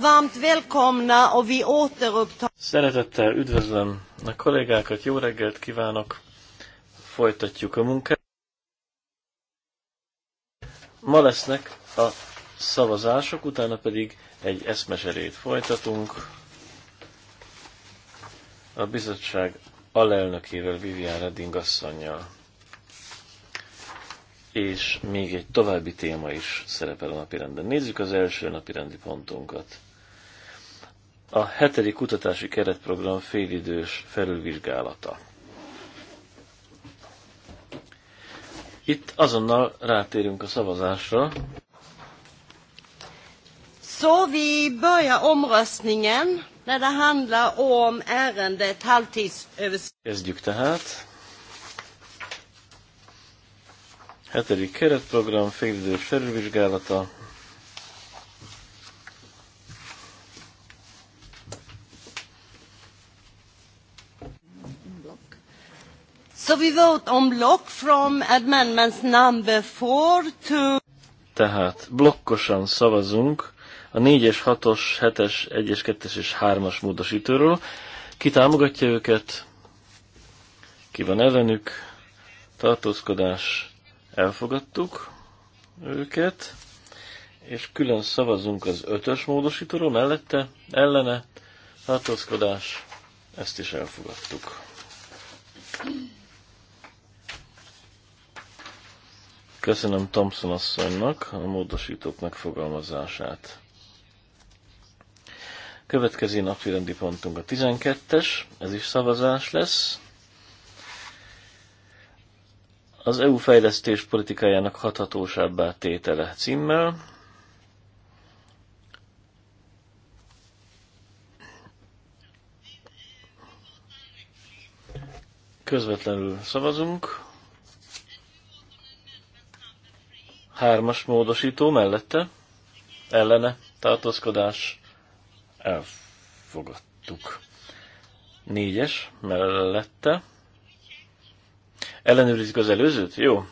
Varmt välkomna och vi återupptar... Szeretettel üdvözlöm a kollégákat, jó reggelt kívánok! Folytatjuk a munkát. Ma lesznek a szavazások, utána pedig egy eszmeserét folytatunk. A bizottság alelnökével, Vivian Redding asszonyjal. És még egy további téma is szerepel a napirenden. Nézzük az első napirendi pontunkat a hetedik kutatási keretprogram félidős felülvizsgálata. Itt azonnal rátérünk a szavazásra. Så vi börjar omröstningen när det handlar om ärendet halvtidsöversikt. Kezdjük tehát. Hetedik keretprogram félidős felülvizsgálata. So we vote on block from amendments number four to... Tehát blokkosan szavazunk a 4-es, 6-os, 7-es, 1-es, 2-es és 3-as módosítóról. Ki támogatja őket? Ki van ellenük? Tartózkodás. Elfogadtuk őket. És külön szavazunk az 5-ös módosítóról mellette, ellene, tartózkodás. Ezt is elfogadtuk. Köszönöm Thompson asszonynak a módosítók megfogalmazását. Következő napirendi pontunk a 12-es, ez is szavazás lesz. Az EU fejlesztés politikájának hathatósabbá tétele címmel. Közvetlenül szavazunk. Hármas módosító mellette, ellene, tartózkodás, elfogadtuk. Négyes mellette, ellenőrizzük az előzőt? Jó,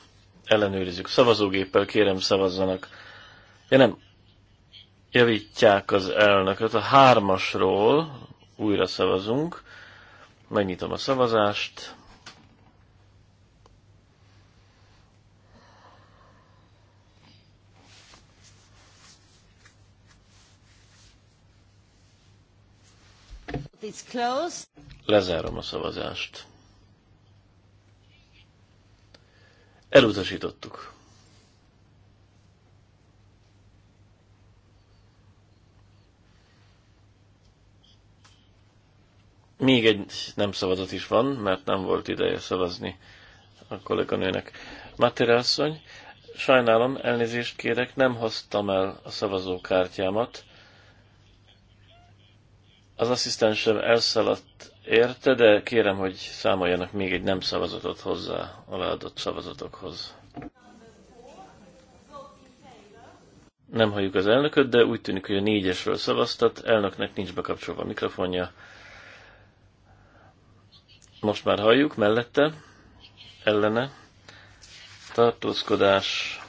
ellenőrizzük. Szavazógéppel kérem szavazzanak. Ja nem, javítják az elnököt. A hármasról újra szavazunk. Megnyitom a szavazást. It's closed. Lezárom a szavazást. Elutasítottuk. Még egy nem szavazat is van, mert nem volt ideje szavazni a kolléganőnek. Matera asszony, sajnálom, elnézést kérek, nem hoztam el a szavazókártyámat az asszisztensem elszaladt érte, de kérem, hogy számoljanak még egy nem szavazatot hozzá a leadott szavazatokhoz. Nem halljuk az elnököt, de úgy tűnik, hogy a négyesről szavaztat, elnöknek nincs bekapcsolva a mikrofonja. Most már halljuk, mellette, ellene, tartózkodás,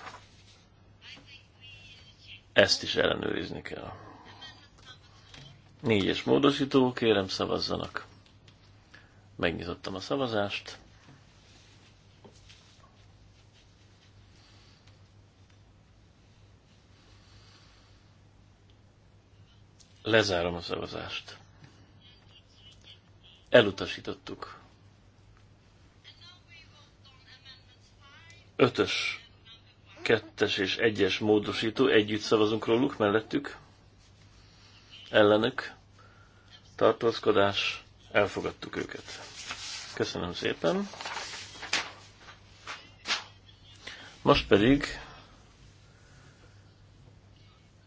ezt is ellenőrizni kell. Négyes módosító, kérem szavazzanak. Megnyitottam a szavazást. Lezárom a szavazást. Elutasítottuk. Ötös, kettes és egyes módosító, együtt szavazunk róluk, mellettük, ellenük, tartózkodás, elfogadtuk őket. Köszönöm szépen. Most pedig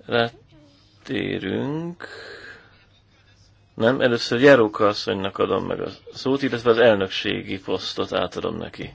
rátérünk. Nem, először Járóka asszonynak adom meg a szót, illetve az elnökségi posztot átadom neki.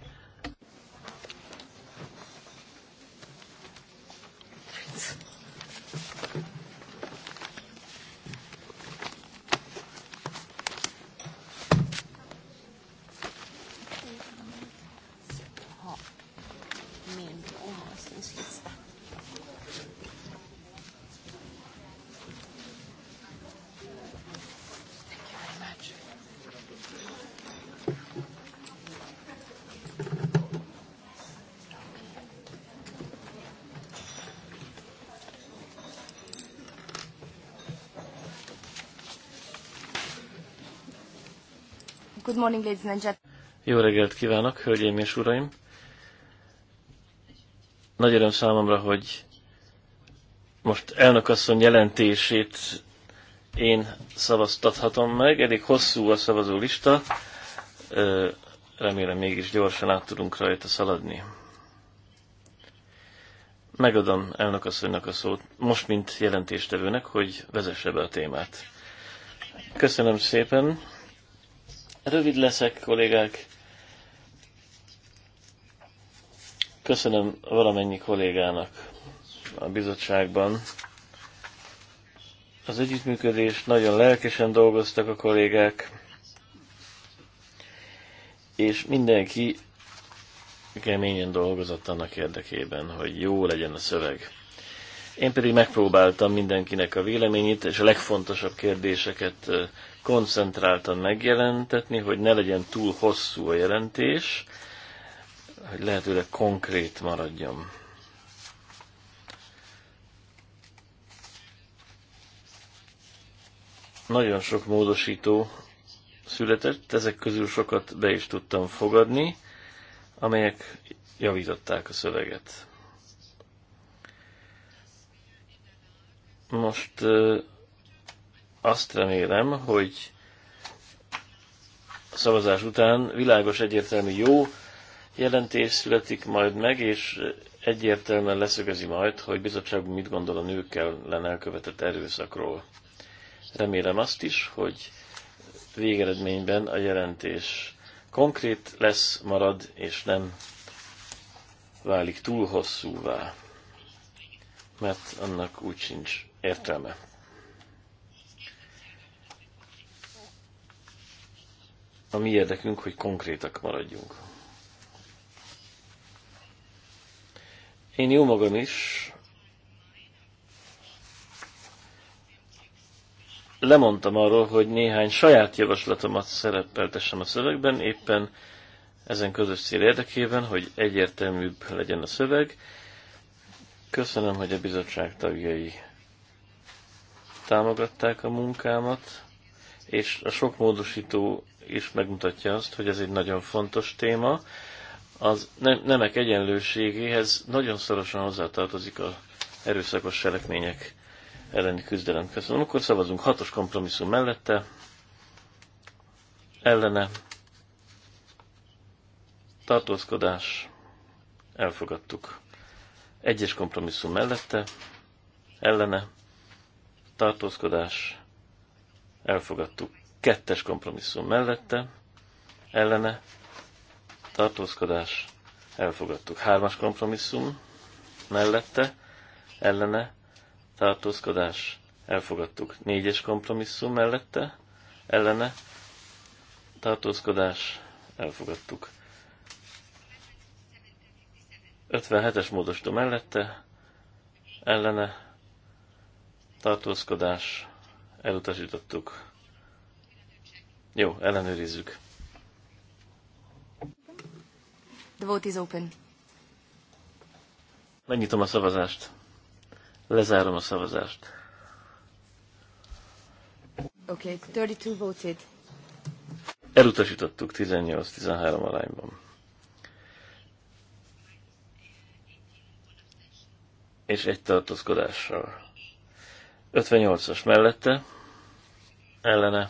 morning, ladies and gentlemen. Jó reggelt kívánok, hölgyeim és uraim! Nagy öröm számomra, hogy most elnökasszony jelentését én szavaztathatom meg. Elég hosszú a szavazó lista, remélem mégis gyorsan át tudunk rajta szaladni. Megadom elnökasszonynak a szót, most mint jelentéstevőnek, hogy vezesse be a témát. Köszönöm szépen! Rövid leszek, kollégák. Köszönöm valamennyi kollégának a bizottságban. Az együttműködés nagyon lelkesen dolgoztak a kollégák, és mindenki keményen dolgozott annak érdekében, hogy jó legyen a szöveg. Én pedig megpróbáltam mindenkinek a véleményét és a legfontosabb kérdéseket koncentráltan megjelentetni, hogy ne legyen túl hosszú a jelentés, hogy lehetőleg konkrét maradjam. Nagyon sok módosító született, ezek közül sokat be is tudtam fogadni, amelyek javították a szöveget. Most azt remélem, hogy a szavazás után világos egyértelmű jó jelentés születik majd meg, és egyértelműen leszögezi majd, hogy bizottságban mit gondol a nőkkel ellen elkövetett erőszakról. Remélem azt is, hogy végeredményben a jelentés konkrét lesz, marad, és nem válik túl hosszúvá, mert annak úgy sincs értelme. a mi érdekünk, hogy konkrétak maradjunk. Én jó magam is lemondtam arról, hogy néhány saját javaslatomat szerepeltessem a szövegben, éppen ezen közös cél érdekében, hogy egyértelműbb legyen a szöveg. Köszönöm, hogy a bizottság tagjai támogatták a munkámat, és a sok módosító is megmutatja azt, hogy ez egy nagyon fontos téma. Az nemek egyenlőségéhez nagyon szorosan hozzátartozik a erőszakos cselekmények elleni küzdelem. Köszönöm. Akkor szavazunk hatos kompromisszum mellette, ellene, tartózkodás, elfogadtuk. Egyes kompromisszum mellette, ellene, tartózkodás, elfogadtuk. Kettes kompromisszum mellette, ellene, tartózkodás, elfogadtuk. Hármas kompromisszum mellette, ellene, tartózkodás, elfogadtuk. Négyes kompromisszum mellette, ellene, tartózkodás, elfogadtuk. 57-es módosító mellette, ellene, tartózkodás, elutasítottuk. Jó, ellenőrizzük. The vote is open. Megnyitom a szavazást. Lezárom a szavazást. Okay, 32 voted. Elutasítottuk 18-13 arányban. És egy tartózkodással. 58-as mellette, ellene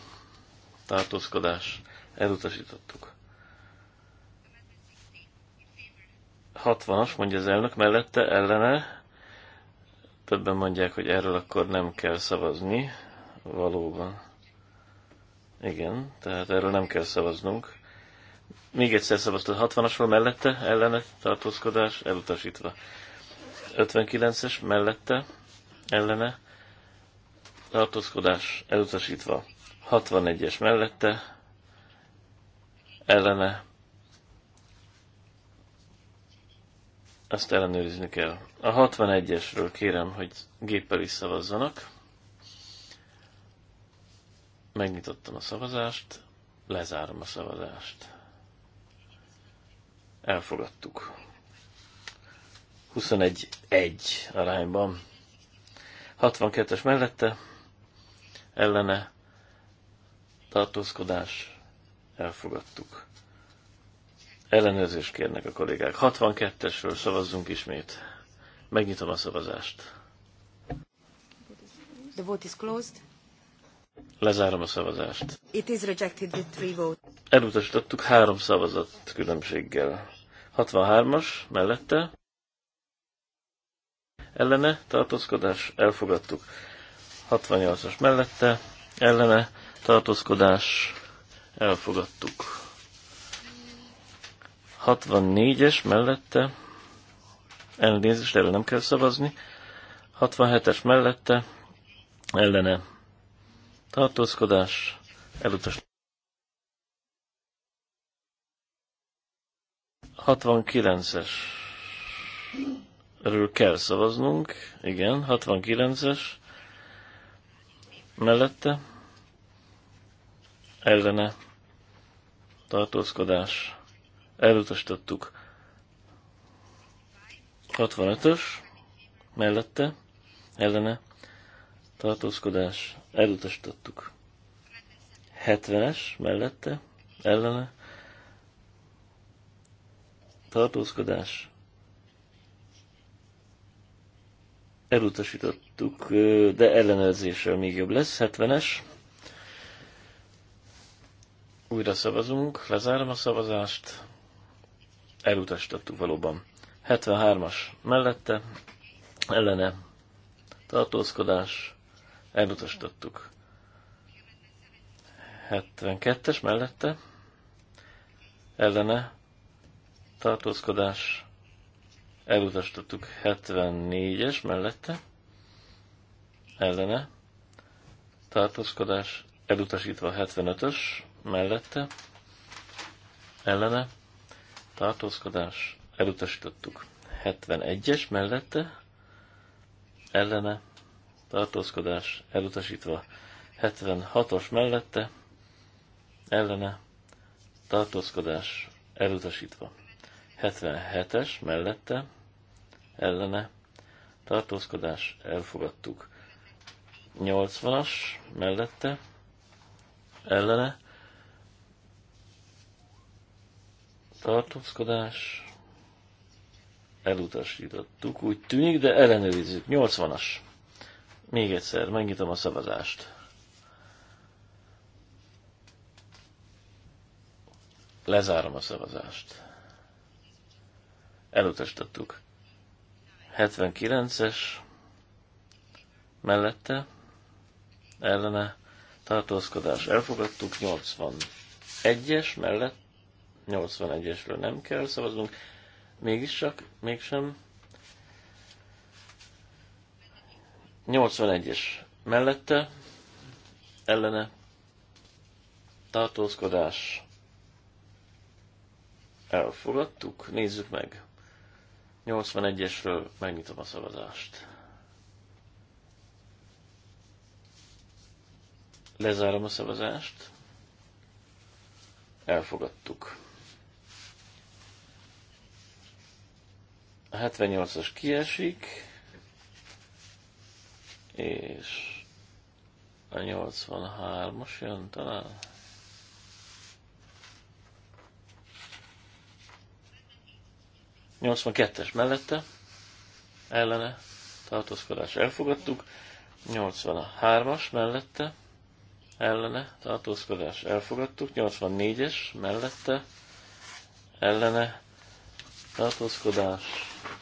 tartózkodás, elutasítottuk. 60-as, mondja az elnök, mellette ellene, többen mondják, hogy erről akkor nem kell szavazni, valóban. Igen, tehát erről nem kell szavaznunk. Még egyszer szavaztad 60-asról mellette, ellene tartózkodás, elutasítva. 59-es mellette, ellene tartózkodás, elutasítva. 61-es mellette, ellene, ezt ellenőrizni kell. A 61-esről kérem, hogy géppel is szavazzanak. Megnyitottam a szavazást, lezárom a szavazást. Elfogadtuk. 21-1 arányban. 62-es mellette, ellene tartózkodás, elfogadtuk. Ellenőrzést kérnek a kollégák. 62-esről szavazzunk ismét. Megnyitom a szavazást. The vote is closed. Lezárom a szavazást. It is rejected with three votes. Elutasítottuk három szavazat különbséggel. 63-as mellette. Ellene tartózkodás elfogadtuk. 68-as mellette. Ellene tartózkodás, elfogadtuk. 64-es mellette, elnézést, erről nem kell szavazni, 67-es mellette, ellene tartózkodás, elutas. 69-es erről kell szavaznunk, igen, 69-es mellette, ellene tartózkodás elutasítottuk. 65-ös mellette ellene tartózkodás elutasítottuk. 70-es mellette ellene tartózkodás elutasítottuk, de ellenőrzéssel még jobb lesz. 70-es újra szavazunk, lezárom a szavazást. Elutasítottuk valóban. 73-as mellette, ellene tartózkodás, elutasítottuk. 72-es mellette, ellene tartózkodás, elutasítottuk 74-es mellette, ellene, tartózkodás, elutasítva 75-ös mellette, ellene, tartózkodás, elutasítottuk. 71-es mellette, ellene, tartózkodás, elutasítva. 76-os mellette, ellene, tartózkodás, elutasítva. 77-es mellette, ellene, tartózkodás, elfogadtuk. 80-as mellette, ellene, tartózkodás, elutasítottuk, úgy tűnik, de ellenőrizzük. 80-as. Még egyszer, megnyitom a szavazást. Lezárom a szavazást. Elutasítottuk. 79-es mellette ellene tartózkodás elfogadtuk, 81-es mellett 81-esről nem kell szavaznunk, mégis csak, mégsem. 81-es mellette, ellene, tartózkodás, elfogadtuk, nézzük meg. 81-esről megnyitom a szavazást. Lezárom a szavazást. Elfogadtuk. A 78-as kiesik, és a 83-as jön talán. es mellette, ellene, tartózkodás elfogadtuk, 83-as mellette, ellene, tartózkodás elfogadtuk, 84-es mellette, ellene, tartózkodás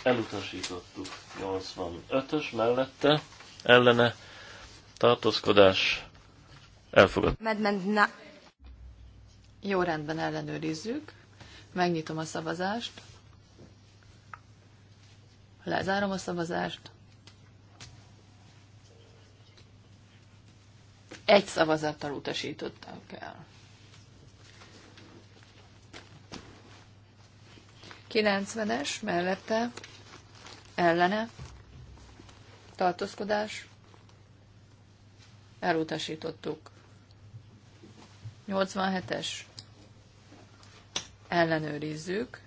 elutasítottuk. 85-ös mellette ellene tartózkodás elfogadott. Medment Jó rendben ellenőrizzük. Megnyitom a szavazást. Lezárom a szavazást. Egy szavazattal utasítottam el. 90-es mellette ellene, tartózkodás, elutasítottuk. 87-es, ellenőrizzük,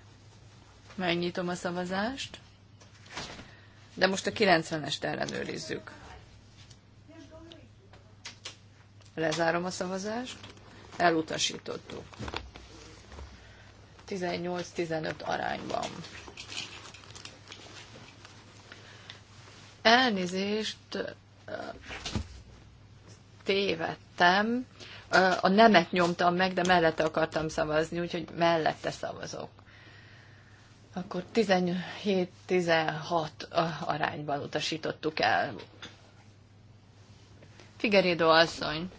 megnyitom a szavazást, de most a 90-est ellenőrizzük. Lezárom a szavazást, elutasítottuk. 18-15 arányban. Elnézést tévedtem. A nemet nyomtam meg, de mellette akartam szavazni, úgyhogy mellette szavazok. Akkor 17-16 arányban utasítottuk el. Figerédo asszony.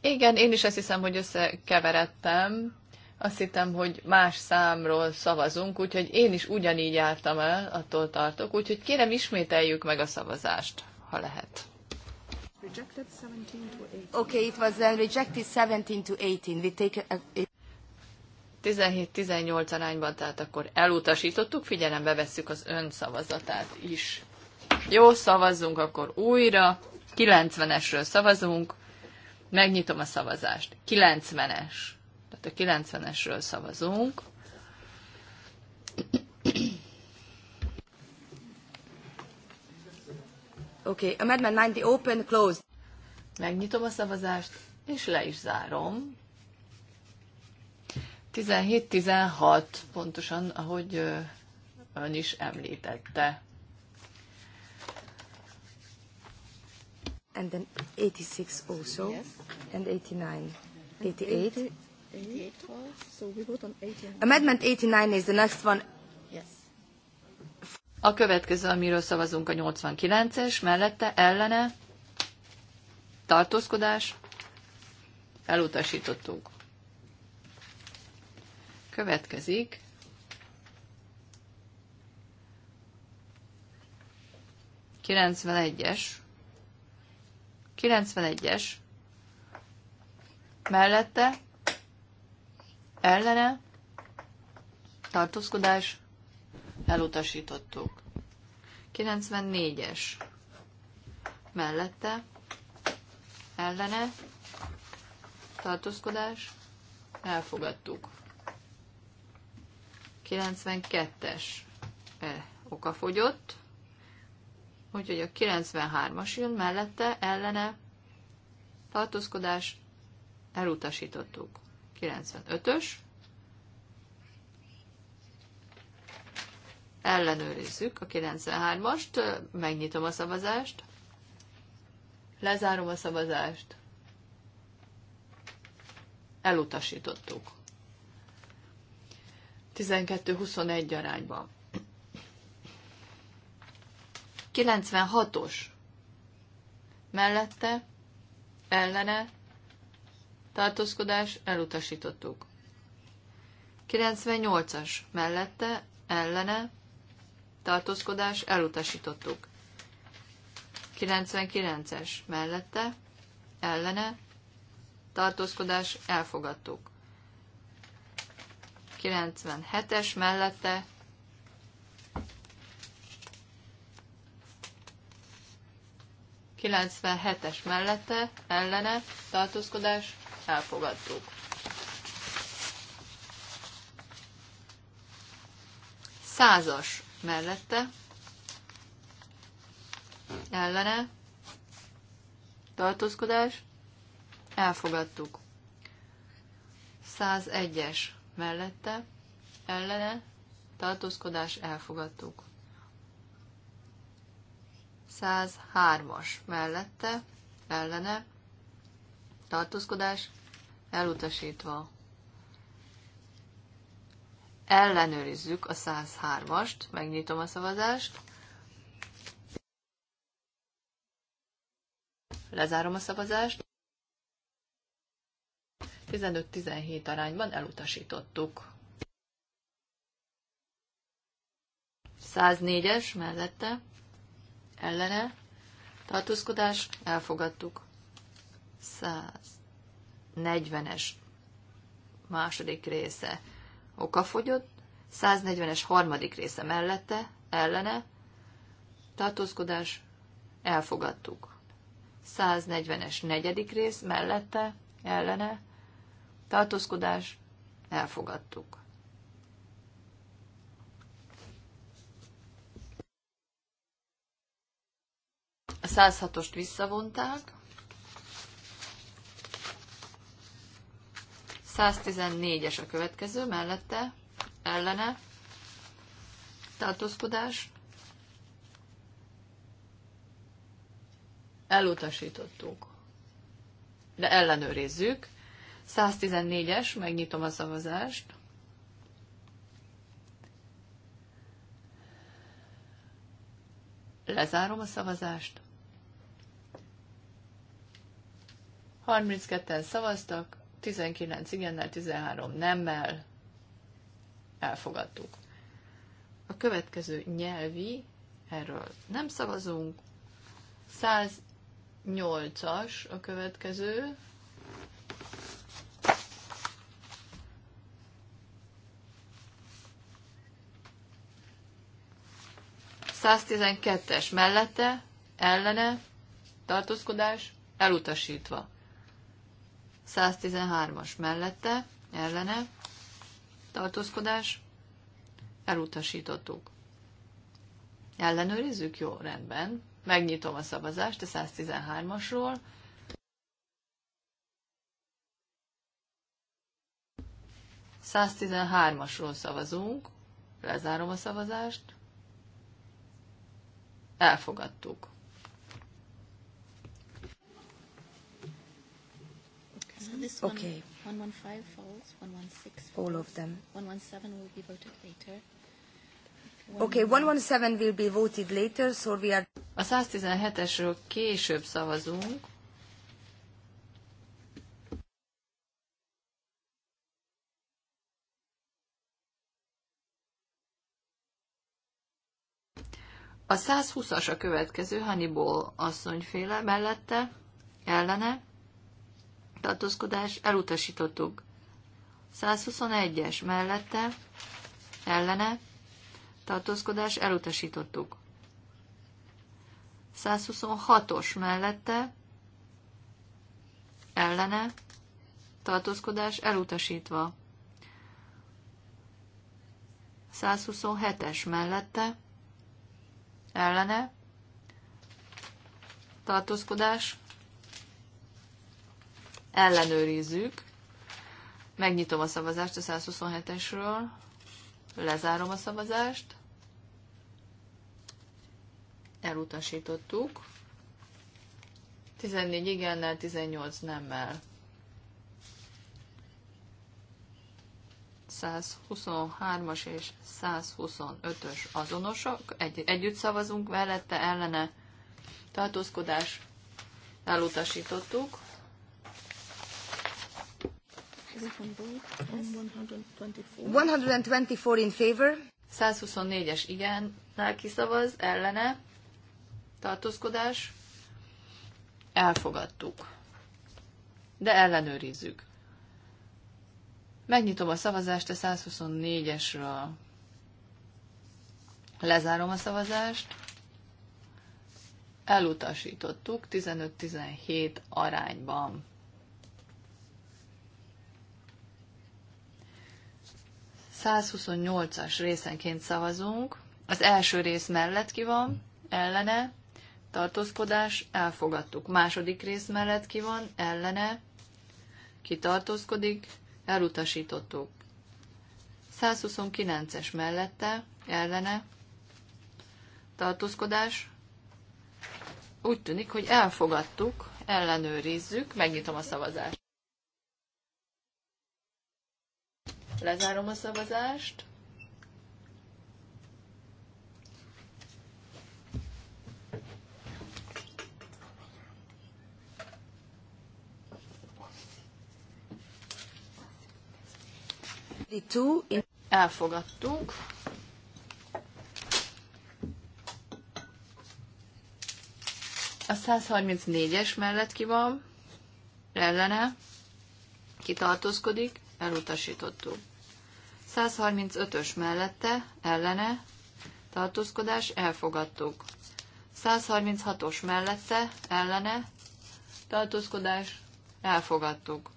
Igen, én is azt hiszem, hogy összekeveredtem. Azt hittem, hogy más számról szavazunk, úgyhogy én is ugyanígy jártam el, attól tartok. Úgyhogy kérem, ismételjük meg a szavazást, ha lehet. Oké, itt to Okay, it was then uh, rejected 17 to 18. We take a, a... 17-18 arányban, tehát akkor elutasítottuk, figyelembe vesszük az ön szavazatát is. Jó, szavazzunk akkor újra. 90-esről szavazunk. Megnyitom a szavazást. 90-es tehát a 90-esről szavazunk. Okay, amendment 90 open, closed. Megnyitom a szavazást, és le is zárom. 17-16, pontosan, ahogy ön is említette. And then 86 also, yes. and 89, 88. A Medment 89. Amendment 89 is the next one. Yes. A következő, amiről szavazunk a 89-es, mellette ellene tartózkodás elutasítottuk. Következik Kilencvenegyes. 91-es mellette ellene, tartózkodás, elutasítottuk. 94-es mellette, ellene, tartózkodás, elfogadtuk. 92-es e, okafogyott, úgyhogy a 93-as jön mellette, ellene, tartózkodás, elutasítottuk. 95-ös. Ellenőrizzük a 93-ast, megnyitom a szavazást, lezárom a szavazást, elutasítottuk. 12-21 arányban. 96-os mellette, ellene, tartózkodás, elutasítottuk. 98-as mellette, ellene, tartózkodás, elutasítottuk. 99-es mellette, ellene, tartózkodás, elfogadtuk. 97-es mellette, 97 mellette, ellene, tartózkodás, elfogadtuk. Százas mellette, ellene, tartózkodás, elfogadtuk. 101-es mellette, ellene, tartózkodás, elfogadtuk. 103-as mellette, ellene, tartózkodás, elutasítva. Ellenőrizzük a 103-ast, megnyitom a szavazást. Lezárom a szavazást. 15-17 arányban elutasítottuk. 104-es mellette, ellene, tartózkodás, elfogadtuk. 100. 140-es második része okafogyott, 140-es harmadik része mellette, ellene, tartózkodás, elfogadtuk. 140-es negyedik rész mellette, ellene, tartózkodás, elfogadtuk. A 106-ost visszavonták, 114-es a következő, mellette, ellene, tartózkodás, elutasítottuk, de ellenőrizzük. 114-es, megnyitom a szavazást. Lezárom a szavazást. 32-en szavaztak, 19 igennel, 13 nemmel elfogadtuk. A következő nyelvi, erről nem szavazunk, 108-as a következő, Száztizenkettes mellette, ellene, tartózkodás, elutasítva. 113-as mellette, ellene, tartózkodás, elutasítottuk. Ellenőrizzük? Jó, rendben. Megnyitom a szavazást a 113-asról. ...113-asról szavazunk, lezárom a szavazást, elfogadtuk. this one, okay. 115 falls, 116 falls. All of them. 117 will be voted later. okay, 117 will be voted later, so we are... A 117-esről később szavazunk. A 120-as a következő Hannibal asszonyféle mellette, ellene, tartózkodás elutasítottuk. 121-es mellette, ellene, tartózkodás elutasítottuk. 126-os mellette, ellene, tartózkodás elutasítva. 127-es mellette, ellene, tartózkodás ellenőrizzük. Megnyitom a szavazást a 127-esről, lezárom a szavazást, elutasítottuk. 14 igennel, 18 nemmel. 123-as és 125-ös azonosok. Egy, együtt szavazunk, mellette ellene tartózkodás elutasítottuk. 124 in favor. 124-es igen, Nálki szavaz, ellene, tartózkodás, elfogadtuk. De ellenőrizzük. Megnyitom a szavazást a 124-esről. Lezárom a szavazást. Elutasítottuk 15-17 arányban. 128-as részenként szavazunk. Az első rész mellett ki van, ellene, tartózkodás, elfogadtuk. Második rész mellett ki van, ellene, ki tartózkodik, elutasítottuk. 129-es mellette, ellene, tartózkodás. Úgy tűnik, hogy elfogadtuk, ellenőrizzük, megnyitom a szavazást. Lezárom a szavazást. Elfogadtuk. A 134-es mellett ki van, ellene, kitartózkodik, elutasítottuk. 135-ös mellette, ellene, tartózkodás, elfogadtuk. 136-os mellette, ellene, tartózkodás, elfogadtuk.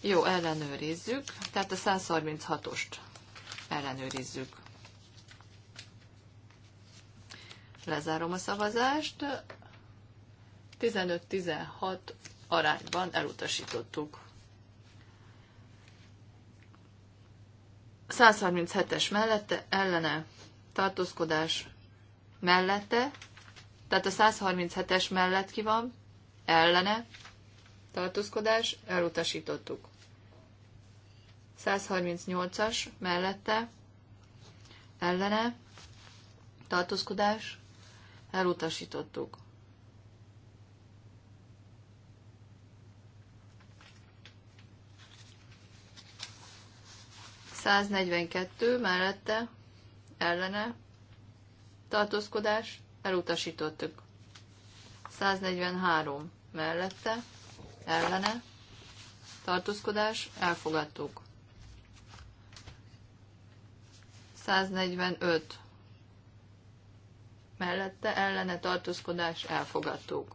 Jó, ellenőrizzük, tehát a 136-ost ellenőrizzük. Lezárom a szavazást. 15-16 arányban elutasítottuk. 137-es mellette ellene tartózkodás mellette, tehát a 137-es mellett ki van, ellene tartózkodás, elutasítottuk. 138-as mellette ellene tartózkodás, elutasítottuk. 142 mellette ellene tartózkodás elutasítottuk. 143 mellette ellene tartózkodás elfogadtuk. 145 mellette ellene tartózkodás elfogadtuk.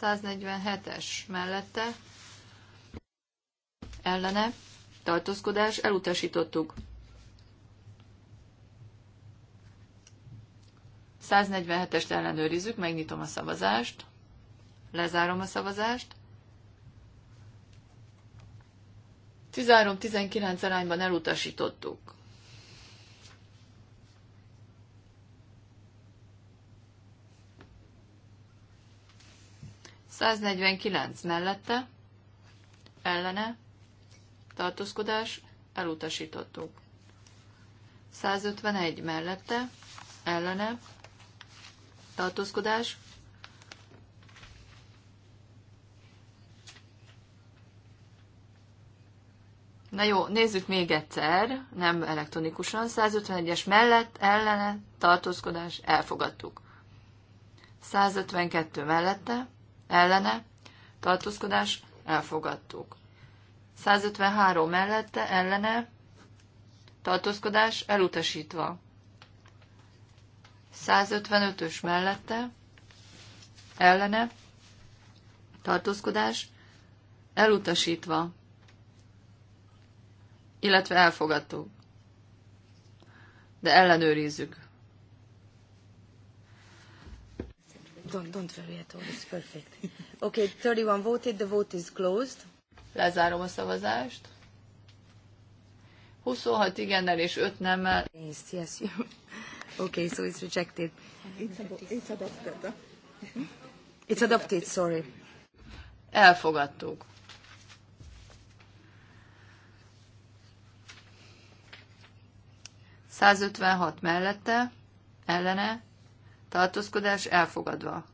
147-es mellette ellene tartózkodás, elutasítottuk. 147-est ellenőrizzük, megnyitom a szavazást, lezárom a szavazást. 13-19 arányban elutasítottuk. Száznegyvenkilenc mellette, ellene, tartózkodás elutasítottuk. 151 mellette, ellene, tartózkodás, Na jó, nézzük még egyszer, nem elektronikusan. 151-es mellett, ellene, tartózkodás, elfogadtuk. 152 mellette, ellene, tartózkodás, elfogadtuk. 153 mellette ellene tartózkodás elutasítva. 155-ös mellette ellene tartózkodás elutasítva, illetve elfogadtuk. De ellenőrizzük. Don't, don't worry at all, it's perfect. Okay, 31 voted, the vote is closed. Lezárom a szavazást. 26 igennel és 5 nemmel. Yes, yes, you. Okay, so it's rejected. It's adopted. Hmm? It's adopted, sorry. Elfogadtuk. Százötvenhat mellette, ellene, tartózkodás elfogadva.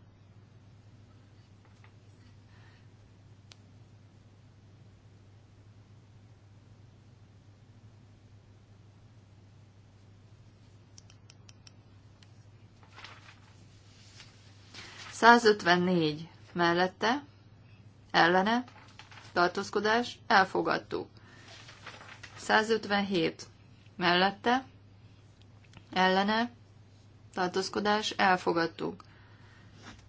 154 mellette, ellene, tartózkodás, elfogadtuk. 157 mellette, ellene, tartózkodás, elfogadtuk.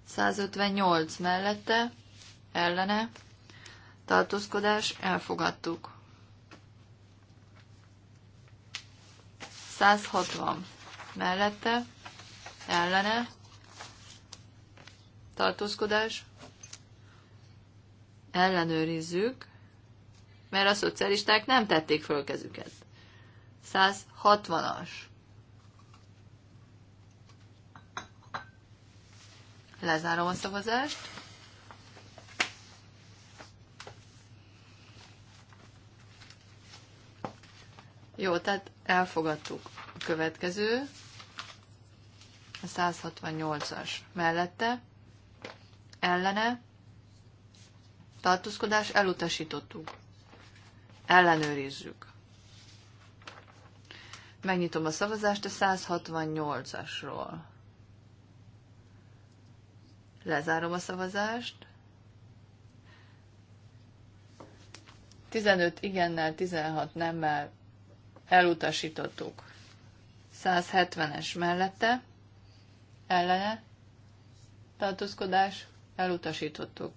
158 mellette, ellene, tartózkodás, elfogadtuk. 160 mellette, ellene, tartózkodás, ellenőrizzük, mert a szocialisták nem tették föl kezüket. 160-as. Lezárom a szavazást. Jó, tehát elfogadtuk a következő, a 168-as mellette, ellene, tartózkodás elutasítottuk. Ellenőrizzük. Megnyitom a szavazást a 168-asról. Lezárom a szavazást. 15 igennel, 16 nemmel elutasítottuk. 170-es mellette, ellene, tartózkodás, elutasítottuk.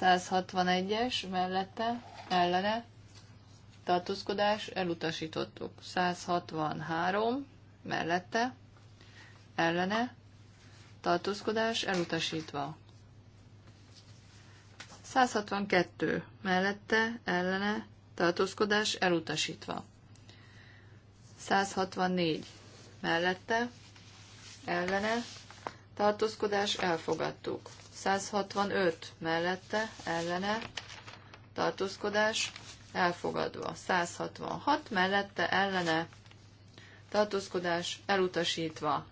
161-es mellette ellene tartózkodás elutasítottuk. 163 mellette ellene tartózkodás elutasítva. 162 mellette ellene tartózkodás elutasítva. 164 mellette ellene tartózkodás elfogadtuk. 165 mellette, ellene, tartózkodás elfogadva. 166 mellette, ellene, tartózkodás elutasítva.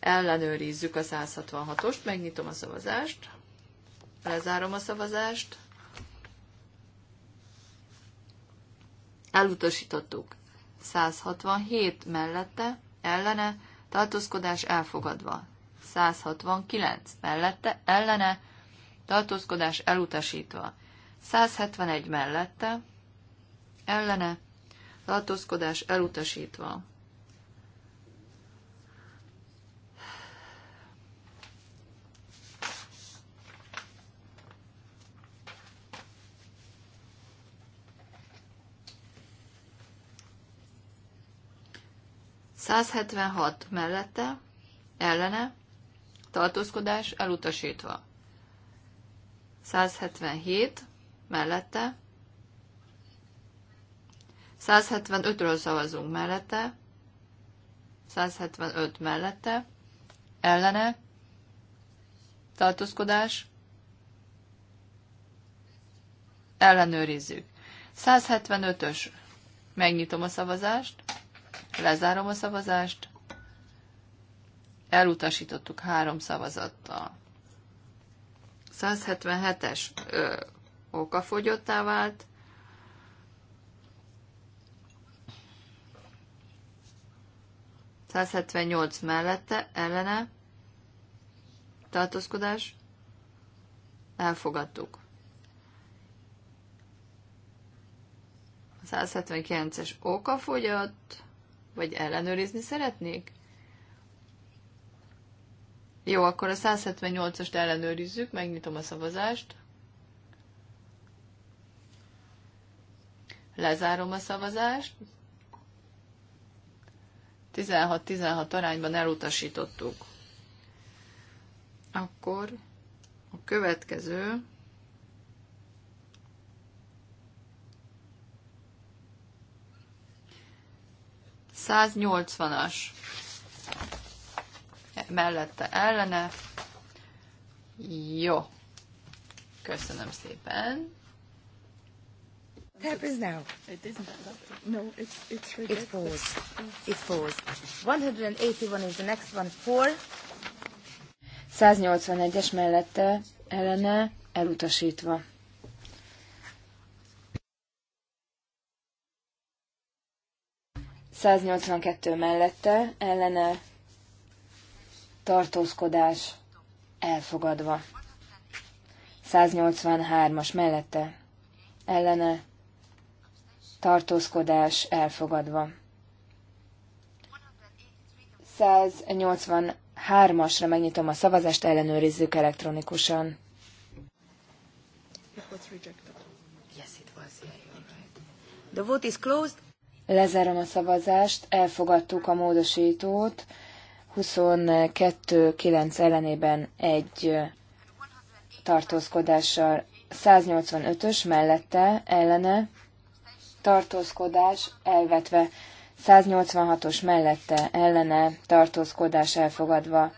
Ellenőrizzük a 166-ost, megnyitom a szavazást, lezárom a szavazást, elutasítottuk. 167 mellette, ellene, tartózkodás elfogadva. 169 mellette, ellene, tartózkodás elutasítva. 171 mellette, ellene, tartózkodás elutasítva. 176 mellette, ellene, tartózkodás elutasítva. 177 mellette, 175-ről szavazunk mellette, 175 mellette, ellene, tartózkodás, ellenőrizzük. 175-ös, megnyitom a szavazást, Lezárom a szavazást. Elutasítottuk három szavazattal. 177-es okafogyottá vált. ...178 mellette, ellene, tartózkodás, elfogadtuk. 179-es okafogyott, vagy ellenőrizni szeretnék? Jó, akkor a 178-ast ellenőrizzük, megnyitom a szavazást. Lezárom a szavazást. 16-16 arányban elutasítottuk. Akkor a következő 180-as mellette ellene. Jó. Köszönöm szépen. Tap is now? It isn't that lovely. No, it's it's ridiculous. It falls. It falls. 181 is the next one. Four. 181-es mellette ellene elutasítva. 182 mellette ellene tartózkodás elfogadva. 183-as mellette ellene tartózkodás elfogadva. 183-asra megnyitom a szavazást, ellenőrizzük elektronikusan. The vote is closed. Lezárom a szavazást, elfogadtuk a módosítót, 22-9 ellenében egy tartózkodással, 185-ös mellette, ellene, tartózkodás elvetve, 186-os mellette, ellene, tartózkodás elfogadva,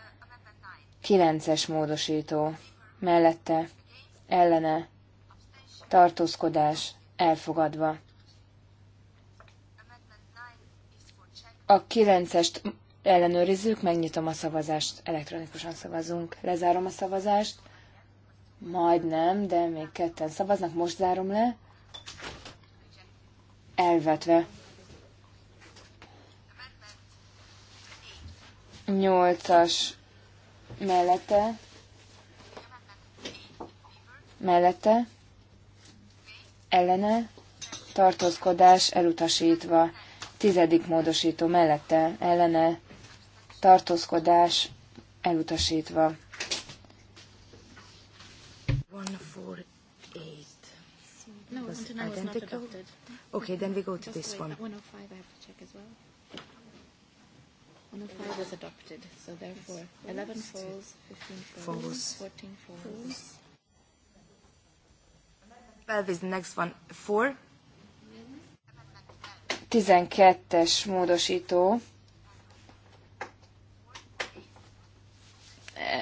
9-es módosító, mellette, ellene, tartózkodás elfogadva. A kilencest ellenőrizzük, megnyitom a szavazást, elektronikusan szavazunk, lezárom a szavazást. Majdnem, de még ketten szavaznak, most zárom le. Elvetve. 8-as mellette. Mellette. Ellene. Tartózkodás elutasítva. Tizedik módosító mellette ellene tartózkodás elutasítva. 148. No, was Okay, then we go to this one. 105 I have to check as well. Oh was adopted, so therefore 11 falls, 15 falls, 14 falls. 12 is the next one. 4 12-es módosító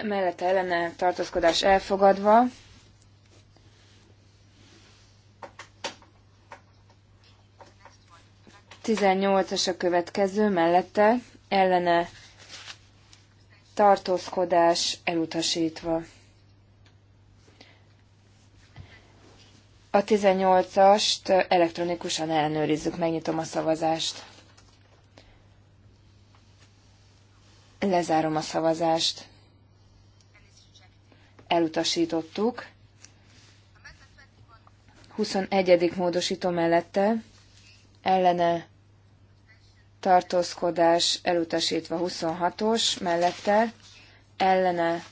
mellette ellene tartózkodás elfogadva. Tizennyolcas a következő mellette ellene tartózkodás elutasítva. A 18-ast elektronikusan ellenőrizzük, megnyitom a szavazást. Lezárom a szavazást. Elutasítottuk. 21. módosító mellette ellene tartózkodás elutasítva 26-os mellette ellene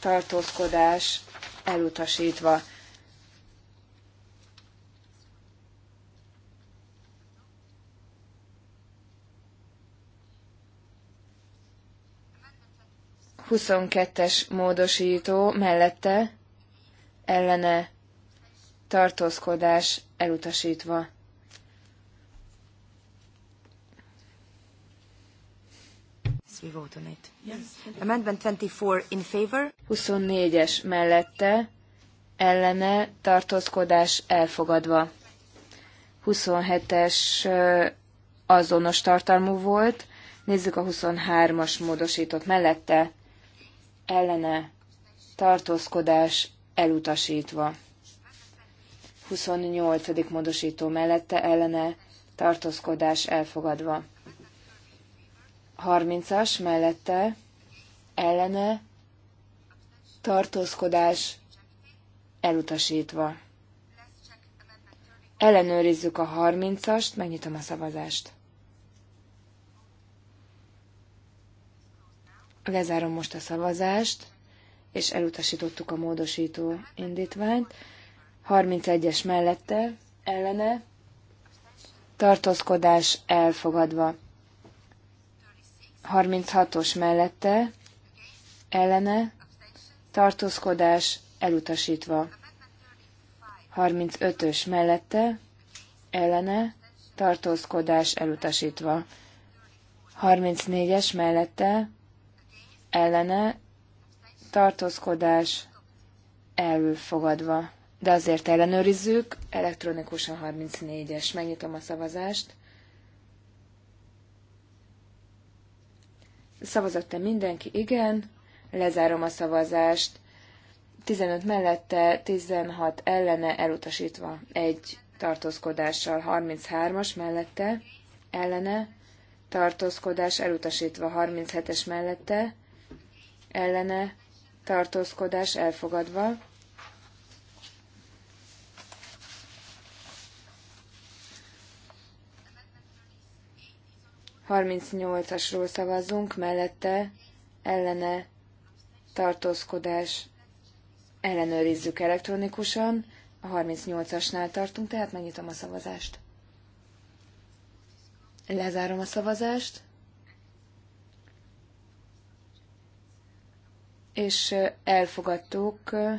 tartózkodás elutasítva 22-es módosító mellette ellene tartózkodás elutasítva. We vote on it. Yes. Amendment 24 in favor. 24-es mellette ellene tartózkodás elfogadva. 27-es azonos tartalmú volt. Nézzük a 23-as módosított mellette ellene tartózkodás elutasítva. 28. módosító mellette ellene tartózkodás elfogadva. 30-as mellette ellene tartózkodás elutasítva. Ellenőrizzük a 30-ast, megnyitom a szavazást. Lezárom most a szavazást, és elutasítottuk a módosító indítványt. 31-es mellette, ellene, tartózkodás elfogadva. 36-os mellette, ellene, tartózkodás elutasítva. 35-ös mellette, ellene, tartózkodás elutasítva. 34-es mellette, ellene tartózkodás elfogadva. De azért ellenőrizzük, elektronikusan 34-es. Megnyitom a szavazást. Szavazott-e mindenki? Igen. Lezárom a szavazást. 15 mellette, 16 ellene, elutasítva. Egy tartózkodással, 33-as mellette, ellene, tartózkodás elutasítva, 37-es mellette, ellene tartózkodás elfogadva. Harmincnyolcasról szavazunk, mellette ellene tartózkodás ellenőrizzük elektronikusan. A 38-asnál tartunk, tehát megnyitom a szavazást. Lezárom a szavazást. és elfogadtuk a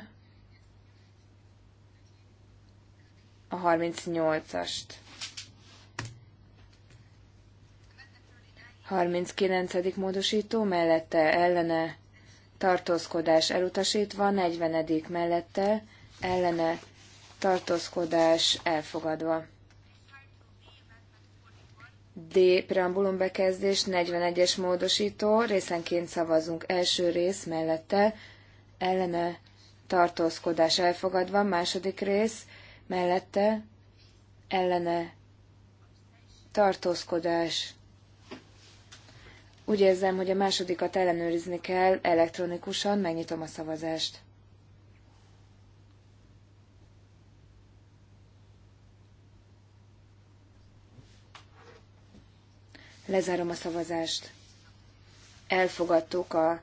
38-ast. 39. módosító mellette ellene tartózkodás elutasítva, 40. mellette ellene tartózkodás elfogadva. D. Preambulum bekezdés 41-es módosító, részenként szavazunk első rész mellette, ellene tartózkodás elfogadva, második rész mellette, ellene tartózkodás. Úgy érzem, hogy a másodikat ellenőrizni kell elektronikusan, megnyitom a szavazást. Lezárom a szavazást. Elfogadtuk a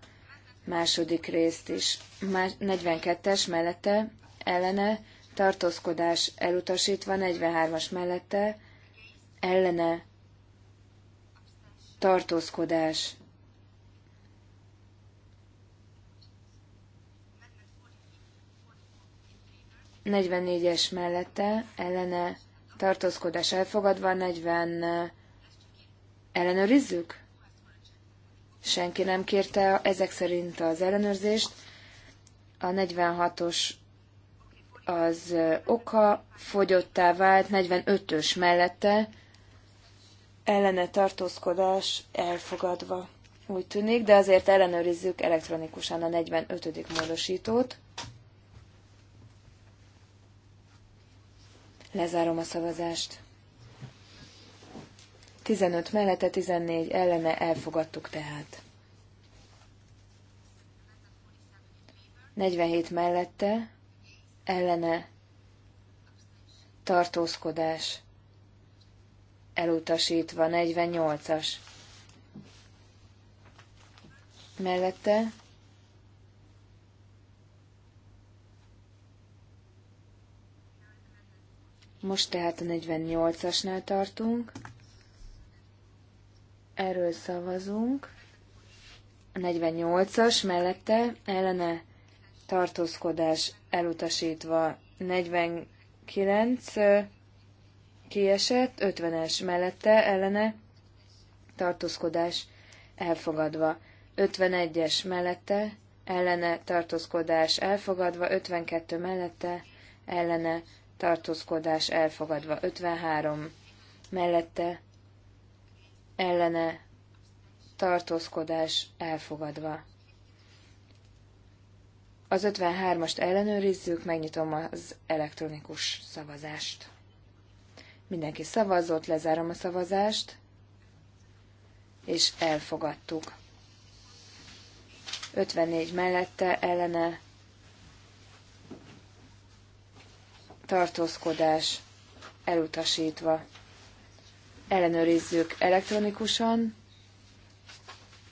második részt is. 42-es mellette ellene tartózkodás elutasítva, 43-as mellette ellene tartózkodás. Negyvennégyes mellette ellene tartózkodás elfogadva, 40 Ellenőrizzük? Senki nem kérte ezek szerint az ellenőrzést. A 46-os az oka fogyottá vált, 45-ös mellette ellene tartózkodás elfogadva. Úgy tűnik, de azért ellenőrizzük elektronikusan a 45. módosítót. Lezárom a szavazást. 15 mellette, 14 ellene elfogadtuk tehát. 47 mellette, ellene tartózkodás elutasítva 48-as. Mellette most tehát a 48-asnál tartunk. Erről szavazunk. A 48-as mellette ellene tartózkodás elutasítva 49 kiesett, 50-es mellette ellene tartózkodás elfogadva, 51-es mellette ellene tartózkodás elfogadva, 52 mellette ellene tartózkodás elfogadva, 53 mellette ellene tartózkodás elfogadva. Az 53-ast ellenőrizzük, megnyitom az elektronikus szavazást. Mindenki szavazott, lezárom a szavazást, és elfogadtuk. 54 mellette ellene tartózkodás elutasítva ellenőrizzük elektronikusan,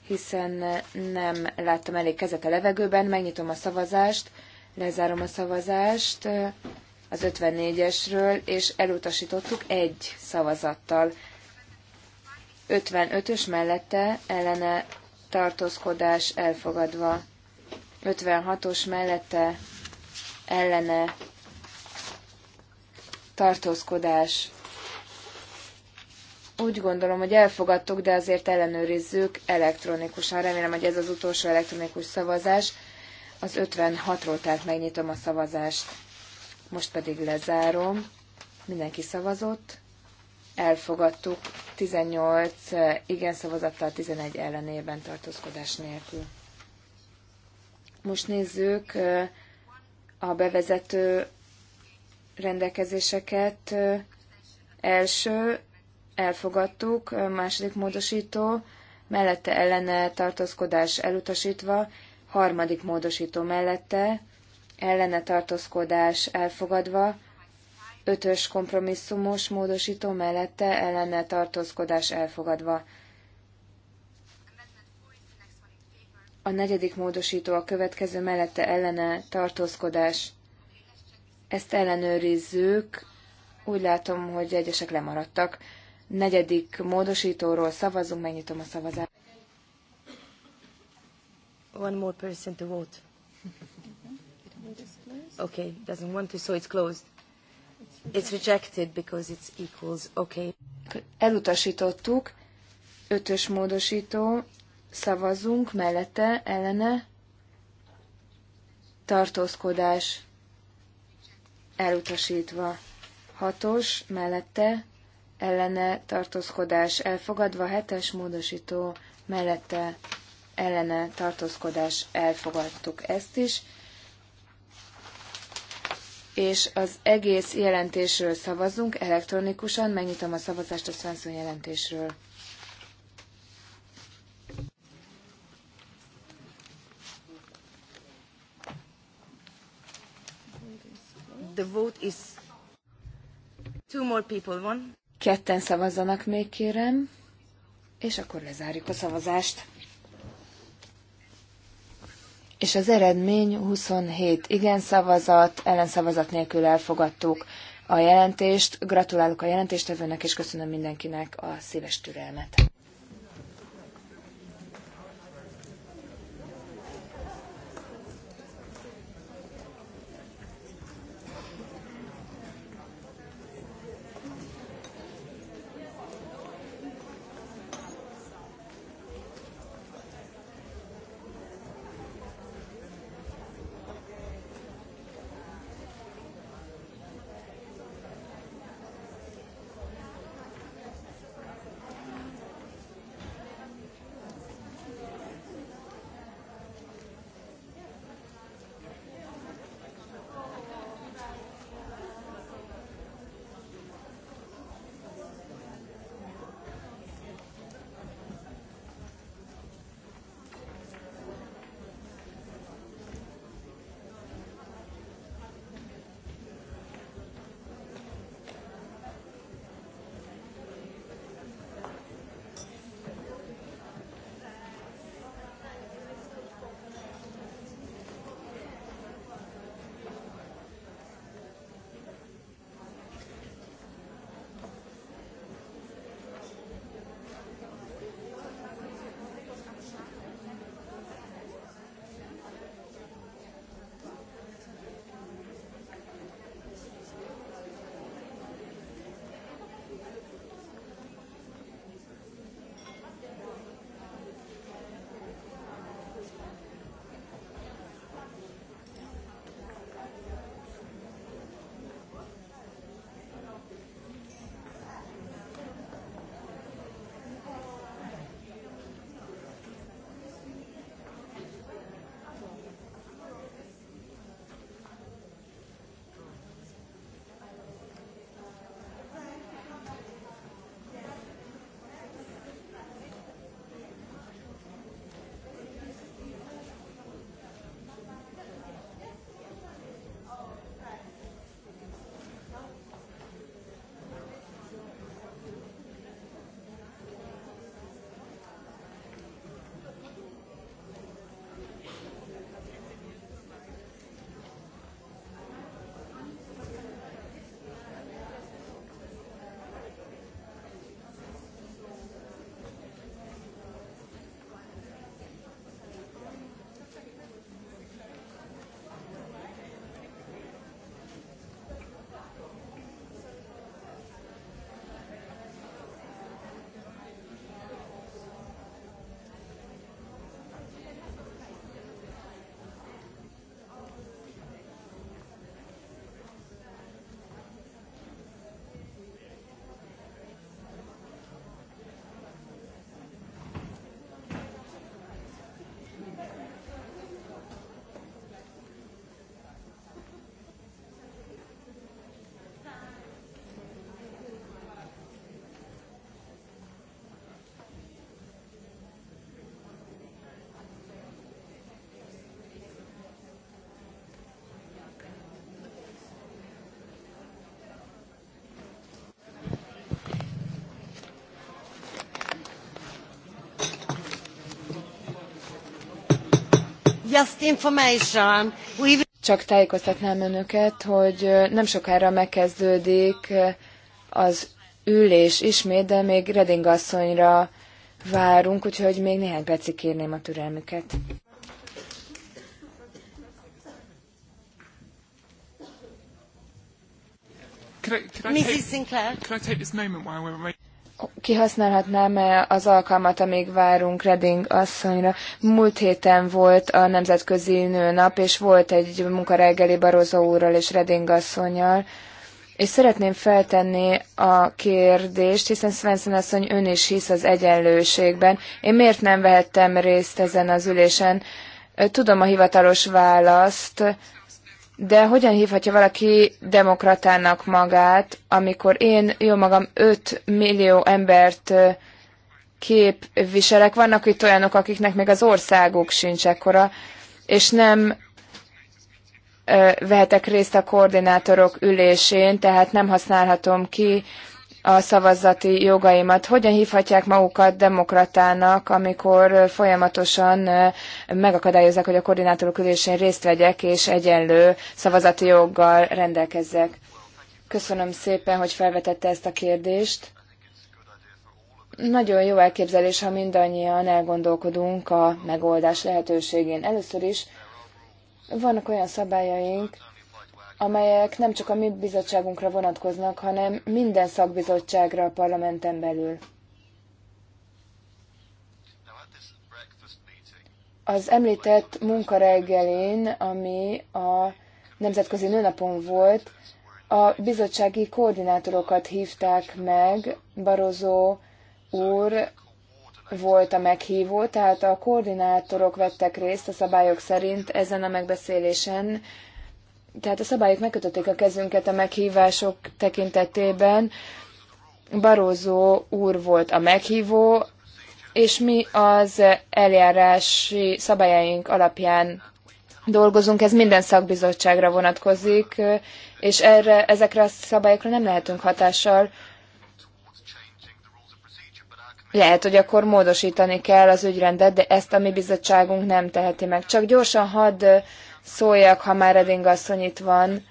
hiszen nem láttam elég kezet a levegőben, megnyitom a szavazást, lezárom a szavazást az 54-esről, és elutasítottuk egy szavazattal. 55-ös mellette ellene tartózkodás elfogadva. 56-os mellette ellene tartózkodás úgy gondolom, hogy elfogadtuk, de azért ellenőrizzük elektronikusan. Remélem, hogy ez az utolsó elektronikus szavazás. Az 56-ról, tehát megnyitom a szavazást. Most pedig lezárom. Mindenki szavazott. Elfogadtuk 18 igen szavazattal, 11 ellenében tartózkodás nélkül. Most nézzük a bevezető rendelkezéseket. Első elfogadtuk, második módosító, mellette ellene tartózkodás elutasítva, harmadik módosító mellette, ellene tartózkodás elfogadva, ötös kompromisszumos módosító mellette ellene tartózkodás elfogadva. A negyedik módosító a következő mellette ellene tartózkodás. Ezt ellenőrizzük. Úgy látom, hogy egyesek lemaradtak negyedik módosítóról szavazunk, megnyitom a szavazást. One more person to vote. Okay, doesn't want to, so it's closed. It's rejected because it's equals, okay. Elutasítottuk, ötös módosító, szavazunk, mellette, ellene, tartózkodás, elutasítva. Hatos, mellette, ellene tartózkodás elfogadva, hetes módosító mellette ellene tartózkodás elfogadtuk ezt is, és az egész jelentésről szavazunk elektronikusan, megnyitom a szavazást a Svensson jelentésről. The vote is two more people, one. Ketten szavazzanak még, kérem, és akkor lezárjuk a szavazást. És az eredmény 27 igen szavazat, ellenszavazat nélkül elfogadtuk a jelentést. Gratulálok a jelentéstevőnek, és köszönöm mindenkinek a szíves türelmet. Just information. We've... Csak tájékoztatnám önöket, hogy nem sokára megkezdődik az ülés ismét, de még Reding asszonyra várunk, úgyhogy még néhány percig kérném a türelmüket. Mrs. Sinclair. Kihasználhatnám-e az alkalmat, amíg várunk Reding asszonyra? Múlt héten volt a Nemzetközi Nőnap, és volt egy munkareggeli Barozó úrral és Reding asszonyjal, és szeretném feltenni a kérdést, hiszen Svensson asszony ön is hisz az egyenlőségben. Én miért nem vehettem részt ezen az ülésen? Tudom a hivatalos választ, de hogyan hívhatja valaki demokratának magát, amikor én jó magam 5 millió embert képviselek? Vannak itt olyanok, akiknek még az országuk sincs ekkora, és nem vehetek részt a koordinátorok ülésén, tehát nem használhatom ki a szavazati jogaimat. Hogyan hívhatják magukat demokratának, amikor folyamatosan megakadályozzák, hogy a koordinátorok ülésén részt vegyek, és egyenlő szavazati joggal rendelkezzek? Köszönöm szépen, hogy felvetette ezt a kérdést. Nagyon jó elképzelés, ha mindannyian elgondolkodunk a megoldás lehetőségén. Először is vannak olyan szabályaink, amelyek nem csak a mi bizottságunkra vonatkoznak, hanem minden szakbizottságra a parlamenten belül. Az említett munkareggelén, ami a Nemzetközi Nőnapon volt, a bizottsági koordinátorokat hívták meg, Barozó úr volt a meghívó, tehát a koordinátorok vettek részt a szabályok szerint ezen a megbeszélésen, tehát a szabályok megkötötték a kezünket a meghívások tekintetében. Barózó úr volt a meghívó, és mi az eljárási szabályaink alapján dolgozunk, ez minden szakbizottságra vonatkozik, és erre, ezekre a szabályokra nem lehetünk hatással. Lehet, hogy akkor módosítani kell az ügyrendet, de ezt a mi bizottságunk nem teheti meg. Csak gyorsan hadd szóljak, ha már Reding asszony itt van.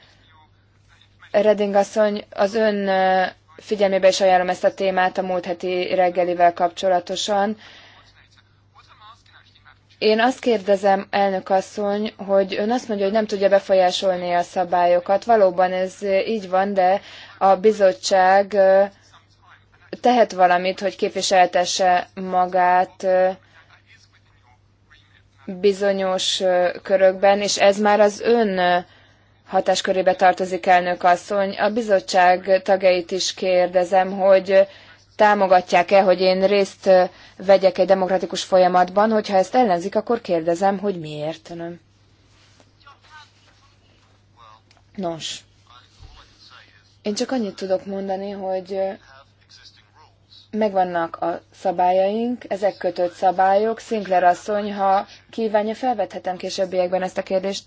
Reding asszony, az ön figyelmébe is ajánlom ezt a témát a múlt heti reggelivel kapcsolatosan. Én azt kérdezem, elnök asszony, hogy ön azt mondja, hogy nem tudja befolyásolni a szabályokat. Valóban ez így van, de a bizottság tehet valamit, hogy képviseltesse magát bizonyos körökben, és ez már az ön hatáskörébe tartozik elnök asszony. A bizottság tagjait is kérdezem, hogy támogatják-e, hogy én részt vegyek egy demokratikus folyamatban, hogyha ezt ellenzik, akkor kérdezem, hogy miért önöm. Nos, én csak annyit tudok mondani, hogy megvannak a szabályaink, ezek kötött szabályok. Sinclair asszony, ha kívánja, felvethetem későbbiekben ezt a kérdést.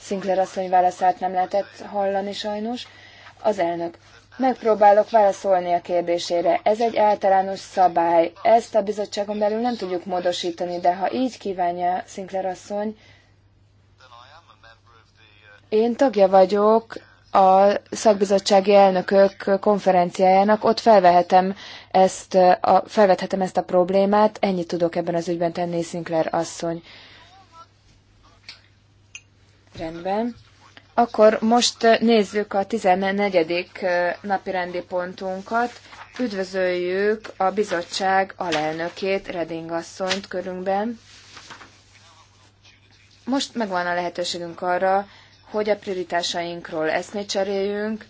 Sinclair asszony válaszát nem lehetett hallani sajnos. Az elnök. Megpróbálok válaszolni a kérdésére. Ez egy általános szabály. Ezt a bizottságon belül nem tudjuk módosítani, de ha így kívánja Sinclair asszony, én tagja vagyok a szakbizottsági elnökök konferenciájának, ott felvehetem ezt a, felvethetem ezt a problémát, ennyit tudok ebben az ügyben tenni, Sinclair asszony. Rendben. Akkor most nézzük a 14. napi rendi pontunkat. Üdvözöljük a bizottság alelnökét, Reding asszonyt körünkben. Most megvan a lehetőségünk arra, hogy a prioritásainkról eszmét cseréljünk,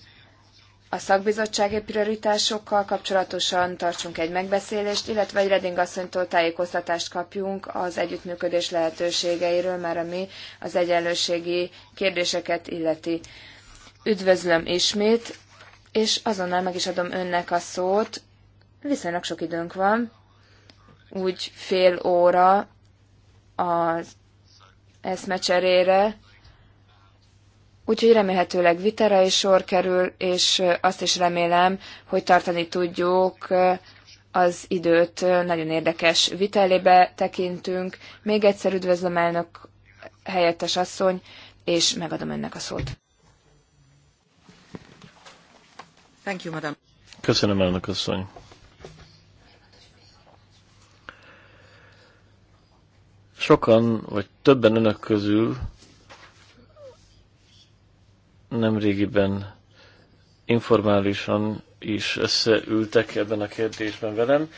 a szakbizottsági prioritásokkal kapcsolatosan tartsunk egy megbeszélést, illetve egy Reding asszonytól tájékoztatást kapjunk az együttműködés lehetőségeiről, már ami az egyenlőségi kérdéseket illeti. Üdvözlöm ismét, és azonnal meg is adom önnek a szót. Viszonylag sok időnk van, úgy fél óra az eszmecserére. Úgyhogy remélhetőleg vitára is sor kerül, és azt is remélem, hogy tartani tudjuk az időt. Nagyon érdekes vitelébe tekintünk. Még egyszer üdvözlöm elnök helyettes asszony, és megadom önnek a szót. Thank you, madam. Köszönöm, elnök asszony. Sokan, vagy többen önök közül nemrégiben informálisan is összeültek ebben a kérdésben velem.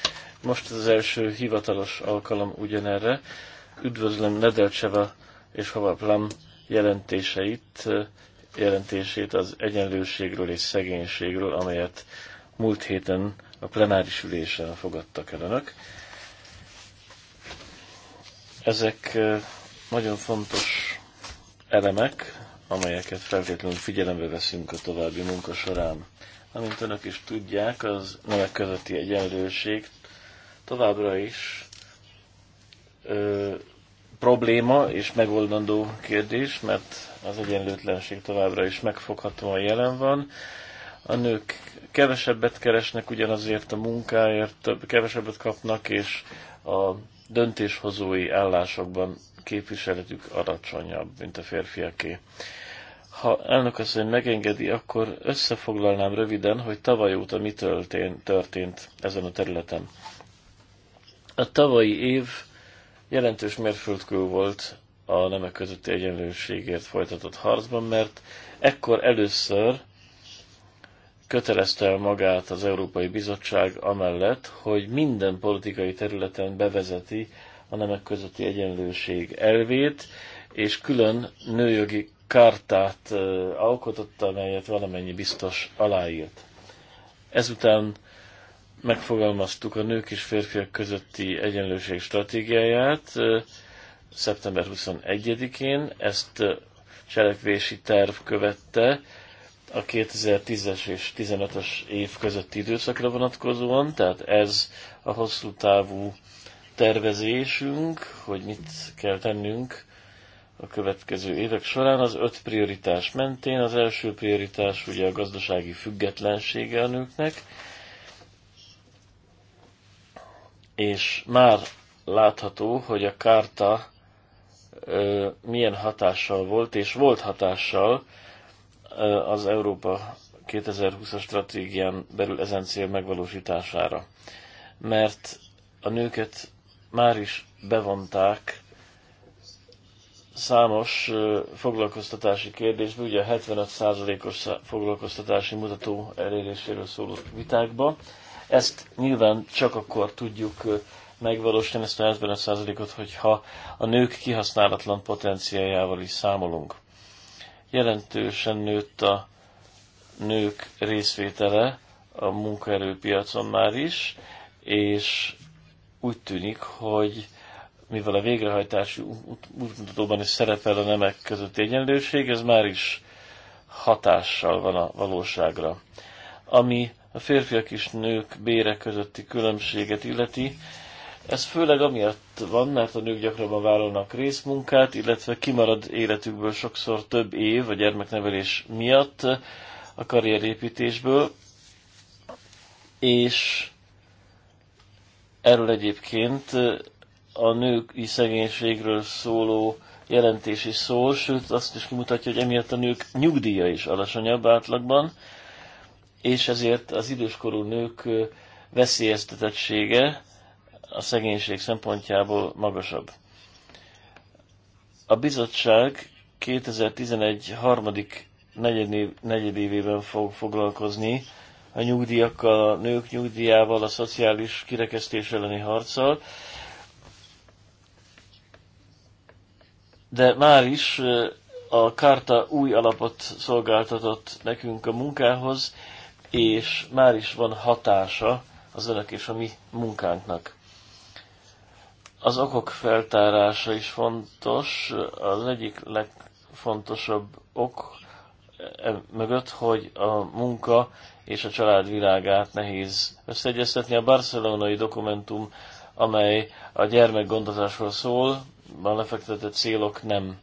Most az első hivatalos alkalom ugyanerre. Üdvözlöm Nedelcseva és Hava Plam jelentéseit, jelentését az egyenlőségről és szegénységről, amelyet múlt héten a plenáris ülésen fogadtak el önök. Ezek eh, nagyon fontos elemek amelyeket feltétlenül figyelembe veszünk a további munka során. Amint önök is tudják, az nemek közötti egyenlőség továbbra is ö, probléma és megoldandó kérdés, mert az egyenlőtlenség továbbra is megfoghatóan jelen van. A nők kevesebbet keresnek ugyanazért a munkáért, kevesebbet kapnak, és a döntéshozói állásokban képviseletük alacsonyabb, mint a férfiaké. Ha elnök asszony megengedi, akkor összefoglalnám röviden, hogy tavaly óta mi történt, történt ezen a területen. A tavalyi év jelentős mérföldkő volt a nemek közötti egyenlőségért folytatott harcban, mert ekkor először kötelezte el magát az Európai Bizottság amellett, hogy minden politikai területen bevezeti a nemek közötti egyenlőség elvét, és külön nőjogi kártát alkototta, amelyet valamennyi biztos aláírt. Ezután megfogalmaztuk a nők és férfiak közötti egyenlőség stratégiáját szeptember 21-én, ezt cselekvési terv követte a 2010-es és 15 es év közötti időszakra vonatkozóan, tehát ez a hosszú távú tervezésünk, hogy mit kell tennünk a következő évek során, az öt prioritás mentén. Az első prioritás ugye a gazdasági függetlensége a nőknek, és már látható, hogy a kárta ö, milyen hatással volt, és volt hatással ö, az Európa 2020-as stratégián belül ezen cél megvalósítására. Mert a nőket már is bevonták számos foglalkoztatási kérdésbe, ugye a 75%-os foglalkoztatási mutató eléréséről szóló vitákba. Ezt nyilván csak akkor tudjuk megvalósítani, ezt a 75%-ot, hogyha a nők kihasználatlan potenciájával is számolunk. Jelentősen nőtt a nők részvétele a munkaerőpiacon már is, és úgy tűnik, hogy mivel a végrehajtási útmutatóban is szerepel a nemek között egyenlőség, ez már is hatással van a valóságra. Ami a férfiak és nők bére közötti különbséget illeti, ez főleg amiatt van, mert a nők gyakrabban vállalnak részmunkát, illetve kimarad életükből sokszor több év a gyermeknevelés miatt a karrierépítésből, és Erről egyébként a női szegénységről szóló jelentés is szól, sőt azt is kimutatja, hogy emiatt a nők nyugdíja is alacsonyabb átlagban, és ezért az időskorú nők veszélyeztetettsége a szegénység szempontjából magasabb. A bizottság 2011 harmadik negyedévében fog foglalkozni a nyugdíjakkal, a nők nyugdíjával, a szociális kirekesztés elleni harccal. De már is a kárta új alapot szolgáltatott nekünk a munkához, és már is van hatása az önök és a mi munkánknak. Az okok feltárása is fontos. Az egyik legfontosabb ok, E, mögött, hogy a munka és a család világát nehéz összeegyeztetni. A barcelonai dokumentum, amely a gyermekgondozásról szól, a lefektetett célok nem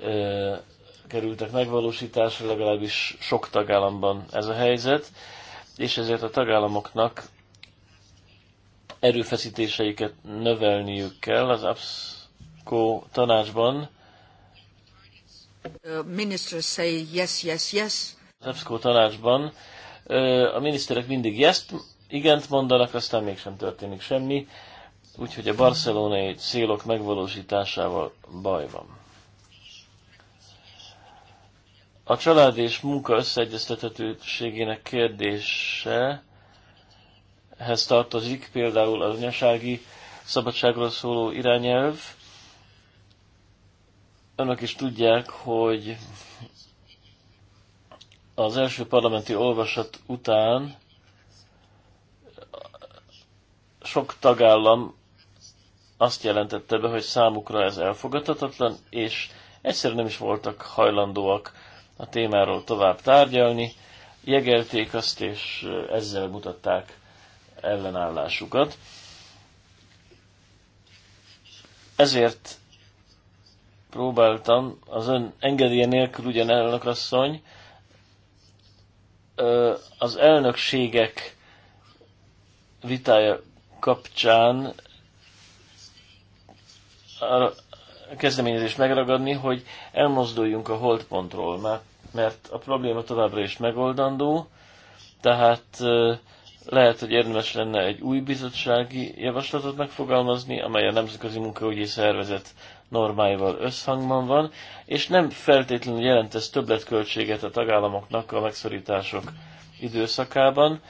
ö, e, kerültek megvalósításra, legalábbis sok tagállamban ez a helyzet, és ezért a tagállamoknak erőfeszítéseiket növelniük kell az APSCO tanácsban Uh, ministers say yes, yes, yes. Az EBSCO tanácsban uh, a miniszterek mindig yes igent mondanak, aztán mégsem történik semmi, úgyhogy a barcelonai célok megvalósításával baj van. A család és munka összeegyeztethetőségének kérdésehez tartozik például az anyasági szabadságról szóló irányelv, önök is tudják, hogy az első parlamenti olvasat után sok tagállam azt jelentette be, hogy számukra ez elfogadhatatlan, és egyszerűen nem is voltak hajlandóak a témáról tovább tárgyalni, jegelték azt, és ezzel mutatták ellenállásukat. Ezért próbáltam, az ön engedélye nélkül ugyan elnökasszony, az elnökségek vitája kapcsán a kezdeményezést megragadni, hogy elmozduljunk a holdpontról, mert a probléma továbbra is megoldandó, tehát lehet, hogy érdemes lenne egy új bizottsági javaslatot megfogalmazni, amely a Nemzetközi Munkaügyi Szervezet normáival összhangban van, és nem feltétlenül jelent ez többletköltséget a tagállamoknak a megszorítások időszakában.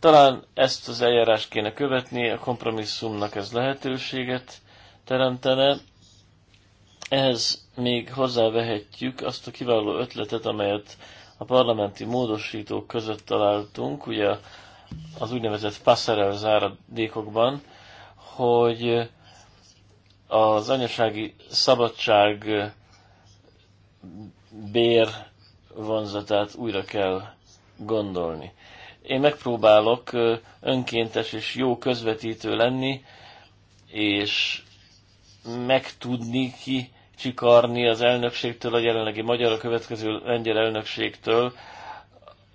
Talán ezt az eljárást kéne követni, a kompromisszumnak ez lehetőséget teremtene. Ehhez még hozzávehetjük azt a kiváló ötletet, amelyet a parlamenti módosítók között találtunk, ugye az úgynevezett passerel záradékokban, hogy az anyasági szabadság bér vonzatát újra kell gondolni. Én megpróbálok önkéntes és jó közvetítő lenni, és megtudni ki, csikarni az elnökségtől, a jelenlegi magyar, a következő lengyel elnökségtől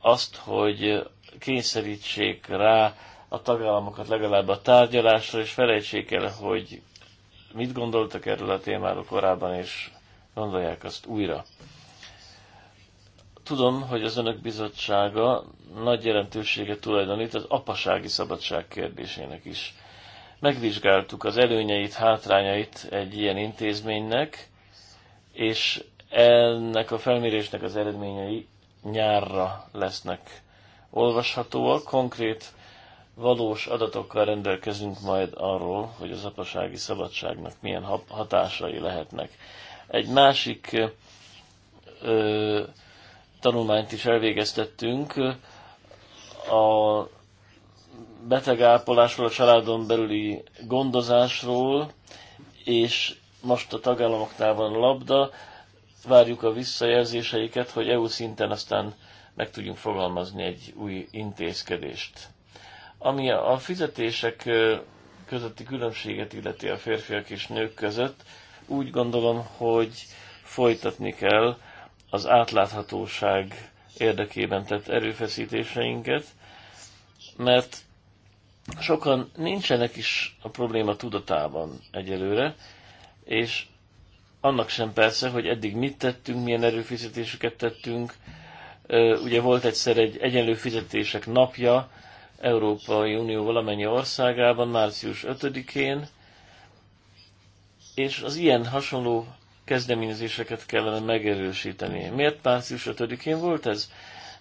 azt, hogy kényszerítsék rá a tagállamokat legalább a tárgyalásra, és felejtsék el, hogy mit gondoltak erről a témáról korábban, és gondolják azt újra. Tudom, hogy az önök bizottsága nagy jelentőséget tulajdonít az apasági szabadság kérdésének is. Megvizsgáltuk az előnyeit, hátrányait egy ilyen intézménynek, és ennek a felmérésnek az eredményei nyárra lesznek olvashatóak. Konkrét valós adatokkal rendelkezünk majd arról, hogy az apasági szabadságnak milyen hatásai lehetnek. Egy másik ö, tanulmányt is elvégeztettünk a betegápolásról, a családon belüli gondozásról, és most a tagállamoknál van a labda, várjuk a visszajelzéseiket, hogy EU szinten aztán meg tudjunk fogalmazni egy új intézkedést. Ami a fizetések közötti különbséget illeti a férfiak és nők között, úgy gondolom, hogy folytatni kell az átláthatóság érdekében tett erőfeszítéseinket, mert sokan nincsenek is a probléma tudatában egyelőre, és annak sem persze, hogy eddig mit tettünk, milyen erőfizetéseket tettünk. Ugye volt egyszer egy egyenlő fizetések napja, Európai Unió valamennyi országában március 5-én, és az ilyen hasonló kezdeményezéseket kellene megerősíteni. Miért március 5-én volt ez?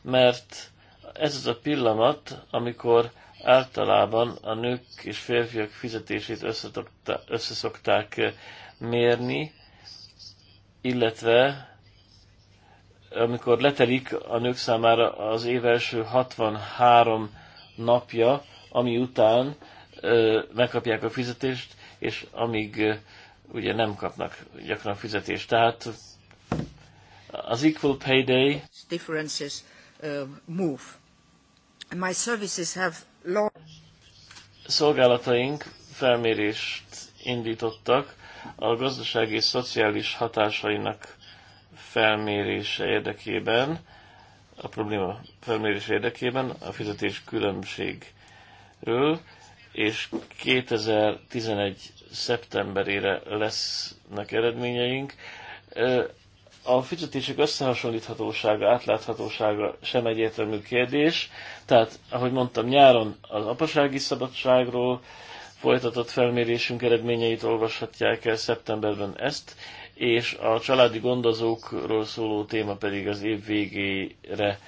Mert ez az a pillanat, amikor általában a nők és férfiak fizetését összeszokták eh, mérni, illetve amikor letelik a nők számára az év első 63 napja, ami után ö, megkapják a fizetést, és amíg ö, ugye nem kapnak gyakran fizetést. Tehát az Equal Pay Day differences uh, move. My services have long... Szolgálataink felmérést indítottak a gazdasági és szociális hatásainak felmérése érdekében a probléma felmérés érdekében, a fizetés különbségről, és 2011 szeptemberére lesznek eredményeink. A fizetések összehasonlíthatósága, átláthatósága sem egyértelmű kérdés, tehát, ahogy mondtam, nyáron az apasági szabadságról folytatott felmérésünk eredményeit olvashatják el szeptemberben ezt, és a családi gondozókról szóló téma pedig az év végére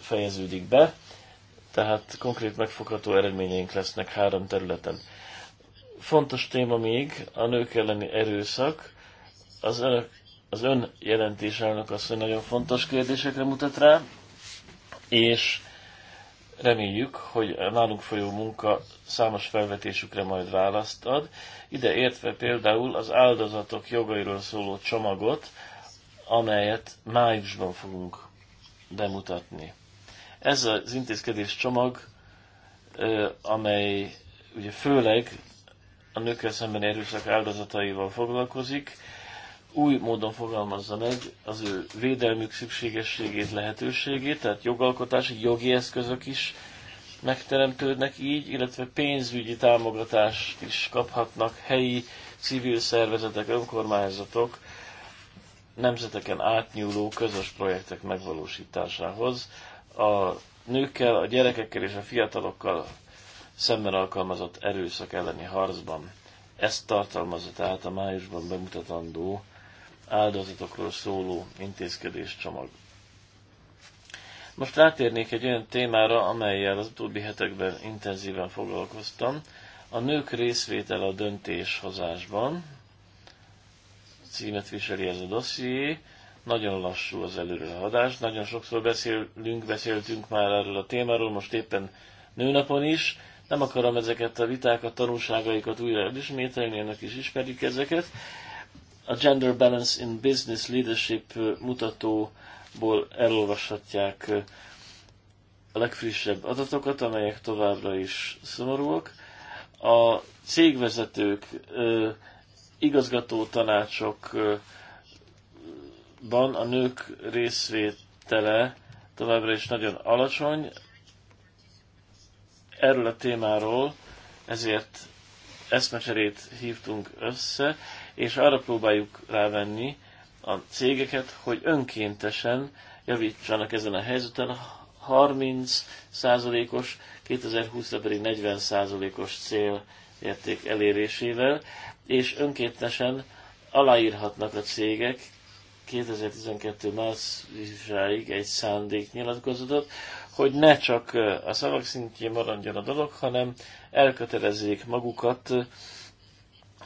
fejeződik be, tehát konkrét megfogható eredményeink lesznek három területen. Fontos téma még a nők elleni erőszak. Az, önök, az ön jelentés elnök azt, hogy nagyon fontos kérdésekre mutat rá, és reméljük, hogy a nálunk folyó munka számos felvetésükre majd választ ad, ide értve például az áldozatok jogairól szóló csomagot, amelyet májusban fogunk bemutatni. Ez az intézkedés csomag, amely ugye főleg a nőkkel szemben erőszak áldozataival foglalkozik, új módon fogalmazza meg az ő védelmük szükségességét, lehetőségét, tehát jogalkotási, jogi eszközök is megteremtődnek így, illetve pénzügyi támogatást is kaphatnak helyi civil szervezetek, önkormányzatok, nemzeteken átnyúló közös projektek megvalósításához, a nőkkel, a gyerekekkel és a fiatalokkal szemben alkalmazott erőszak elleni harcban. Ezt tartalmazza tehát a májusban bemutatandó áldozatokról szóló intézkedés csomag. Most rátérnék egy olyan témára, amelyel az utóbbi hetekben intenzíven foglalkoztam, a nők részvétel a döntéshozásban, címet viseli ez a dosszié, nagyon lassú az előrehaladás, nagyon sokszor beszélünk, beszéltünk már erről a témáról, most éppen nőnapon is, nem akarom ezeket a vitákat, tanulságaikat újra elismételni, önök is ismerik ezeket, a Gender Balance in Business Leadership mutatóból elolvashatják a legfrissebb adatokat, amelyek továbbra is szomorúak. A cégvezetők, igazgató tanácsokban a nők részvétele továbbra is nagyon alacsony. Erről a témáról ezért eszmecserét hívtunk össze, és arra próbáljuk rávenni a cégeket, hogy önkéntesen javítsanak ezen a helyzeten, 30%-os, 2020-ra pedig 40%-os célérték elérésével, és önkéntesen aláírhatnak a cégek 2012. márciusáig egy szándéknyilatkozatot, hogy ne csak a szavak szintjén maradjon a dolog, hanem elkötelezzék magukat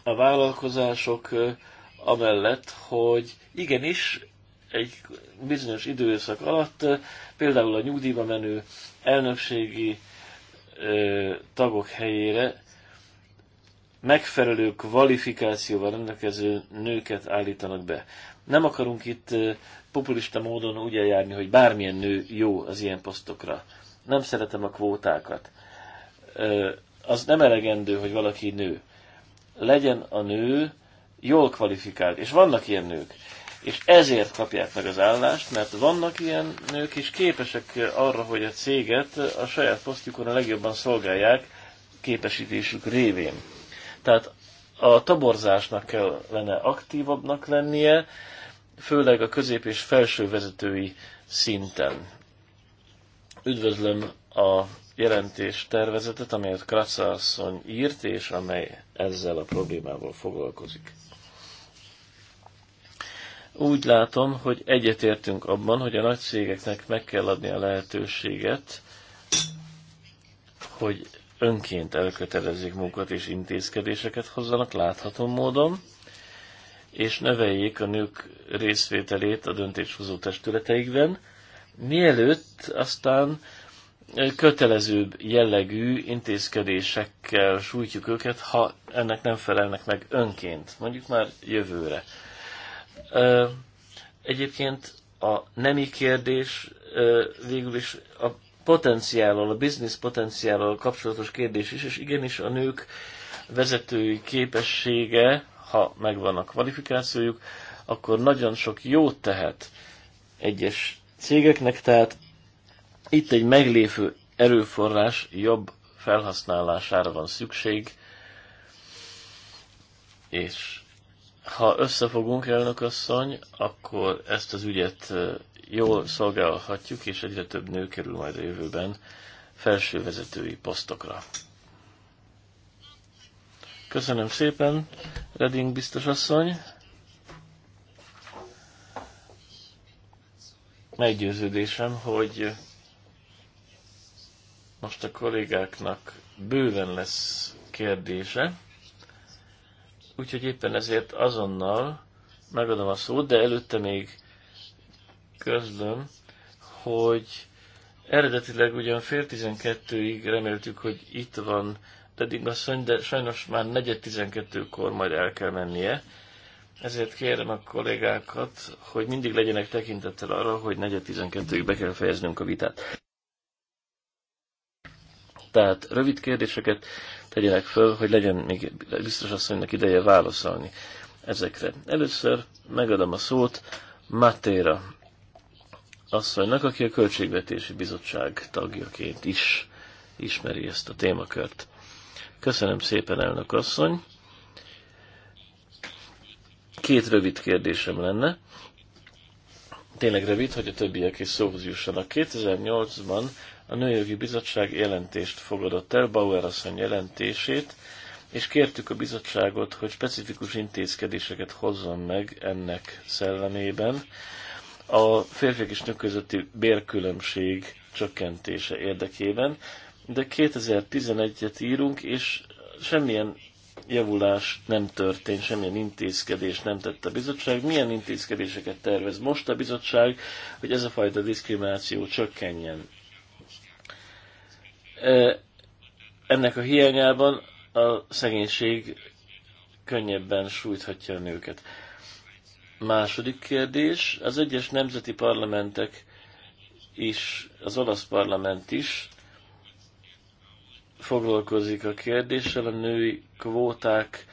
a vállalkozások amellett, hogy igenis egy bizonyos időszak alatt például a nyugdíjba menő elnökségi tagok helyére megfelelő kvalifikációval rendelkező nőket állítanak be. Nem akarunk itt populista módon úgy eljárni, hogy bármilyen nő jó az ilyen posztokra. Nem szeretem a kvótákat. Az nem elegendő, hogy valaki nő legyen a nő jól kvalifikált, és vannak ilyen nők, és ezért kapják meg az állást, mert vannak ilyen nők is képesek arra, hogy a céget a saját posztjukon a legjobban szolgálják képesítésük révén. Tehát a taborzásnak kellene aktívabbnak lennie, főleg a közép és felső vezetői szinten. Üdvözlöm a jelentés tervezetet, amelyet Kratza asszony írt, és amely ezzel a problémával foglalkozik. Úgy látom, hogy egyetértünk abban, hogy a nagy cégeknek meg kell adni a lehetőséget, hogy önként elkötelezzék munkat és intézkedéseket hozzanak látható módon, és növeljék a nők részvételét a döntéshozó testületeikben, mielőtt aztán kötelezőbb jellegű intézkedésekkel sújtjuk őket, ha ennek nem felelnek meg önként, mondjuk már jövőre. Egyébként a nemi kérdés végül is a potenciállal, a biznisz potenciállal kapcsolatos kérdés is, és igenis a nők vezetői képessége, ha megvan a kvalifikációjuk, akkor nagyon sok jót tehet egyes cégeknek, tehát itt egy meglévő erőforrás jobb felhasználására van szükség, és ha összefogunk, elnök asszony, akkor ezt az ügyet jól szolgálhatjuk, és egyre több nő kerül majd a jövőben felsővezetői posztokra. Köszönöm szépen, Reding biztos asszony. Meggyőződésem, hogy most a kollégáknak bőven lesz kérdése, úgyhogy éppen ezért azonnal megadom a szót, de előtte még közlöm, hogy eredetileg ugyan fél tizenkettőig reméltük, hogy itt van pedig asszony, de sajnos már negyed tizenkettőkor majd el kell mennie. Ezért kérem a kollégákat, hogy mindig legyenek tekintettel arra, hogy negyed tizenkettőig be kell fejeznünk a vitát tehát rövid kérdéseket tegyenek föl, hogy legyen még biztos asszonynak ideje válaszolni ezekre. Először megadom a szót Matéra asszonynak, aki a Költségvetési Bizottság tagjaként is ismeri ezt a témakört. Köszönöm szépen, elnök asszony! Két rövid kérdésem lenne. Tényleg rövid, hogy a többiek is szóhoz jussanak. 2008-ban a Nőjogi Bizottság jelentést fogadott el, Bauer asszony jelentését, és kértük a bizottságot, hogy specifikus intézkedéseket hozzon meg ennek szellemében. A férfiak és nők közötti bérkülönbség csökkentése érdekében, de 2011-et írunk, és semmilyen javulás nem történt, semmilyen intézkedés nem tett a bizottság. Milyen intézkedéseket tervez most a bizottság, hogy ez a fajta diszkrimináció csökkenjen? Ennek a hiányában a szegénység könnyebben sújthatja a nőket. Második kérdés, az egyes nemzeti parlamentek is, az olasz parlament is foglalkozik a kérdéssel, a női kvóták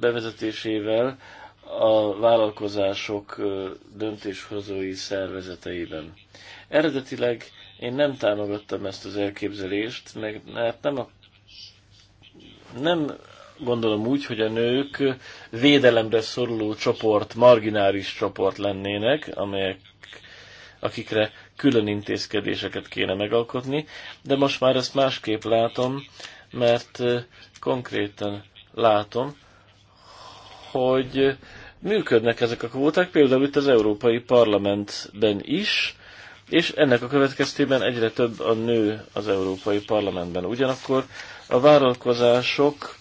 bevezetésével a vállalkozások döntéshozói szervezeteiben. Eredetileg én nem támogattam ezt az elképzelést, meg hát nem, a, nem gondolom úgy, hogy a nők védelemre szoruló csoport, marginális csoport lennének, amelyek, akikre külön intézkedéseket kéne megalkotni, de most már ezt másképp látom, mert konkrétan látom, hogy működnek ezek a kvóták, például itt az Európai Parlamentben is, és ennek a következtében egyre több a nő az Európai Parlamentben. Ugyanakkor a vállalkozások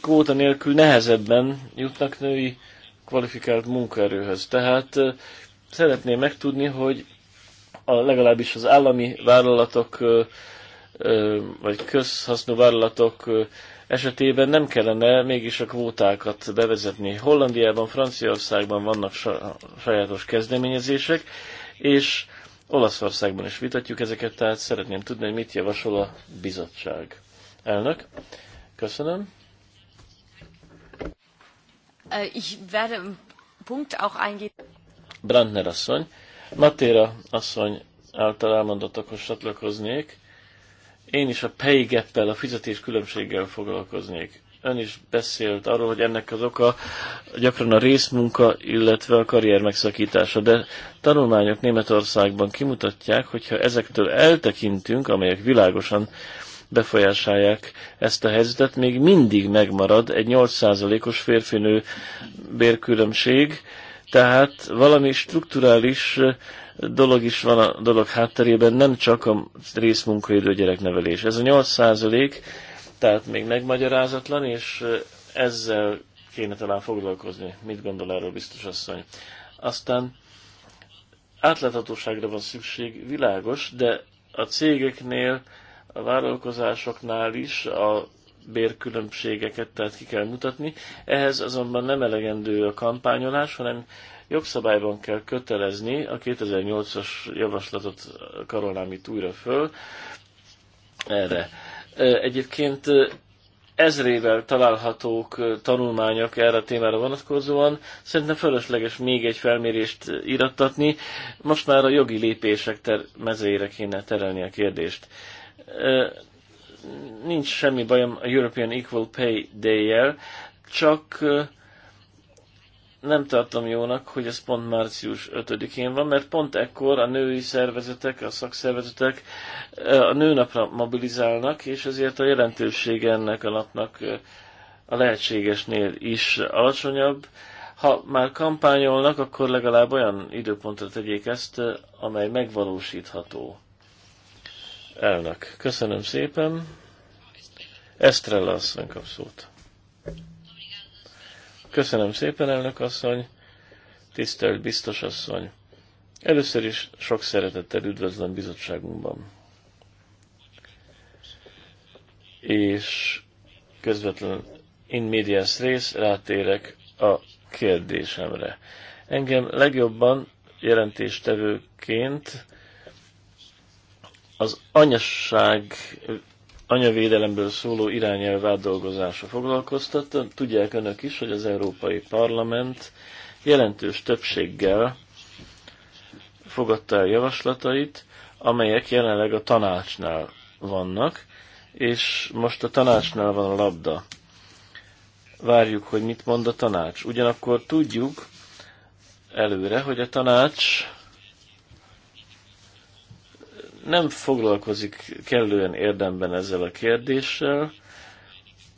kóta nélkül nehezebben jutnak női kvalifikált munkaerőhöz. Tehát szeretném megtudni, hogy a, legalábbis az állami vállalatok vagy közhasznú vállalatok esetében nem kellene mégis a kvótákat bevezetni. Hollandiában, Franciaországban vannak sajátos kezdeményezések, és Olaszországban is vitatjuk ezeket, tehát szeretném tudni, hogy mit javasol a bizottság. Elnök, köszönöm. Äh, ich werde Punkt auch eingehen. Brandner asszony. Matéra asszony által elmondottakhoz satlakoznék. Én is a pay gap a fizetés különbséggel foglalkoznék ön is beszélt arról, hogy ennek az oka gyakran a részmunka, illetve a karrier megszakítása, de tanulmányok Németországban kimutatják, hogyha ezektől eltekintünk, amelyek világosan befolyásolják ezt a helyzetet, még mindig megmarad egy 8%-os férfinő bérkülönbség, tehát valami strukturális dolog is van a dolog hátterében, nem csak a részmunkaidő gyereknevelés. Ez a 8 tehát még megmagyarázatlan, és ezzel kéne talán foglalkozni. Mit gondol erről biztos asszony? Aztán átláthatóságra van szükség, világos, de a cégeknél, a vállalkozásoknál is a bérkülönbségeket, tehát ki kell mutatni. Ehhez azonban nem elegendő a kampányolás, hanem jogszabályban kell kötelezni, a 2008-as javaslatot karolnám itt újra föl, erre Egyébként ezrével találhatók tanulmányok erre a témára vonatkozóan. Szerintem fölösleges még egy felmérést irattatni. Most már a jogi lépések ter- mezeire kéne terelni a kérdést. Nincs semmi bajom a European Equal Pay Day-jel, csak nem tartom jónak, hogy ez pont március 5-én van, mert pont ekkor a női szervezetek, a szakszervezetek a nőnapra mobilizálnak, és ezért a jelentősége ennek a napnak a lehetségesnél is alacsonyabb. Ha már kampányolnak, akkor legalább olyan időpontra tegyék ezt, amely megvalósítható. Elnök, köszönöm szépen. Estrella asszony kap szót. Köszönöm szépen, elnök asszony, tisztelt biztos asszony. Először is sok szeretettel üdvözlöm bizottságunkban. És közvetlen in medias rész rátérek a kérdésemre. Engem legjobban jelentéstevőként az anyasság anyavédelemből szóló irányelv átdolgozása foglalkoztatta. Tudják önök is, hogy az Európai Parlament jelentős többséggel fogadta el javaslatait, amelyek jelenleg a tanácsnál vannak, és most a tanácsnál van a labda. Várjuk, hogy mit mond a tanács. Ugyanakkor tudjuk előre, hogy a tanács nem foglalkozik kellően érdemben ezzel a kérdéssel,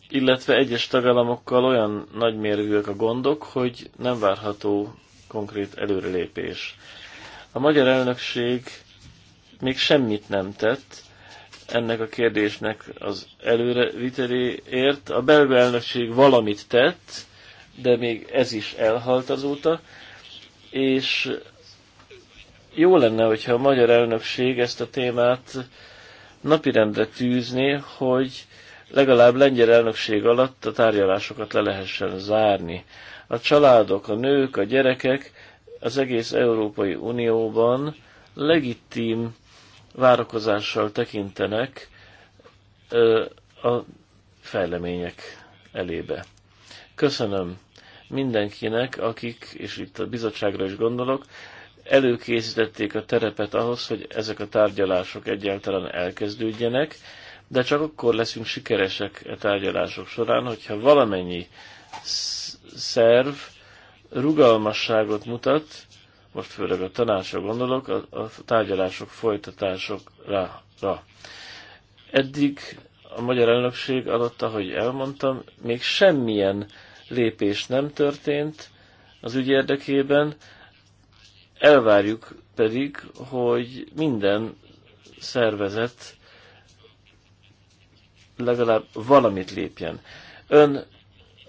illetve egyes tagállamokkal olyan nagymérvűek a gondok, hogy nem várható konkrét előrelépés. A magyar elnökség még semmit nem tett ennek a kérdésnek az előreviteléért. A belga elnökség valamit tett, de még ez is elhalt azóta, és jó lenne, hogyha a magyar elnökség ezt a témát napirendre tűzni, hogy legalább lengyel elnökség alatt a tárgyalásokat le lehessen zárni. A családok, a nők, a gyerekek az egész Európai Unióban legitim várakozással tekintenek a fejlemények elébe. Köszönöm mindenkinek, akik, és itt a bizottságra is gondolok, előkészítették a terepet ahhoz, hogy ezek a tárgyalások egyáltalán elkezdődjenek, de csak akkor leszünk sikeresek a e tárgyalások során, hogyha valamennyi szerv rugalmasságot mutat, most főleg a tanácsra gondolok, a, a tárgyalások folytatásokra. Eddig a magyar elnökség alatt, ahogy elmondtam, még semmilyen lépés nem történt az ügy érdekében, Elvárjuk pedig, hogy minden szervezet legalább valamit lépjen. Ön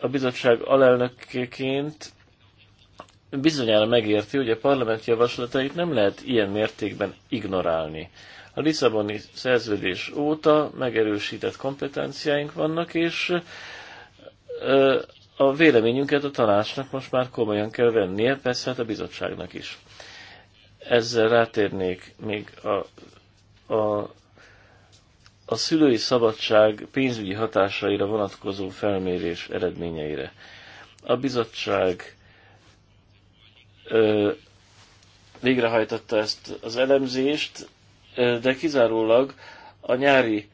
a bizottság alelnökeként bizonyára megérti, hogy a parlament javaslatait nem lehet ilyen mértékben ignorálni. A Lisszaboni szerződés óta megerősített kompetenciáink vannak, és a véleményünket a tanácsnak most már komolyan kell vennie, persze hát a bizottságnak is ezzel rátérnék még a, a, a szülői szabadság pénzügyi hatásaira vonatkozó felmérés eredményeire. A bizottság ö, végrehajtotta ezt az elemzést, ö, de kizárólag a nyári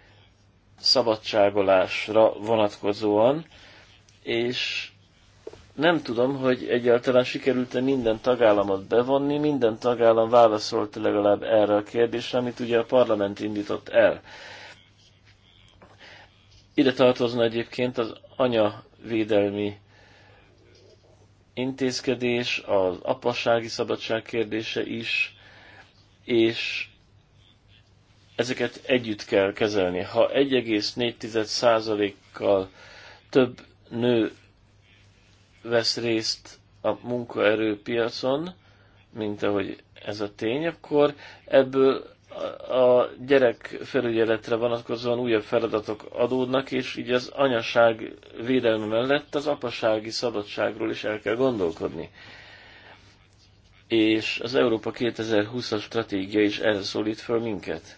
szabadságolásra vonatkozóan, és nem tudom, hogy egyáltalán sikerült-e minden tagállamot bevonni, minden tagállam válaszolt legalább erre a kérdésre, amit ugye a parlament indított el. Ide tartozna egyébként az anyavédelmi intézkedés, az apassági szabadság kérdése is, és ezeket együtt kell kezelni. Ha 1,4%-kal több nő vesz részt a munkaerőpiacon, mint ahogy ez a tény, akkor ebből a gyerek felügyeletre vonatkozóan újabb feladatok adódnak, és így az anyaság védelme mellett az apasági szabadságról is el kell gondolkodni. És az Európa 2020-as stratégia is erre szólít föl minket.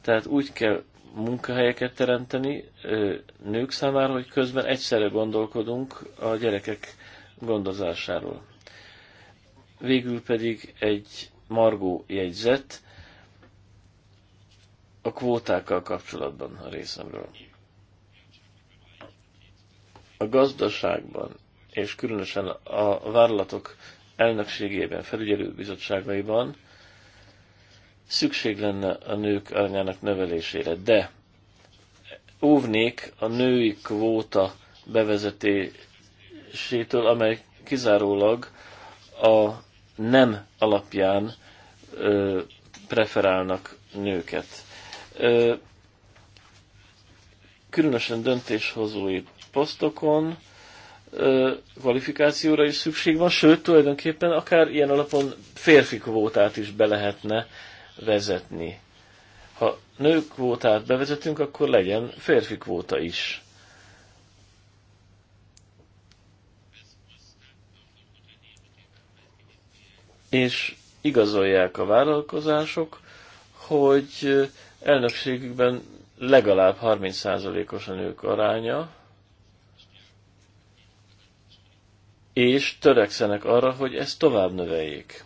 Tehát úgy kell munkahelyeket teremteni nők számára, hogy közben egyszerre gondolkodunk a gyerekek gondozásáról. Végül pedig egy margó jegyzet a kvótákkal kapcsolatban a részemről. A gazdaságban, és különösen a vállalatok elnökségében, felügyelőbizottságaiban szükség lenne a nők arányának növelésére, de óvnék a női kvóta bevezetésétől, amely kizárólag a nem alapján ö, preferálnak nőket. Ö, különösen döntéshozói posztokon ö, kvalifikációra is szükség van, sőt, tulajdonképpen akár ilyen alapon férfi kvótát is be lehetne vezetni. Ha nők kvótát bevezetünk, akkor legyen férfi kvóta is. És igazolják a vállalkozások, hogy elnökségükben legalább 30%-os a nők aránya, és törekszenek arra, hogy ezt tovább növeljék.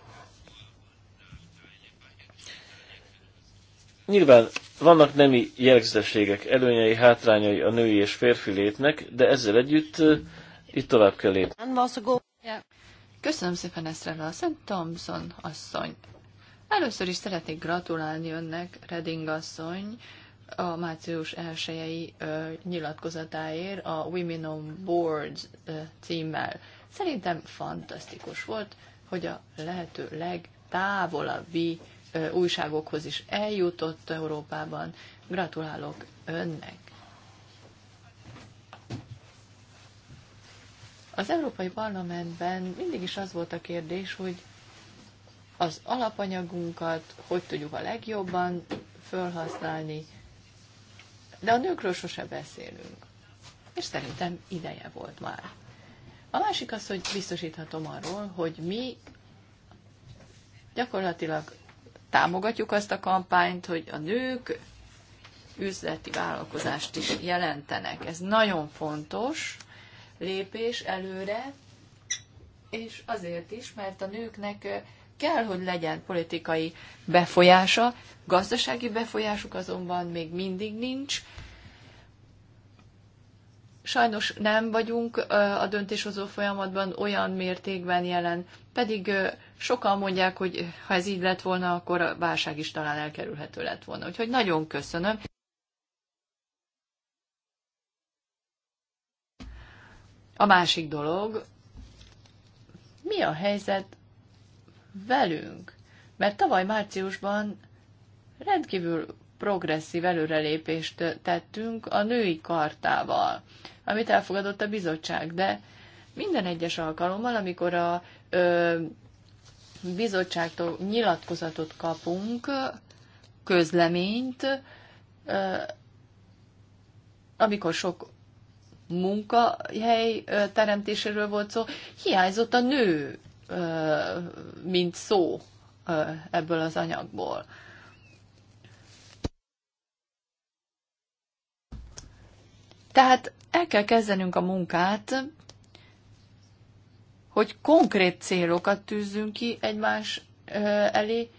Nyilván vannak nemi jellegzetességek, előnyei, hátrányai a női és férfi létnek, de ezzel együtt itt tovább kell lépni. Köszönöm szépen, Eszrela. Szent Thompson asszony. Először is szeretnék gratulálni önnek, Reding asszony, a március 1 nyilatkozatáért a Women on Board címmel. Szerintem fantasztikus volt, hogy a lehető legtávolabbi újságokhoz is eljutott Európában. Gratulálok önnek! Az Európai Parlamentben mindig is az volt a kérdés, hogy az alapanyagunkat hogy tudjuk a legjobban felhasználni, de a nőkről sose beszélünk. És szerintem ideje volt már. A másik az, hogy biztosíthatom arról, hogy mi gyakorlatilag támogatjuk azt a kampányt, hogy a nők üzleti vállalkozást is jelentenek. Ez nagyon fontos lépés előre, és azért is, mert a nőknek kell, hogy legyen politikai befolyása, gazdasági befolyásuk azonban még mindig nincs. Sajnos nem vagyunk a döntéshozó folyamatban olyan mértékben jelen, pedig Sokan mondják, hogy ha ez így lett volna, akkor a válság is talán elkerülhető lett volna. Úgyhogy nagyon köszönöm. A másik dolog, mi a helyzet velünk? Mert tavaly márciusban rendkívül progresszív előrelépést tettünk a női kartával, amit elfogadott a bizottság, de minden egyes alkalommal, amikor a ö, bizottságtól nyilatkozatot kapunk, közleményt, amikor sok munkahely teremtéséről volt szó, hiányzott a nő, mint szó ebből az anyagból. Tehát el kell kezdenünk a munkát, hogy konkrét célokat tűzzünk ki egymás elé,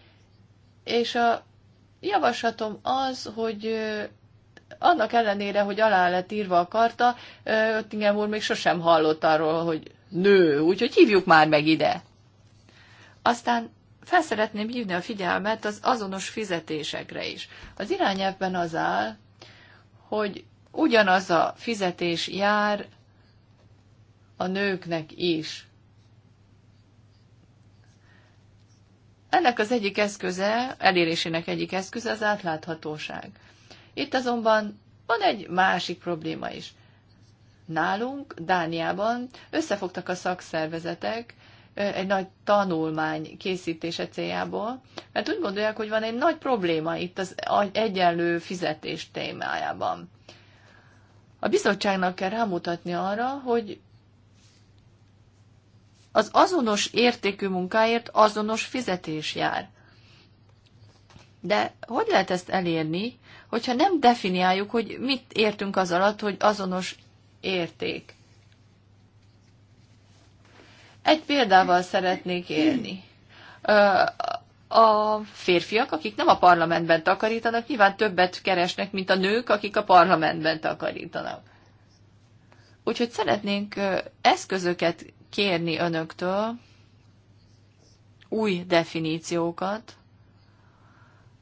és a javaslatom az, hogy annak ellenére, hogy alá lett írva a karta, Öttingen úr még sosem hallott arról, hogy nő, úgyhogy hívjuk már meg ide. Aztán felszeretném hívni a figyelmet az azonos fizetésekre is. Az irányelvben az áll, hogy ugyanaz a fizetés jár a nőknek is. Ennek az egyik eszköze, elérésének egyik eszköze az átláthatóság. Itt azonban van egy másik probléma is. Nálunk, Dániában összefogtak a szakszervezetek egy nagy tanulmány készítése céljából, mert úgy gondolják, hogy van egy nagy probléma itt az egyenlő fizetés témájában. A bizottságnak kell rámutatni arra, hogy az azonos értékű munkáért azonos fizetés jár. De hogy lehet ezt elérni, hogyha nem definiáljuk, hogy mit értünk az alatt, hogy azonos érték? Egy példával szeretnék élni. A férfiak, akik nem a parlamentben takarítanak, nyilván többet keresnek, mint a nők, akik a parlamentben takarítanak. Úgyhogy szeretnénk eszközöket kérni önöktől új definíciókat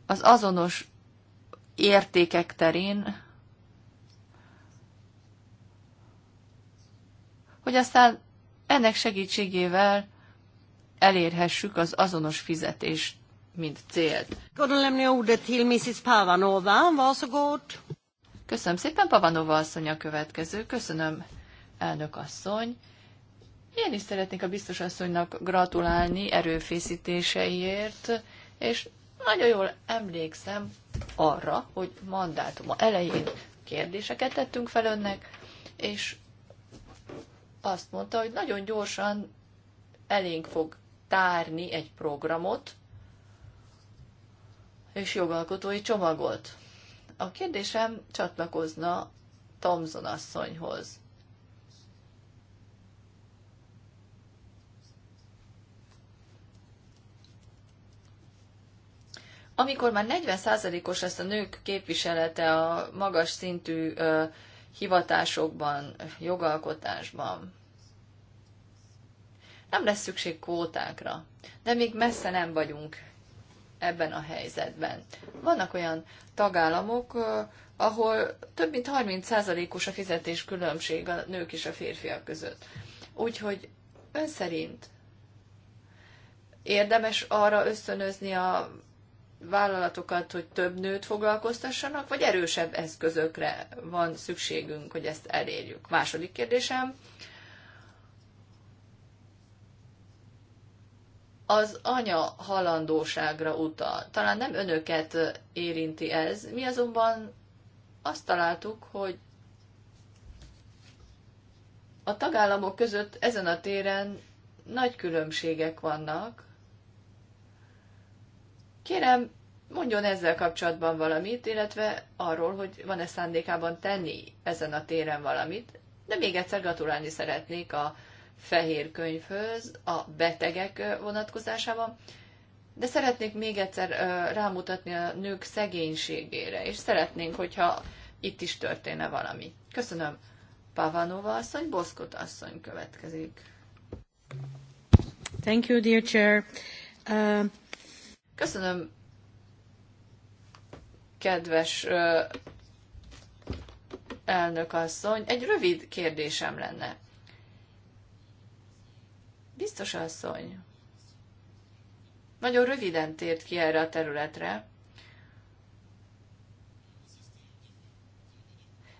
az azonos értékek terén, hogy aztán ennek segítségével elérhessük az azonos fizetést, mint célt. Köszönöm szépen, Pavanova asszony a következő. Köszönöm, elnök asszony. Én is szeretnék a biztos asszonynak gratulálni erőfészítéseiért, és nagyon jól emlékszem arra, hogy mandátuma elején kérdéseket tettünk fel önnek, és azt mondta, hogy nagyon gyorsan elénk fog tárni egy programot és jogalkotói csomagot. A kérdésem csatlakozna Thomson asszonyhoz. amikor már 40%-os lesz a nők képviselete a magas szintű hivatásokban, jogalkotásban, nem lesz szükség kvótákra, de még messze nem vagyunk ebben a helyzetben. Vannak olyan tagállamok, ahol több mint 30%-os a fizetés különbség a nők és a férfiak között. Úgyhogy ön szerint érdemes arra ösztönözni a vállalatokat, hogy több nőt foglalkoztassanak, vagy erősebb eszközökre van szükségünk, hogy ezt elérjük? Második kérdésem. Az anya halandóságra utal. Talán nem önöket érinti ez, mi azonban azt találtuk, hogy a tagállamok között ezen a téren nagy különbségek vannak, Kérem, mondjon ezzel kapcsolatban valamit, illetve arról, hogy van-e szándékában tenni ezen a téren valamit, de még egyszer gratulálni szeretnék a fehér könyvhöz, a betegek vonatkozásában, de szeretnék még egyszer rámutatni a nők szegénységére, és szeretnénk, hogyha itt is történne valami. Köszönöm. Pavanova asszony, Boszkot asszony következik. Thank you, dear chair. Uh... Köszönöm, kedves elnök asszony. Egy rövid kérdésem lenne. Biztos asszony, nagyon röviden tért ki erre a területre.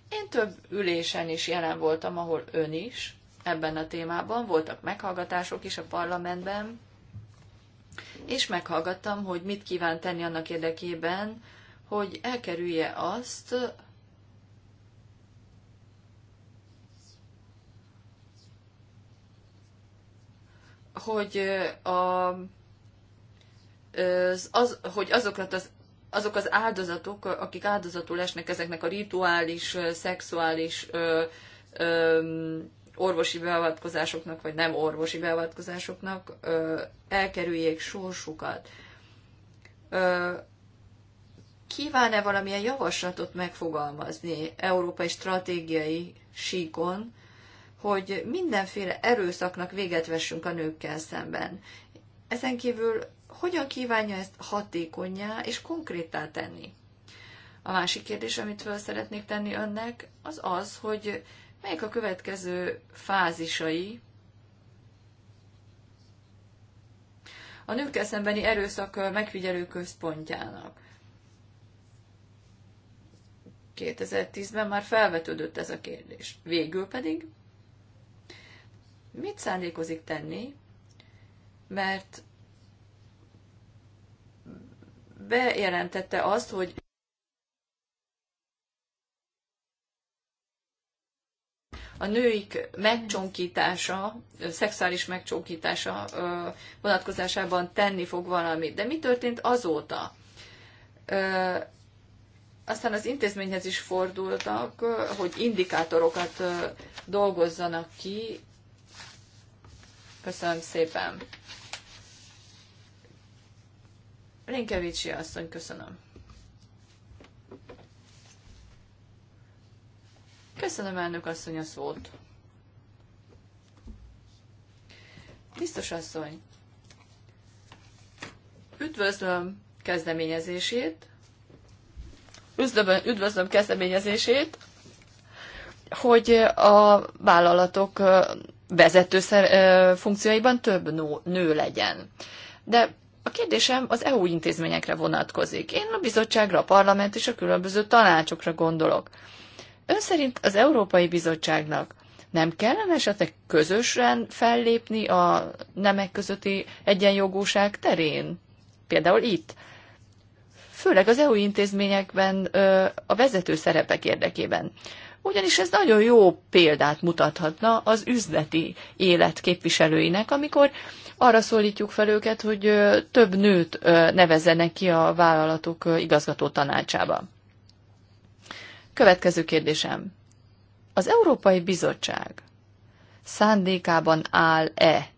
Én több ülésen is jelen voltam, ahol ön is, ebben a témában. Voltak meghallgatások is a parlamentben és meghallgattam, hogy mit kíván tenni annak érdekében, hogy elkerülje azt, hogy, a, az, hogy azokat az, azok az áldozatok, akik áldozatul esnek ezeknek a rituális, szexuális ö, ö, orvosi beavatkozásoknak, vagy nem orvosi beavatkozásoknak elkerüljék sorsukat. Kíván-e valamilyen javaslatot megfogalmazni európai stratégiai síkon, hogy mindenféle erőszaknak véget vessünk a nőkkel szemben? Ezen kívül hogyan kívánja ezt hatékonyá és konkrétá tenni? A másik kérdés, amit fel szeretnék tenni önnek, az az, hogy melyek a következő fázisai a nőkkel szembeni erőszak megfigyelő központjának. 2010-ben már felvetődött ez a kérdés. Végül pedig mit szándékozik tenni, mert bejelentette azt, hogy a nőik megcsonkítása, szexuális megcsonkítása vonatkozásában tenni fog valamit. De mi történt azóta? Aztán az intézményhez is fordultak, hogy indikátorokat dolgozzanak ki. Köszönöm szépen. Rinkevicsi asszony, köszönöm. Köszönöm, elnök asszony, a szót. Biztos asszony, üdvözlöm kezdeményezését, üdvözlöm, üdvözlöm kezdeményezését, hogy a vállalatok vezető funkcióiban több nő legyen. De a kérdésem az EU intézményekre vonatkozik. Én a bizottságra, a parlament és a különböző tanácsokra gondolok. Ön szerint az Európai Bizottságnak nem kellene esetleg közösen fellépni a nemek közötti egyenjogúság terén? Például itt. Főleg az EU intézményekben a vezető szerepek érdekében. Ugyanis ez nagyon jó példát mutathatna az üzleti élet képviselőinek, amikor arra szólítjuk fel őket, hogy több nőt nevezzenek ki a vállalatok igazgató tanácsába. Következő kérdésem. Az Európai Bizottság szándékában áll-e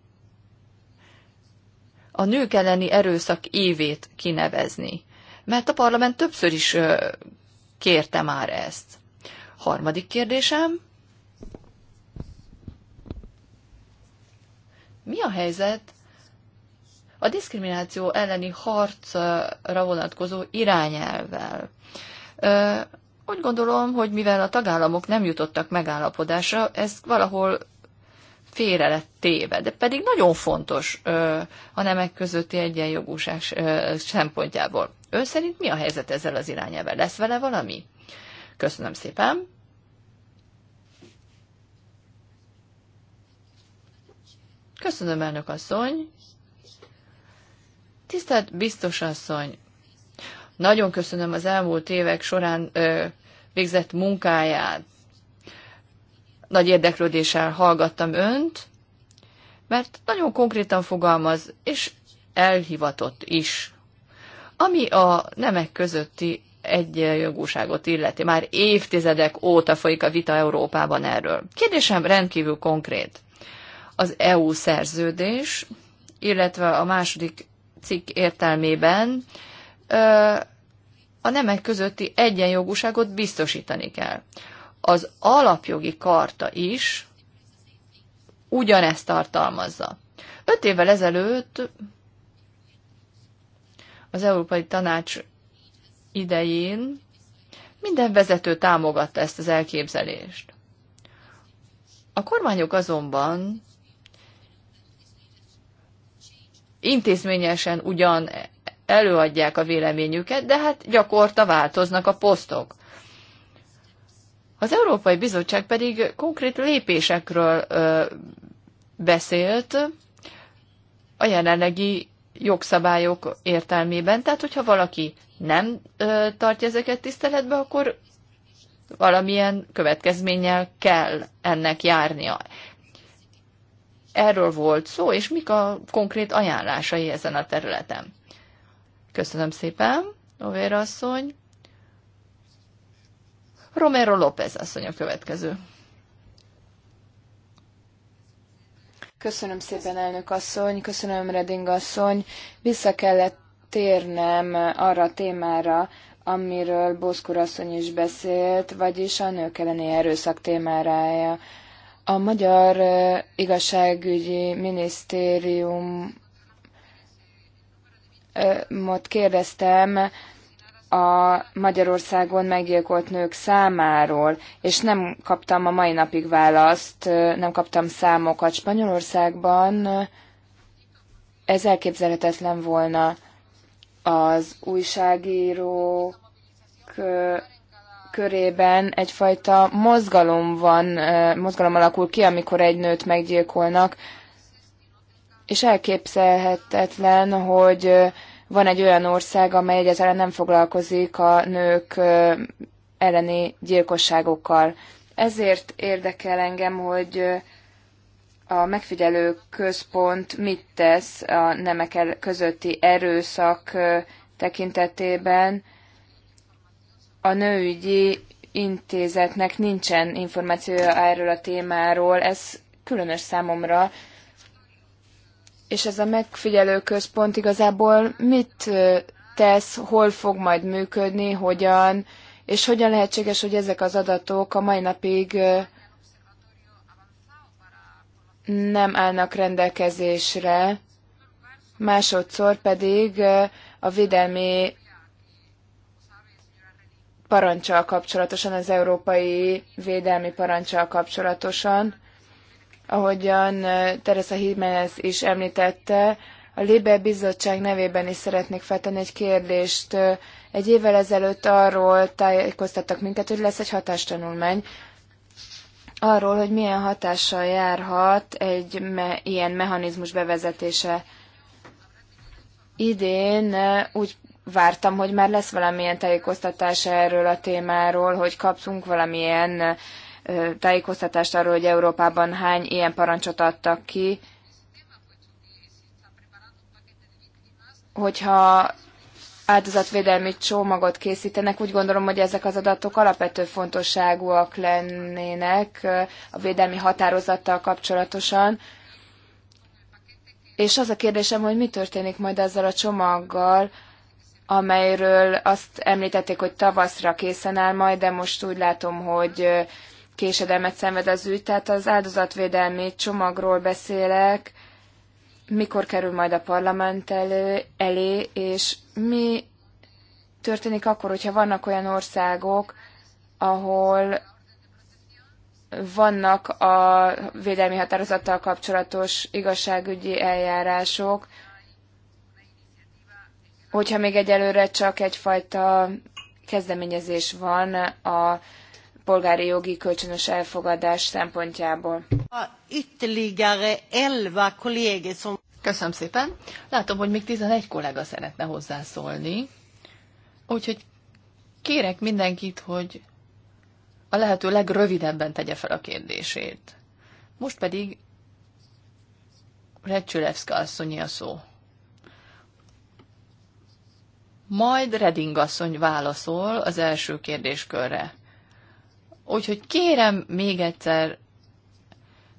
a nők elleni erőszak évét kinevezni? Mert a parlament többször is kérte már ezt. Harmadik kérdésem. Mi a helyzet a diszkrimináció elleni harcra vonatkozó irányelvel? Úgy gondolom, hogy mivel a tagállamok nem jutottak megállapodásra, ez valahol félre lett téve, de pedig nagyon fontos ö, a nemek közötti egyenjogúság ö, szempontjából. Ő szerint mi a helyzet ezzel az irányával? Lesz vele valami? Köszönöm szépen. Köszönöm, elnök asszony. Tisztelt biztos asszony, nagyon köszönöm az elmúlt évek során végzett munkáját. Nagy érdeklődéssel hallgattam önt, mert nagyon konkrétan fogalmaz, és elhivatott is. Ami a nemek közötti egyenjogúságot illeti. Már évtizedek óta folyik a vita Európában erről. Kérdésem rendkívül konkrét. Az EU szerződés, illetve a második cikk értelmében a nemek közötti egyenjogúságot biztosítani kell. Az alapjogi karta is ugyanezt tartalmazza. Öt évvel ezelőtt az Európai Tanács idején minden vezető támogatta ezt az elképzelést. A kormányok azonban intézményesen ugyan előadják a véleményüket, de hát gyakorta változnak a posztok. Az Európai Bizottság pedig konkrét lépésekről ö, beszélt a jelenlegi jogszabályok értelmében. Tehát, hogyha valaki nem ö, tartja ezeket tiszteletbe, akkor valamilyen következménnyel kell ennek járnia. Erről volt szó, és mik a konkrét ajánlásai ezen a területen. Köszönöm szépen, Ovér asszony. Romero López asszony a következő. Köszönöm szépen, elnök asszony, köszönöm, Reding asszony. Vissza kellett térnem arra a témára, amiről Bózkor asszony is beszélt, vagyis a nők elleni erőszak témárája. A Magyar Igazságügyi Minisztérium mot kérdeztem a Magyarországon meggyilkolt nők számáról, és nem kaptam a mai napig választ, nem kaptam számokat. Spanyolországban ez elképzelhetetlen volna az újságírók körében egyfajta mozgalom van, mozgalom alakul ki, amikor egy nőt meggyilkolnak, és elképzelhetetlen, hogy van egy olyan ország, amely egyáltalán nem foglalkozik a nők elleni gyilkosságokkal. Ezért érdekel engem, hogy a megfigyelő központ mit tesz a nemek közötti erőszak tekintetében. A nőügyi intézetnek nincsen információja erről a témáról, ez különös számomra, és ez a megfigyelő központ igazából mit tesz, hol fog majd működni, hogyan, és hogyan lehetséges, hogy ezek az adatok a mai napig nem állnak rendelkezésre, másodszor pedig a védelmi parancsal kapcsolatosan, az európai védelmi parancsal kapcsolatosan. Ahogyan Teresa Jiménez is említette, a Libe Bizottság nevében is szeretnék feltenni egy kérdést. Egy évvel ezelőtt arról tájékoztattak minket, hogy lesz egy hatástanulmány, arról, hogy milyen hatással járhat egy me- ilyen mechanizmus bevezetése. Idén úgy vártam, hogy már lesz valamilyen tájékoztatás erről a témáról, hogy kaptunk valamilyen tájékoztatást arról, hogy Európában hány ilyen parancsot adtak ki. Hogyha áldozatvédelmi csomagot készítenek, úgy gondolom, hogy ezek az adatok alapvető fontosságúak lennének a védelmi határozattal kapcsolatosan. És az a kérdésem, hogy mi történik majd ezzel a csomaggal, amelyről azt említették, hogy tavaszra készen áll majd, de most úgy látom, hogy késedelmet szenved az ügy, tehát az áldozatvédelmi csomagról beszélek, mikor kerül majd a parlament elő, elé, és mi történik akkor, hogyha vannak olyan országok, ahol vannak a védelmi határozattal kapcsolatos igazságügyi eljárások, hogyha még egyelőre csak egyfajta kezdeményezés van a polgári jogi kölcsönös elfogadás szempontjából. A ytterligare 11 kollége Köszönöm szépen. Látom, hogy még 11 kollega szeretne hozzászólni. Úgyhogy kérek mindenkit, hogy a lehető legrövidebben tegye fel a kérdését. Most pedig Recsülevszka asszonyi a szó. Majd Reding asszony válaszol az első kérdéskörre. Úgyhogy kérem még egyszer,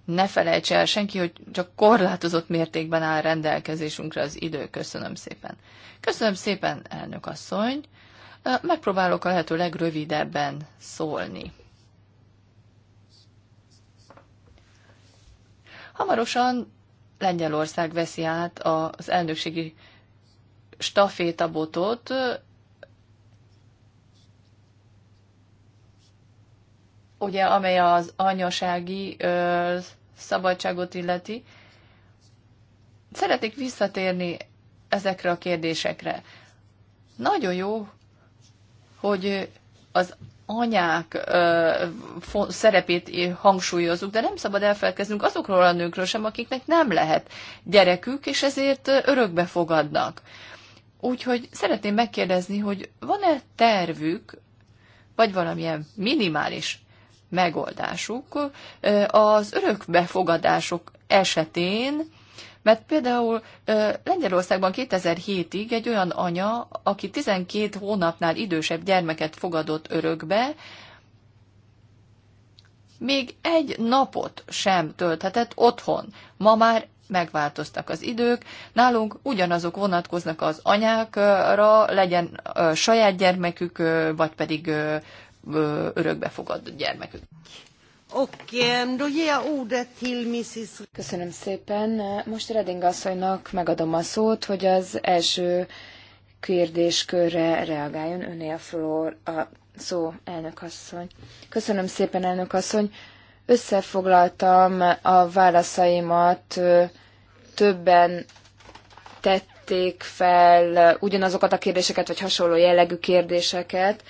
ne felejts el senki, hogy csak korlátozott mértékben áll rendelkezésünkre az idő. Köszönöm szépen. Köszönöm szépen, elnök asszony. Megpróbálok a lehető legrövidebben szólni. Hamarosan Lengyelország veszi át az elnökségi stafétabotot, ugye, amely az anyasági ö, szabadságot illeti. Szeretnék visszatérni ezekre a kérdésekre. Nagyon jó, hogy az anyák ö, szerepét hangsúlyozzuk, de nem szabad elfelkeznünk azokról a nőkről sem, akiknek nem lehet gyerekük, és ezért örökbe fogadnak. Úgyhogy szeretném megkérdezni, hogy van-e tervük, vagy valamilyen minimális megoldásuk az örökbefogadások esetén, mert például Lengyelországban 2007-ig egy olyan anya, aki 12 hónapnál idősebb gyermeket fogadott örökbe, még egy napot sem tölthetett otthon. Ma már megváltoztak az idők, nálunk ugyanazok vonatkoznak az anyákra, legyen saját gyermekük, vagy pedig örökbefogadott gyermekük. Köszönöm szépen. Most Reding asszonynak megadom a szót, hogy az első kérdéskörre reagáljon. Öné a, floor, a szó, elnök asszony. Köszönöm szépen, elnök asszony. Összefoglaltam a válaszaimat, többen tették fel ugyanazokat a kérdéseket, vagy hasonló jellegű kérdéseket,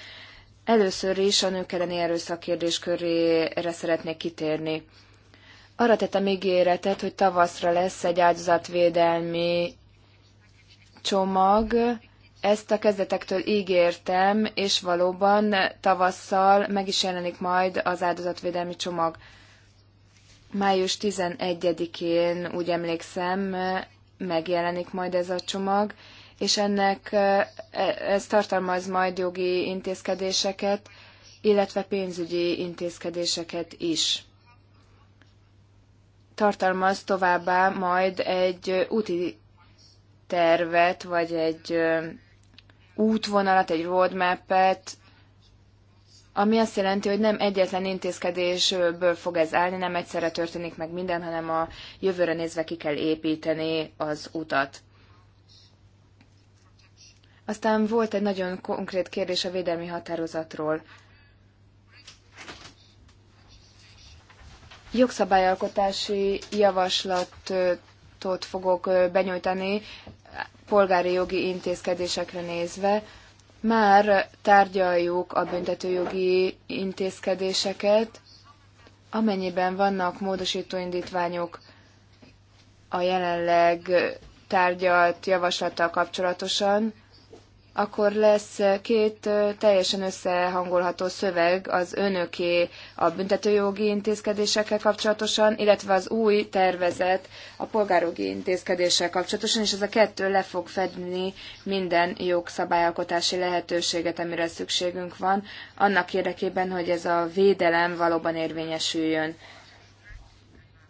Először is a nők elleni erőszak kérdéskörére szeretnék kitérni. Arra tettem ígéretet, hogy tavaszra lesz egy áldozatvédelmi csomag. Ezt a kezdetektől ígértem, és valóban tavasszal meg is jelenik majd az áldozatvédelmi csomag. Május 11-én, úgy emlékszem, megjelenik majd ez a csomag, és ennek e, ez tartalmaz majd jogi intézkedéseket, illetve pénzügyi intézkedéseket is. Tartalmaz továbbá majd egy úti tervet, vagy egy útvonalat, egy roadmap-et, ami azt jelenti, hogy nem egyetlen intézkedésből fog ez állni, nem egyszerre történik meg minden, hanem a jövőre nézve ki kell építeni az utat. Aztán volt egy nagyon konkrét kérdés a védelmi határozatról. Jogszabályalkotási javaslatot fogok benyújtani polgári jogi intézkedésekre nézve. Már tárgyaljuk a büntetőjogi intézkedéseket, amennyiben vannak módosító indítványok a jelenleg tárgyalt javaslattal kapcsolatosan, akkor lesz két teljesen összehangolható szöveg az önöké a büntetőjogi intézkedésekkel kapcsolatosan, illetve az új tervezet a polgárjogi intézkedéssel kapcsolatosan, és ez a kettő le fog fedni minden jogszabályalkotási lehetőséget, amire szükségünk van, annak érdekében, hogy ez a védelem valóban érvényesüljön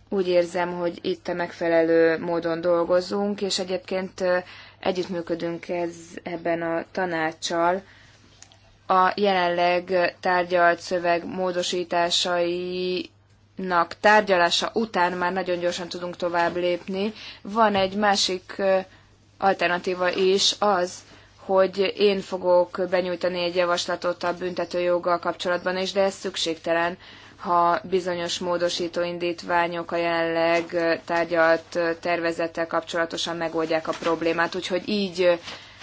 úgy érzem, hogy itt a megfelelő módon dolgozunk, és egyébként együttműködünk ez, ebben a tanácssal. A jelenleg tárgyalt szöveg módosításai nak tárgyalása után már nagyon gyorsan tudunk tovább lépni. Van egy másik alternatíva is az, hogy én fogok benyújtani egy javaslatot a büntetőjoggal kapcsolatban, és de ez szükségtelen ha bizonyos módosító indítványok a jelenleg tárgyalt tervezettel kapcsolatosan megoldják a problémát, úgyhogy így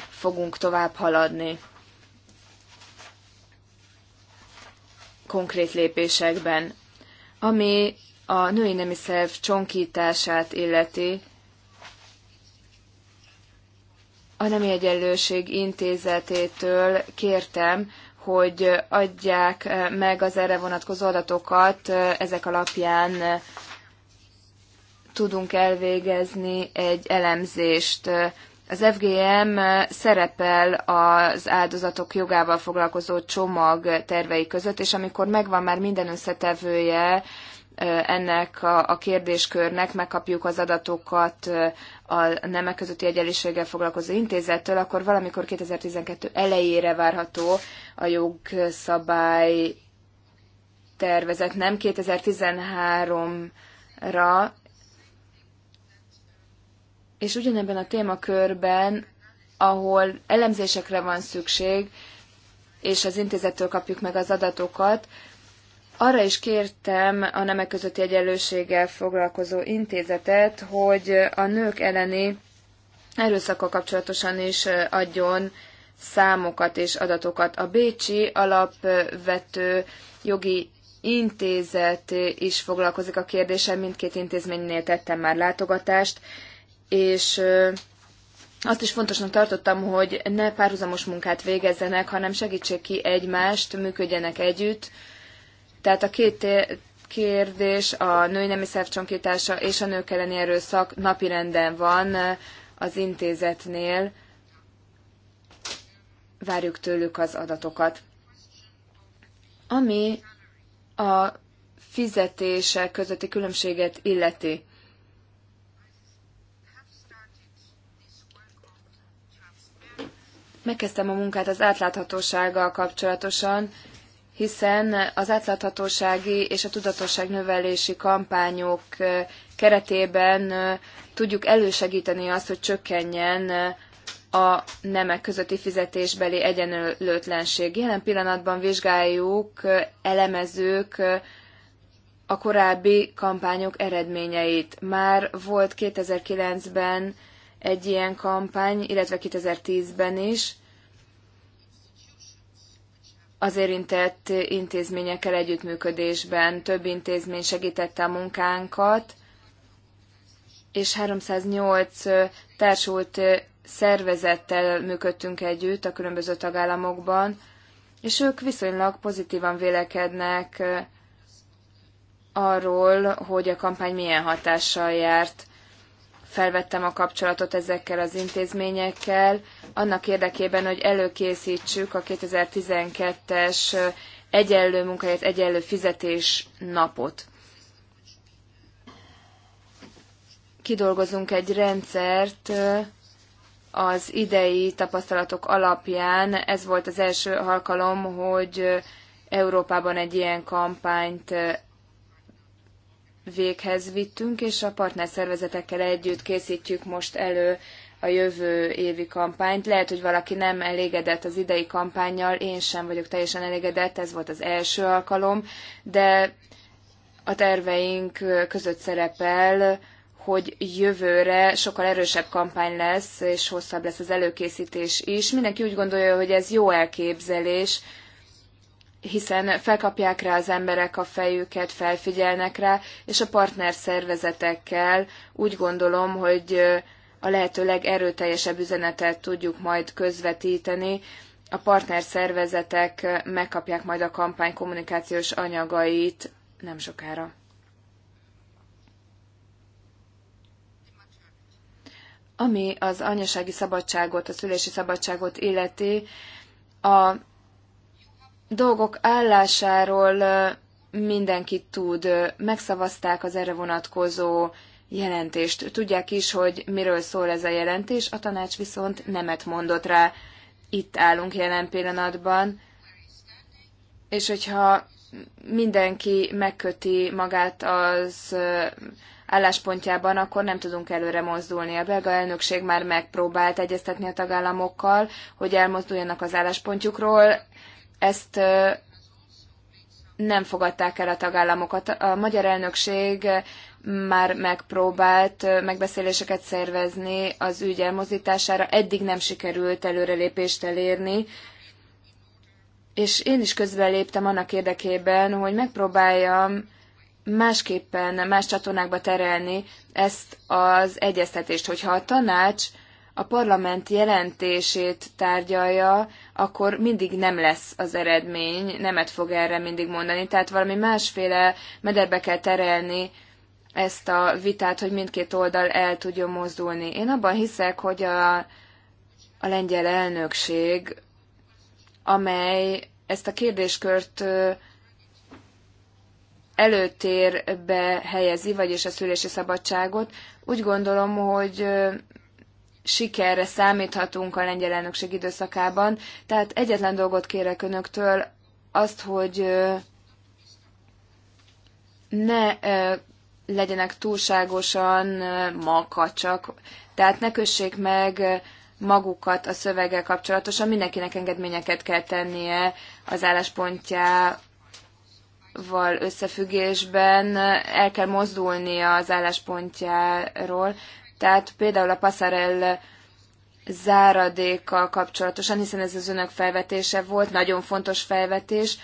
fogunk tovább haladni. konkrét lépésekben. Ami a női nemi szerv csonkítását illeti, a Nemi Egyenlőség Intézetétől kértem, hogy adják eh, meg az erre vonatkozó adatokat, eh, ezek alapján eh, tudunk elvégezni egy elemzést. Az FGM szerepel az áldozatok jogával foglalkozó csomag tervei között, és amikor megvan már minden összetevője ennek a, kérdéskörnek, megkapjuk az adatokat a nemek közötti egyenlőséggel foglalkozó intézettől, akkor valamikor 2012 elejére várható a jogszabály tervezet, nem 2013-ra. És ugyanebben a témakörben, ahol elemzésekre van szükség, és az intézettől kapjuk meg az adatokat, arra is kértem a nemek közötti egyenlőséggel foglalkozó intézetet, hogy a nők elleni erőszakkal kapcsolatosan is adjon számokat és adatokat. A Bécsi alapvető jogi intézet is foglalkozik a kérdéssel, mindkét intézménynél tettem már látogatást, és azt is fontosnak tartottam, hogy ne párhuzamos munkát végezzenek, hanem segítsék ki egymást, működjenek együtt, tehát a két kérdés, a női nemi szervcsonkítása és a nők elleni erőszak napirenden van eh, az intézetnél. Várjuk tőlük az adatokat. Ami a fizetése közötti különbséget illeti. Megkezdtem a munkát az átláthatósággal kapcsolatosan, hiszen az átláthatósági és a tudatosság növelési kampányok keretében tudjuk elősegíteni azt, hogy csökkenjen a nemek közötti fizetésbeli egyenlőtlenség. Jelen pillanatban vizsgáljuk, elemezők a korábbi kampányok eredményeit. Már volt 2009-ben egy ilyen kampány, illetve 2010-ben is, az érintett intézményekkel együttműködésben. Több intézmény segítette a munkánkat, és 308 társult szervezettel működtünk együtt a különböző tagállamokban, és ők viszonylag pozitívan vélekednek arról, hogy a kampány milyen hatással járt felvettem a kapcsolatot ezekkel az intézményekkel, annak érdekében, hogy előkészítsük a 2012-es egyenlő munkahelyet, egyenlő fizetés napot. Kidolgozunk egy rendszert az idei tapasztalatok alapján. Ez volt az első alkalom, hogy Európában egy ilyen kampányt véghez vittünk, és a partnerszervezetekkel együtt készítjük most elő a jövő évi kampányt. Lehet, hogy valaki nem elégedett az idei kampányjal, én sem vagyok teljesen elégedett, ez volt az első alkalom, de a terveink között szerepel, hogy jövőre sokkal erősebb kampány lesz, és hosszabb lesz az előkészítés is. Mindenki úgy gondolja, hogy ez jó elképzelés, hiszen felkapják rá az emberek a fejüket, felfigyelnek rá, és a partner szervezetekkel úgy gondolom, hogy a lehető legerőteljesebb üzenetet tudjuk majd közvetíteni. A partner szervezetek megkapják majd a kampány kommunikációs anyagait nem sokára. Ami az anyasági szabadságot, a szülési szabadságot illeti, a dolgok állásáról mindenki tud. Megszavazták az erre vonatkozó jelentést. Tudják is, hogy miről szól ez a jelentés, a tanács viszont nemet mondott rá. Itt állunk jelen pillanatban, és hogyha mindenki megköti magát az álláspontjában, akkor nem tudunk előre mozdulni. A belga elnökség már megpróbált egyeztetni a tagállamokkal, hogy elmozduljanak az álláspontjukról ezt nem fogadták el a tagállamokat. A magyar elnökség már megpróbált megbeszéléseket szervezni az ügy elmozítására, eddig nem sikerült előrelépést elérni, és én is közbeléptem annak érdekében, hogy megpróbáljam másképpen, más csatornákba terelni ezt az egyeztetést, hogyha a tanács a parlament jelentését tárgyalja, akkor mindig nem lesz az eredmény, nemet fog erre mindig mondani. Tehát valami másféle mederbe kell terelni ezt a vitát, hogy mindkét oldal el tudjon mozdulni. Én abban hiszek, hogy a, a lengyel elnökség, amely ezt a kérdéskört előtérbe helyezi, vagyis a szülési szabadságot, úgy gondolom, hogy sikerre számíthatunk a lengyel elnökség időszakában. Tehát egyetlen dolgot kérek önöktől, azt, hogy ne legyenek túlságosan makacsak, tehát ne kössék meg magukat a szöveggel kapcsolatosan, mindenkinek engedményeket kell tennie az álláspontjával összefüggésben, el kell mozdulnia az álláspontjáról, tehát például a Passarell záradékkal kapcsolatosan, hiszen ez az önök felvetése volt, nagyon fontos felvetés,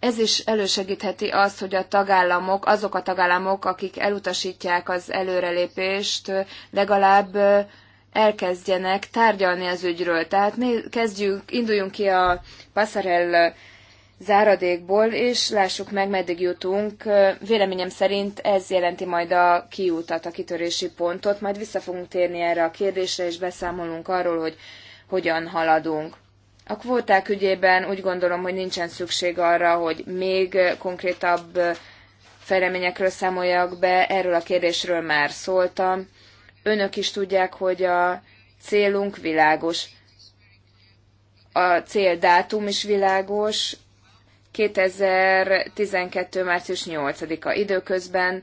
ez is elősegítheti azt, hogy a tagállamok, azok a tagállamok, akik elutasítják az előrelépést, legalább elkezdjenek tárgyalni az ügyről. Tehát kezdjünk, induljunk ki a Passarell záradékból, és lássuk meg, meddig jutunk. Véleményem szerint ez jelenti majd a kiútat, a kitörési pontot, majd vissza fogunk térni erre a kérdésre, és beszámolunk arról, hogy hogyan haladunk. A kvóták ügyében úgy gondolom, hogy nincsen szükség arra, hogy még konkrétabb fejleményekről számoljak be, erről a kérdésről már szóltam. Önök is tudják, hogy a célunk világos. A céldátum is világos, 2012. március 8-a időközben.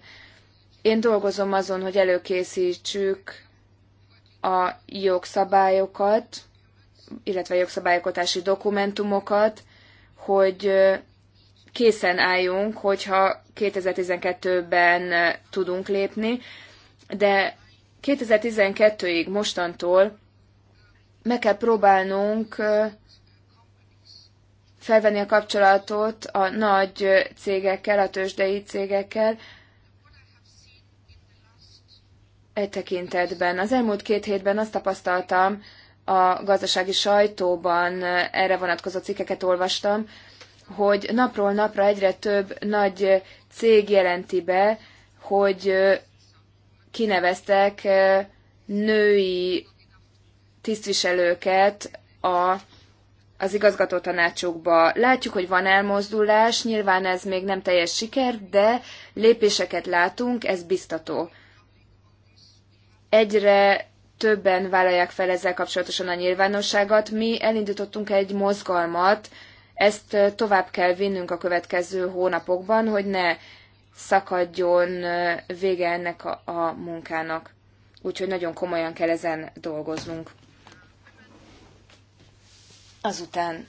Én dolgozom azon, hogy előkészítsük a jogszabályokat, illetve jogszabályokotási dokumentumokat, hogy készen álljunk, hogyha 2012-ben tudunk lépni, de 2012-ig mostantól meg kell próbálnunk felvenni a kapcsolatot a nagy cégekkel, a tőzsdei cégekkel, egy tekintetben. Az elmúlt két hétben azt tapasztaltam, a gazdasági sajtóban erre vonatkozó cikkeket olvastam, hogy napról napra egyre több nagy cég jelenti be, hogy kineveztek női tisztviselőket a az igazgató tanácsokba. Látjuk, hogy van elmozdulás, nyilván ez még nem teljes siker, de lépéseket látunk, ez biztató. Egyre többen vállalják fel ezzel kapcsolatosan a nyilvánosságot. Mi elindítottunk egy mozgalmat, ezt tovább kell vinnünk a következő hónapokban, hogy ne szakadjon vége ennek a, a munkának. Úgyhogy nagyon komolyan kell ezen dolgoznunk. Azután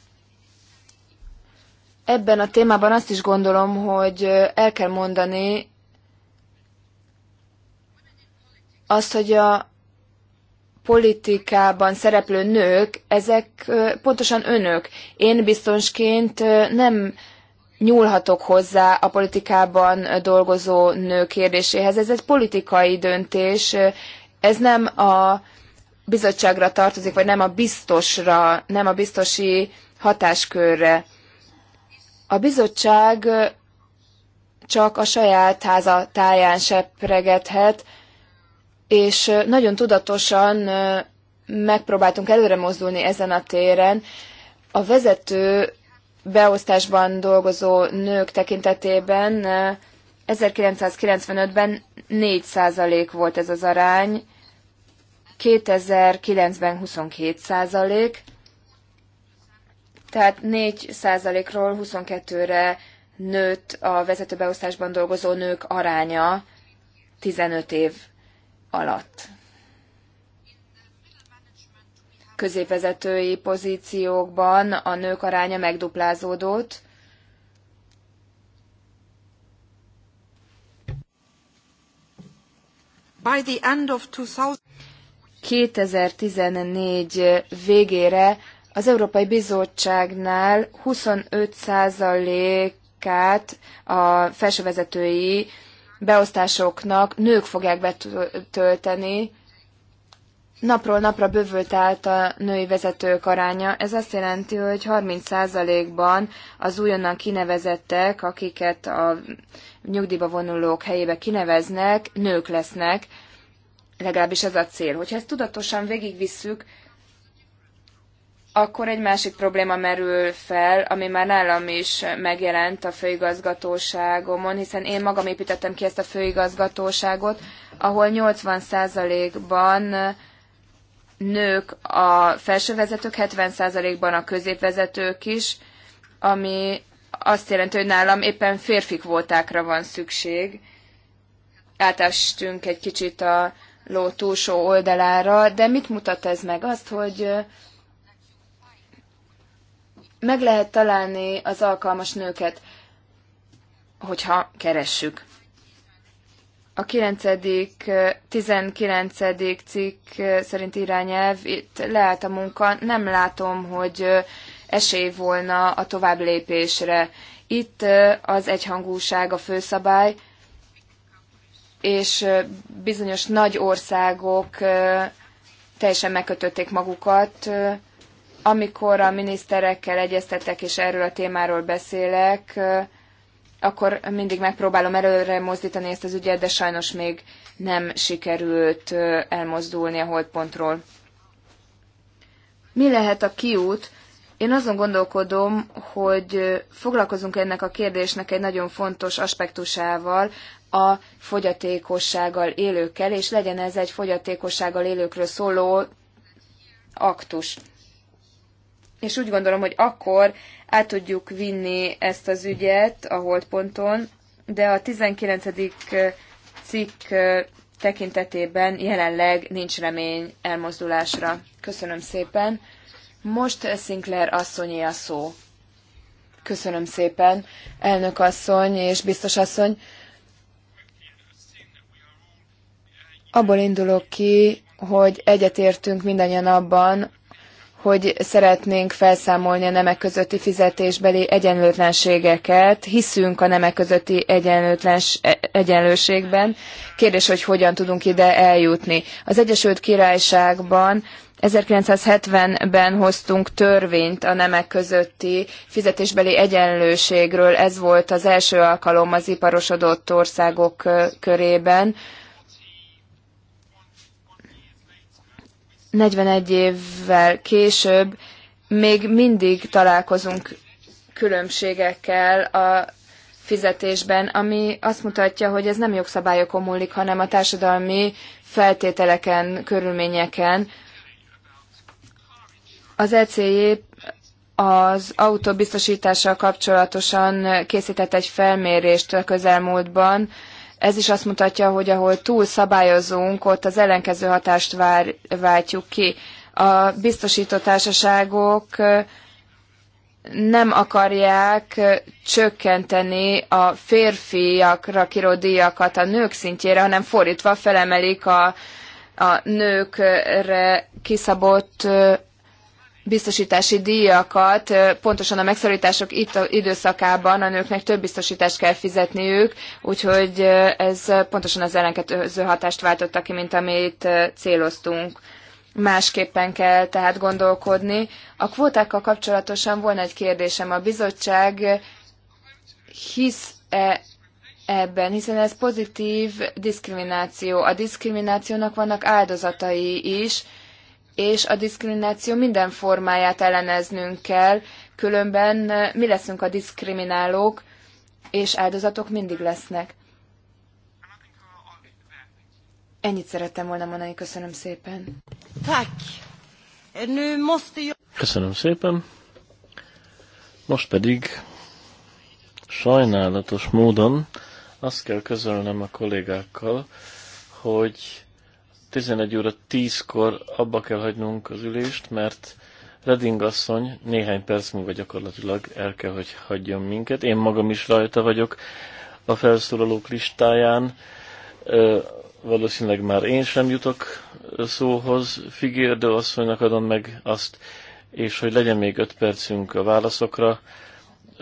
ebben a témában azt is gondolom, hogy el kell mondani azt, hogy a politikában szereplő nők, ezek pontosan önök. Én biztonsként nem nyúlhatok hozzá a politikában dolgozó nő kérdéséhez. Ez egy politikai döntés, ez nem a bizottságra tartozik, vagy nem a biztosra, nem a biztosi hatáskörre. A bizottság csak a saját háza táján sepregethet, és nagyon tudatosan megpróbáltunk előre mozdulni ezen a téren. A vezető beosztásban dolgozó nők tekintetében 1995-ben 4% volt ez az arány, 2009-ben 27 százalék, tehát 4 százalékról 22-re nőtt a vezetőbeosztásban dolgozó nők aránya 15 év alatt. Középvezetői pozíciókban a nők aránya megduplázódott, By the end of 2000... 2014 végére az Európai Bizottságnál 25%-át a felsővezetői beosztásoknak nők fogják betölteni. Napról napra bővült állt a női vezetők aránya. Ez azt jelenti, hogy 30%-ban az újonnan kinevezettek, akiket a nyugdíjba vonulók helyébe kineveznek, nők lesznek. Legalábbis ez a cél. Hogyha ezt tudatosan végigvisszük, akkor egy másik probléma merül fel, ami már nálam is megjelent a főigazgatóságomon, hiszen én magam építettem ki ezt a főigazgatóságot, ahol 80%-ban nők a felsővezetők, 70%-ban a középvezetők is, ami azt jelenti, hogy nálam éppen férfi kvótákra van szükség. Átestünk egy kicsit a ló túlsó oldalára, de mit mutat ez meg? Azt, hogy meg lehet találni az alkalmas nőket, hogyha keressük. A 9. 19. cikk szerint irányelv, itt leállt a munka, nem látom, hogy esély volna a tovább lépésre. Itt az egyhangúság a főszabály, és bizonyos nagy országok teljesen megkötötték magukat. Amikor a miniszterekkel egyeztetek és erről a témáról beszélek, akkor mindig megpróbálom előre mozdítani ezt az ügyet, de sajnos még nem sikerült elmozdulni a holdpontról. Mi lehet a kiút? Én azon gondolkodom, hogy foglalkozunk ennek a kérdésnek egy nagyon fontos aspektusával, a fogyatékossággal élőkkel, és legyen ez egy fogyatékossággal élőkről szóló aktus. És úgy gondolom, hogy akkor át tudjuk vinni ezt az ügyet a holdponton, de a 19. Eh, cikk eh, tekintetében jelenleg nincs remény elmozdulásra. Köszönöm szépen. Most Sinclair asszonyé a szó. Köszönöm szépen, elnök asszony és biztos asszony. Abból indulok ki, hogy egyetértünk mindannyian abban, hogy szeretnénk felszámolni a nemek közötti fizetésbeli egyenlőtlenségeket, hiszünk a nemek közötti egyenlőtlens, e, egyenlőségben. Kérdés, hogy hogyan tudunk ide eljutni. Az Egyesült Királyságban 1970-ben hoztunk törvényt a nemek közötti fizetésbeli egyenlőségről. Ez volt az első alkalom az iparosodott országok körében. 41 évvel később még mindig találkozunk különbségekkel a fizetésben, ami azt mutatja, hogy ez nem jogszabályokon múlik, hanem a társadalmi feltételeken, körülményeken. Az ECJ az autó kapcsolatosan készített egy felmérést a közelmúltban, ez is azt mutatja, hogy ahol túl szabályozunk, ott az ellenkező hatást vár, váltjuk ki. A biztosító társaságok nem akarják csökkenteni a férfiakra kiró díjakat a nők szintjére, hanem fordítva felemelik a, a nőkre kiszabott biztosítási díjakat, pontosan a megszorítások itt időszakában a nőknek több biztosítást kell fizetniük, úgyhogy ez pontosan az ellenkező hatást váltotta ki, mint amit céloztunk. Másképpen kell tehát gondolkodni. A kvótákkal kapcsolatosan volna egy kérdésem. A bizottság hisz -e ebben, hiszen ez pozitív diszkrimináció. A diszkriminációnak vannak áldozatai is, és a diszkrimináció minden formáját elleneznünk kell, különben eh, mi leszünk a diszkriminálók, és áldozatok mindig lesznek. Ennyit szerettem volna mondani, köszönöm szépen. Köszönöm szépen. Most pedig sajnálatos módon azt kell közölnem a kollégákkal, hogy 11 óra 10-kor abba kell hagynunk az ülést, mert Reding asszony néhány perc múlva gyakorlatilag el kell, hogy hagyjon minket. Én magam is rajta vagyok a felszólalók listáján. Valószínűleg már én sem jutok szóhoz. Figérdő asszonynak adom meg azt, és hogy legyen még öt percünk a válaszokra,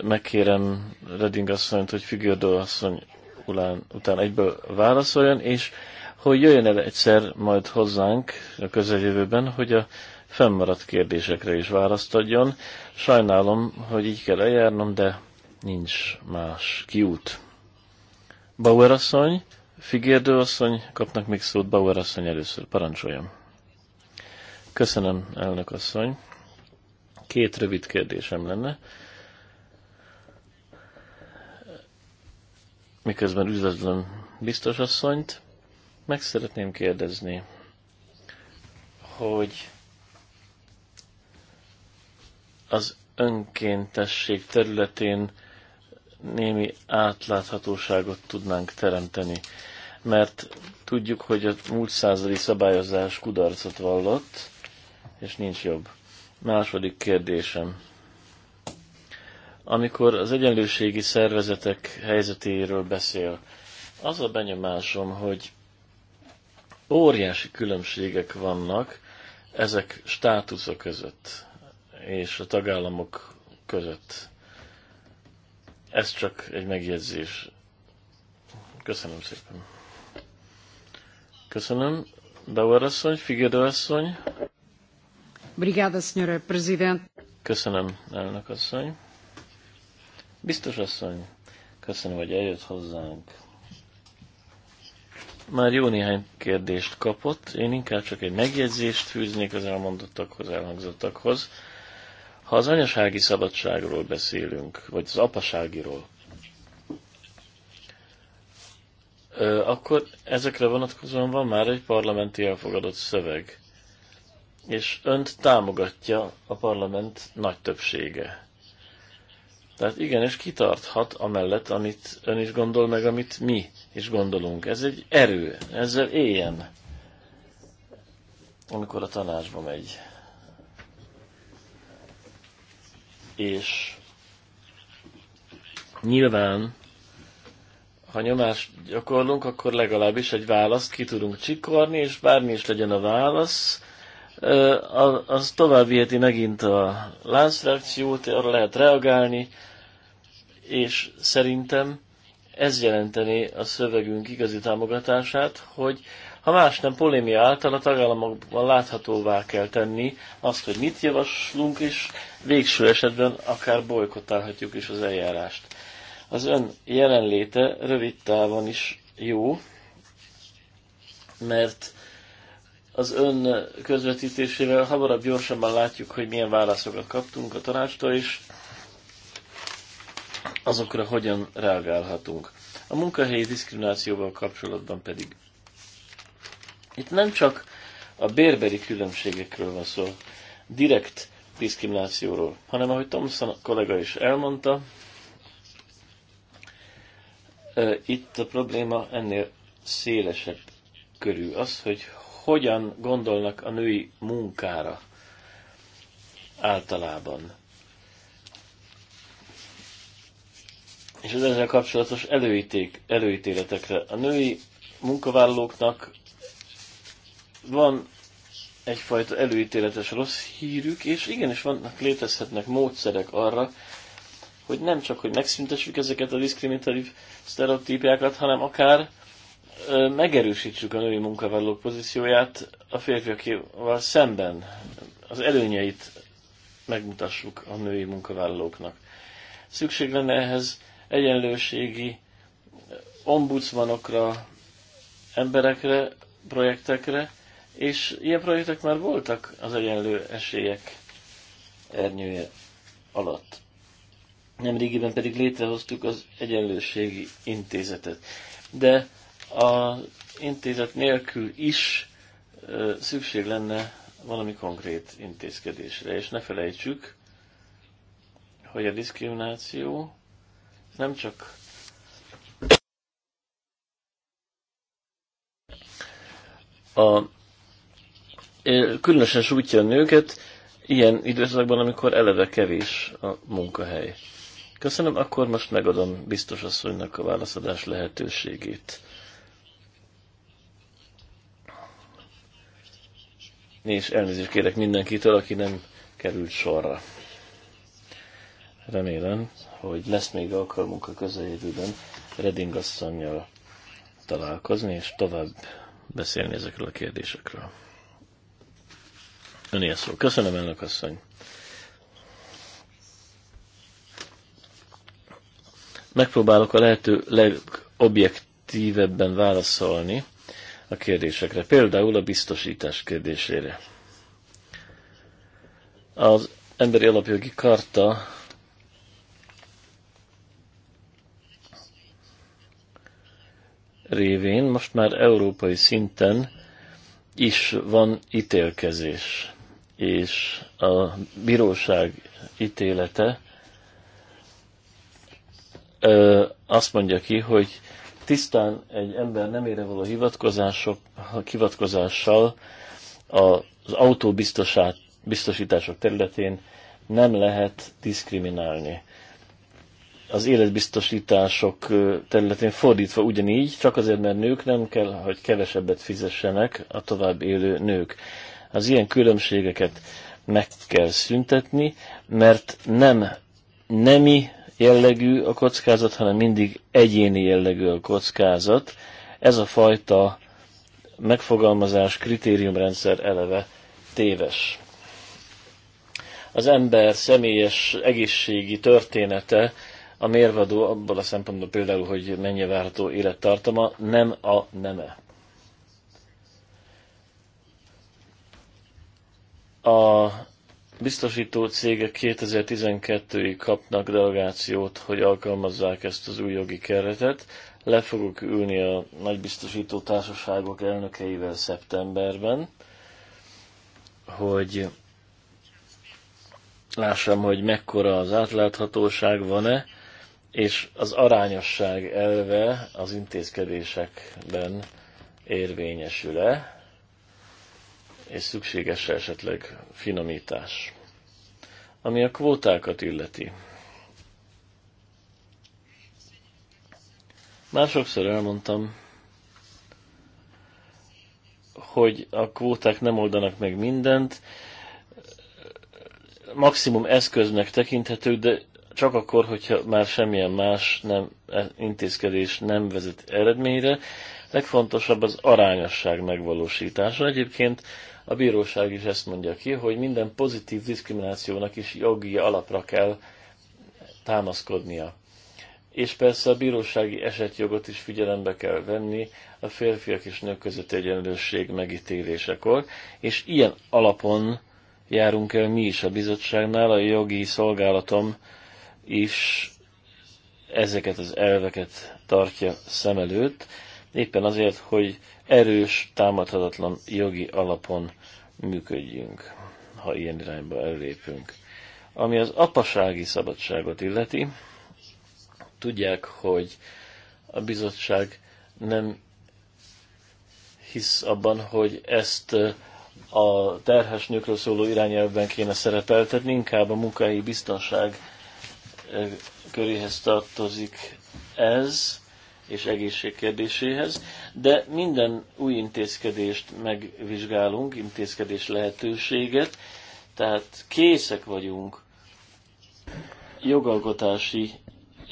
megkérem Reding asszonyt, hogy Figérdő asszony után egyből válaszoljon, és hogy jöjjön el egyszer majd hozzánk a közeljövőben, hogy a fennmaradt kérdésekre is választ adjon. Sajnálom, hogy így kell eljárnom, de nincs más kiút. Bauer asszony, Figérdő asszony, kapnak még szót Bauer asszony először. parancsoljam. Köszönöm, elnök asszony. Két rövid kérdésem lenne. Miközben üdvözlöm biztos asszonyt. Meg szeretném kérdezni, hogy az önkéntesség területén némi átláthatóságot tudnánk teremteni. Mert tudjuk, hogy a múlt századi szabályozás kudarcot vallott, és nincs jobb. Második kérdésem. Amikor az egyenlőségi szervezetek helyzetéről beszél, az a benyomásom, hogy Óriási különbségek vannak ezek státusza között és a tagállamok között. Ez csak egy megjegyzés. Köszönöm szépen. Köszönöm. Dauer asszony, Figedő asszony. Brigáda, senyora, prezident. Köszönöm, elnök asszony. Biztos asszony, köszönöm, hogy eljött hozzánk már jó néhány kérdést kapott, én inkább csak egy megjegyzést fűznék az elmondottakhoz, elhangzottakhoz. Ha az anyasági szabadságról beszélünk, vagy az apaságiról, akkor ezekre vonatkozóan van már egy parlamenti elfogadott szöveg, és önt támogatja a parlament nagy többsége. Tehát igenis kitarthat amellett, amit ön is gondol, meg amit mi is gondolunk. Ez egy erő, ezzel éljen, amikor a tanácsba megy. És nyilván, ha nyomást gyakorlunk, akkor legalábbis egy választ ki tudunk csikorni, és bármi is legyen a válasz, az tovább viheti megint a láncreakciót, arra lehet reagálni, és szerintem ez jelenteni a szövegünk igazi támogatását, hogy ha más nem polémia által a tagállamokban láthatóvá kell tenni azt, hogy mit javaslunk, és végső esetben akár bolykottálhatjuk is az eljárást. Az ön jelenléte rövid távon is jó, mert az ön közvetítésével hamarabb gyorsabban látjuk, hogy milyen válaszokat kaptunk a tanácstól, is, azokra hogyan reagálhatunk. A munkahelyi diszkriminációval kapcsolatban pedig. Itt nem csak a bérbeli különbségekről van szó, direkt diszkriminációról, hanem ahogy Thomson kollega is elmondta, itt a probléma ennél szélesebb körül. Az, hogy hogyan gondolnak a női munkára általában. És az ezzel kapcsolatos előíték, előítéletekre. A női munkavállalóknak van egyfajta előítéletes rossz hírük, és igenis vannak, létezhetnek módszerek arra, hogy nem csak, hogy megszüntessük ezeket a diszkriminatív sztereotípiákat, hanem akár megerősítsük a női munkavállalók pozícióját a férfiakéval szemben. Az előnyeit megmutassuk a női munkavállalóknak. Szükség lenne ehhez egyenlőségi ombudsmanokra, emberekre, projektekre, és ilyen projektek már voltak az egyenlő esélyek ernyője alatt. Nemrégiben pedig létrehoztuk az Egyenlőségi Intézetet. De az intézet nélkül is szükség lenne valami konkrét intézkedésre. És ne felejtsük, hogy a diszkrimináció nem csak a különösen sújtja a nőket ilyen időszakban, amikor eleve kevés a munkahely. Köszönöm, akkor most megadom biztos asszonynak a válaszadás lehetőségét. és elnézést kérek mindenkitől, aki nem került sorra. Remélem, hogy lesz még alkalmunk a közeljövőben Reding asszonynal találkozni, és tovább beszélni ezekről a kérdésekről. Öné szó. Köszönöm, elnök asszony. Megpróbálok a lehető legobjektívebben válaszolni a kérdésekre, például a biztosítás kérdésére. Az emberi alapjogi karta révén most már európai szinten is van ítélkezés, és a bíróság ítélete ö, azt mondja ki, hogy tisztán egy ember nem ére való hivatkozások, hivatkozással az autóbiztosítások területén nem lehet diszkriminálni. Az életbiztosítások területén fordítva ugyanígy, csak azért, mert nők nem kell, hogy kevesebbet fizessenek a tovább élő nők. Az ilyen különbségeket meg kell szüntetni, mert nem nemi jellegű a kockázat, hanem mindig egyéni jellegű a kockázat. Ez a fajta megfogalmazás, kritériumrendszer eleve téves. Az ember személyes egészségi története a mérvadó abból a szempontból például, hogy mennyi várható élettartama, nem a neme. A biztosító cégek 2012-ig kapnak delegációt, hogy alkalmazzák ezt az új jogi keretet. Le fogok ülni a nagy biztosító társaságok elnökeivel szeptemberben, hogy lássam, hogy mekkora az átláthatóság van-e, és az arányosság elve az intézkedésekben érvényesül-e és szükséges esetleg finomítás. Ami a kvótákat illeti. Másokszor elmondtam, hogy a kvóták nem oldanak meg mindent, maximum eszköznek tekinthető, de csak akkor, hogyha már semmilyen más nem, e, intézkedés nem vezet eredményre. Legfontosabb az arányosság megvalósítása. Egyébként a bíróság is ezt mondja ki, hogy minden pozitív diszkriminációnak is jogi alapra kell támaszkodnia. És persze a bírósági esetjogot is figyelembe kell venni a férfiak és nők közötti egyenlőség megítélésekor, és ilyen alapon járunk el mi is a bizottságnál, a jogi szolgálatom is ezeket az elveket tartja szem előtt, éppen azért, hogy erős, támadhatatlan jogi alapon működjünk, ha ilyen irányba ellépünk. Ami az apasági szabadságot illeti, tudják, hogy a bizottság nem hisz abban, hogy ezt a terhes nőkről szóló irányelvben kéne szerepeltetni, inkább a munkahelyi biztonság köréhez tartozik ez és egészség kérdéséhez, de minden új intézkedést megvizsgálunk, intézkedés lehetőséget, tehát készek vagyunk jogalkotási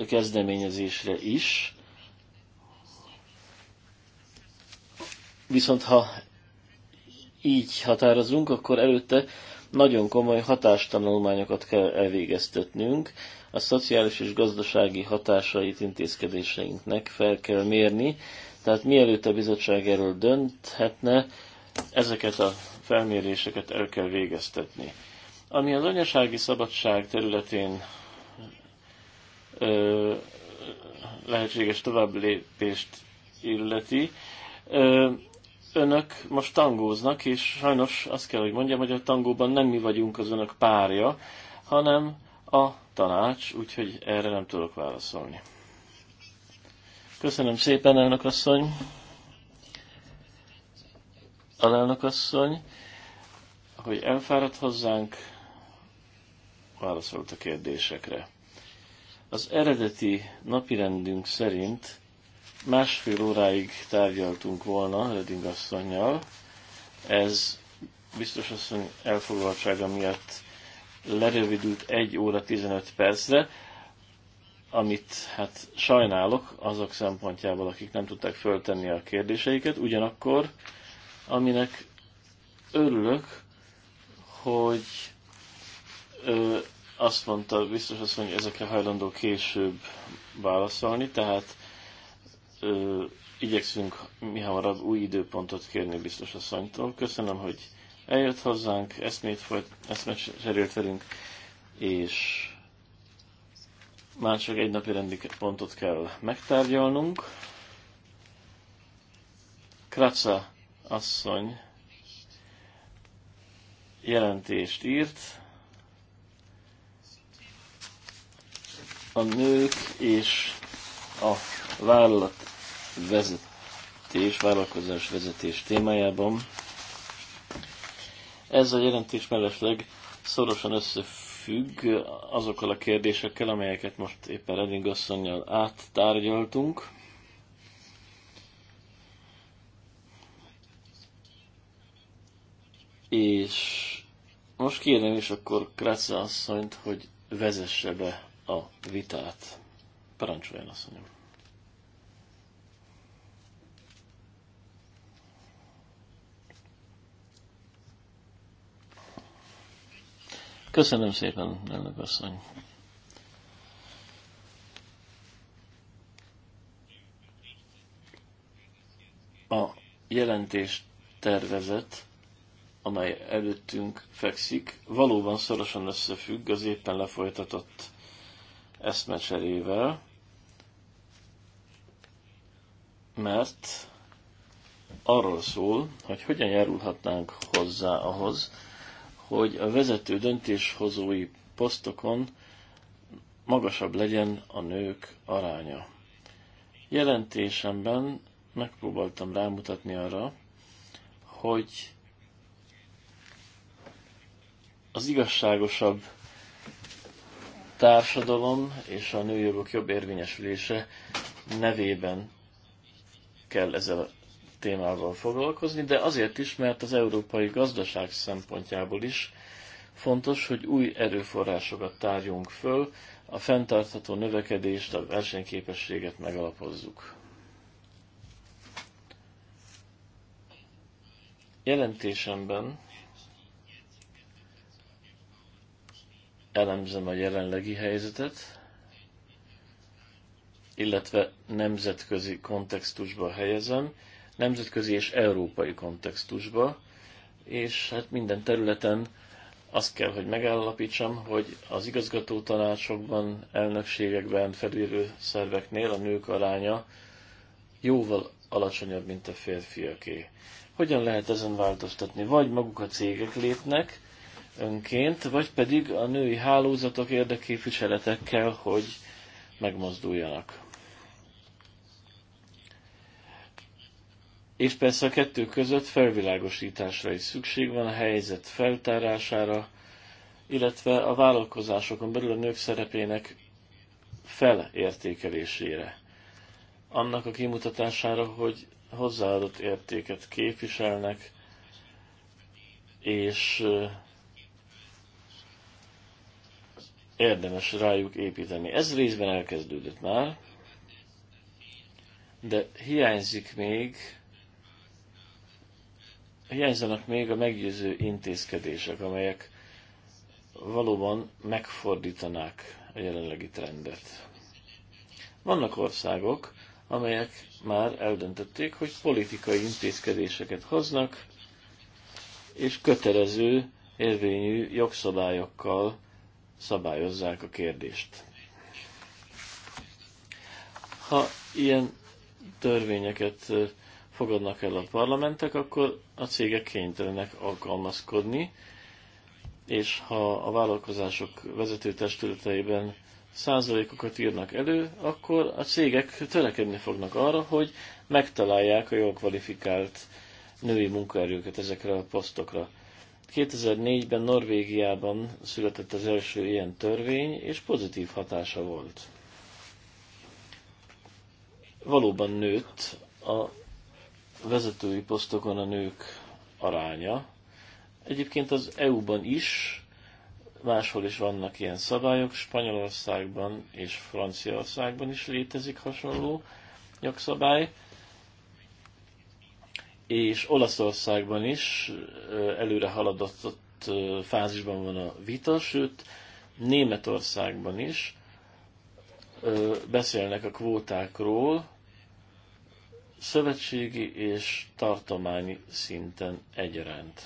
kezdeményezésre is, viszont ha így határozunk, akkor előtte nagyon komoly hatástanulmányokat kell elvégeztetnünk, a szociális és gazdasági hatásait intézkedéseinknek fel kell mérni. Tehát mielőtt a bizottság erről dönthetne, ezeket a felméréseket el kell végeztetni. Ami az anyasági szabadság területén ö, lehetséges tovább lépést illeti, ö, önök most tangóznak, és sajnos azt kell, hogy mondjam, hogy a tangóban nem mi vagyunk az önök párja, hanem a tanács, úgyhogy erre nem tudok válaszolni. Köszönöm szépen, elnökasszony! asszony, alelnök hogy elfáradt hozzánk, válaszolt a kérdésekre. Az eredeti napirendünk szerint másfél óráig tárgyaltunk volna Reding asszonynal. Ez biztos asszony elfoglaltsága miatt lerövidült 1 óra 15 percre, amit hát sajnálok azok szempontjából, akik nem tudták föltenni a kérdéseiket, ugyanakkor aminek örülök, hogy ö, azt mondta biztos azt, mondja, hogy ezekre hajlandó később válaszolni, tehát ö, igyekszünk mi hamarabb új időpontot kérni biztos asszonytól. Köszönöm, hogy eljött hozzánk, eszmét folyt, eszmét cserélt velünk, és már csak egy napi rendi pontot kell megtárgyalnunk. Kraca asszony jelentést írt a nők és a vállalat vezetés, vállalkozás vezetés témájában. Ez a jelentés mellesleg szorosan összefügg azokkal a kérdésekkel, amelyeket most éppen Reding asszonynal áttárgyaltunk. És most kérem is akkor Kratza asszonyt, hogy vezesse be a vitát. Parancsoljon asszonyom. Köszönöm szépen, elnök asszony. A jelentés tervezet, amely előttünk fekszik, valóban szorosan összefügg az éppen lefolytatott eszmecserével, mert arról szól, hogy hogyan járulhatnánk hozzá ahhoz, hogy a vezető döntéshozói posztokon magasabb legyen a nők aránya. Jelentésemben megpróbáltam rámutatni arra, hogy az igazságosabb társadalom és a nőjogok jobb érvényesülése nevében kell ezzel témával foglalkozni, de azért is, mert az európai gazdaság szempontjából is fontos, hogy új erőforrásokat tárjunk föl, a fenntartható növekedést, a versenyképességet megalapozzuk. Jelentésemben elemzem a jelenlegi helyzetet, illetve nemzetközi kontextusba helyezem, nemzetközi és európai kontextusba, és hát minden területen azt kell, hogy megállapítsam, hogy az igazgató tanácsokban, elnökségekben, felülő szerveknél a nők aránya jóval alacsonyabb, mint a férfiaké. Hogyan lehet ezen változtatni? Vagy maguk a cégek lépnek önként, vagy pedig a női hálózatok érdekképviseletekkel, hogy megmozduljanak. És persze a kettő között felvilágosításra is szükség van, a helyzet feltárására, illetve a vállalkozásokon belül a nők szerepének felértékelésére. Annak a kimutatására, hogy hozzáadott értéket képviselnek, és érdemes rájuk építeni. Ez részben elkezdődött már, de hiányzik még hiányzanak még a meggyőző intézkedések, amelyek valóban megfordítanák a jelenlegi trendet. Vannak országok, amelyek már eldöntötték, hogy politikai intézkedéseket hoznak, és kötelező érvényű jogszabályokkal szabályozzák a kérdést. Ha ilyen törvényeket fogadnak el a parlamentek, akkor a cégek kénytelenek alkalmazkodni, és ha a vállalkozások vezető testületeiben százalékokat írnak elő, akkor a cégek törekedni fognak arra, hogy megtalálják a jól kvalifikált női munkaerőket ezekre a posztokra. 2004-ben Norvégiában született az első ilyen törvény, és pozitív hatása volt. Valóban nőtt a vezetői posztokon a nők aránya. Egyébként az EU-ban is, máshol is vannak ilyen szabályok, Spanyolországban és Franciaországban is létezik hasonló jogszabály, és Olaszországban is előre haladott fázisban van a vita, sőt Németországban is beszélnek a kvótákról, szövetségi és tartományi szinten egyaránt.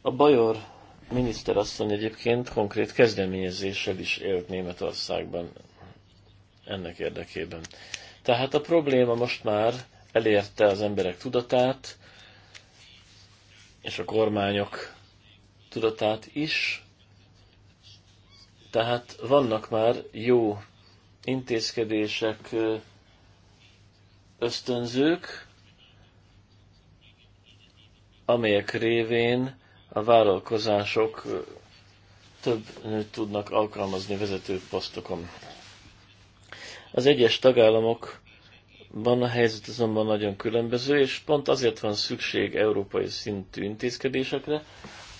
A Bajor miniszterasszony egyébként konkrét kezdeményezéssel is élt Németországban ennek érdekében. Tehát a probléma most már elérte az emberek tudatát, és a kormányok tudatát is, tehát vannak már jó intézkedések ösztönzők, amelyek révén a vállalkozások több nőt tudnak alkalmazni vezető posztokon. Az egyes tagállamokban a helyzet azonban nagyon különböző, és pont azért van szükség európai szintű intézkedésekre,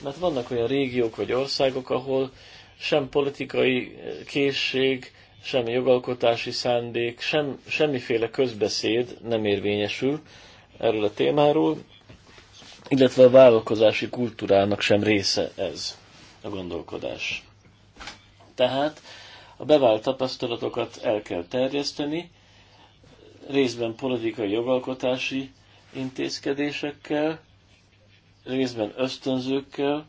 mert vannak olyan régiók vagy országok, ahol sem politikai készség, sem jogalkotási szándék, sem, semmiféle közbeszéd nem érvényesül erről a témáról, illetve a vállalkozási kultúrának sem része ez a gondolkodás. Tehát a bevált tapasztalatokat el kell terjeszteni, részben politikai jogalkotási intézkedésekkel, részben ösztönzőkkel,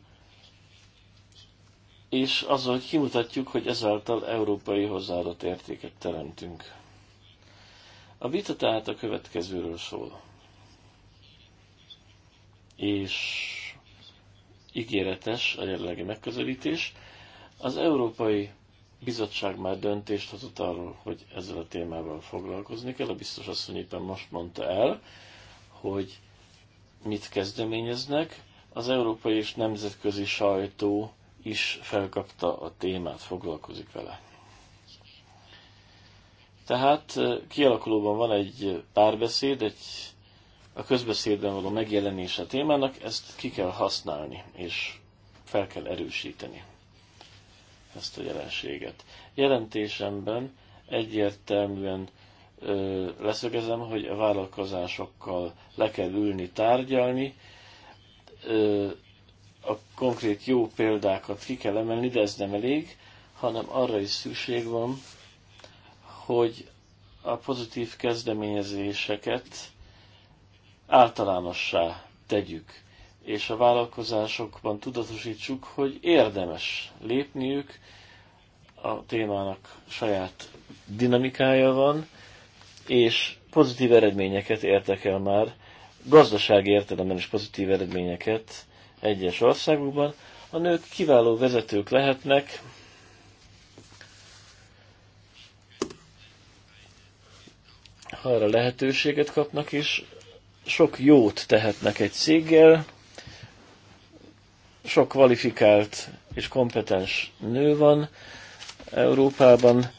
és azzal kimutatjuk, hogy ezáltal európai hozzáadott értéket teremtünk. A vita tehát a következőről szól. És ígéretes a jelenlegi megközelítés. Az Európai Bizottság már döntést hozott arról, hogy ezzel a témával foglalkozni kell. A biztos asszony éppen most mondta el, hogy mit kezdeményeznek. Az európai és nemzetközi sajtó is felkapta a témát, foglalkozik vele. Tehát kialakulóban van egy párbeszéd, egy a közbeszédben való megjelenése a témának, ezt ki kell használni, és fel kell erősíteni ezt a jelenséget. Jelentésemben egyértelműen ö, leszögezem, hogy a vállalkozásokkal le kell ülni, tárgyalni, ö, a konkrét jó példákat ki kell emelni, de ez nem elég, hanem arra is szükség van, hogy a pozitív kezdeményezéseket általánossá tegyük, és a vállalkozásokban tudatosítsuk, hogy érdemes lépniük, a témának saját dinamikája van, és pozitív eredményeket értek el már, gazdasági értelemben is pozitív eredményeket egyes országokban. A nők kiváló vezetők lehetnek, ha arra lehetőséget kapnak, és sok jót tehetnek egy céggel, sok kvalifikált és kompetens nő van Európában,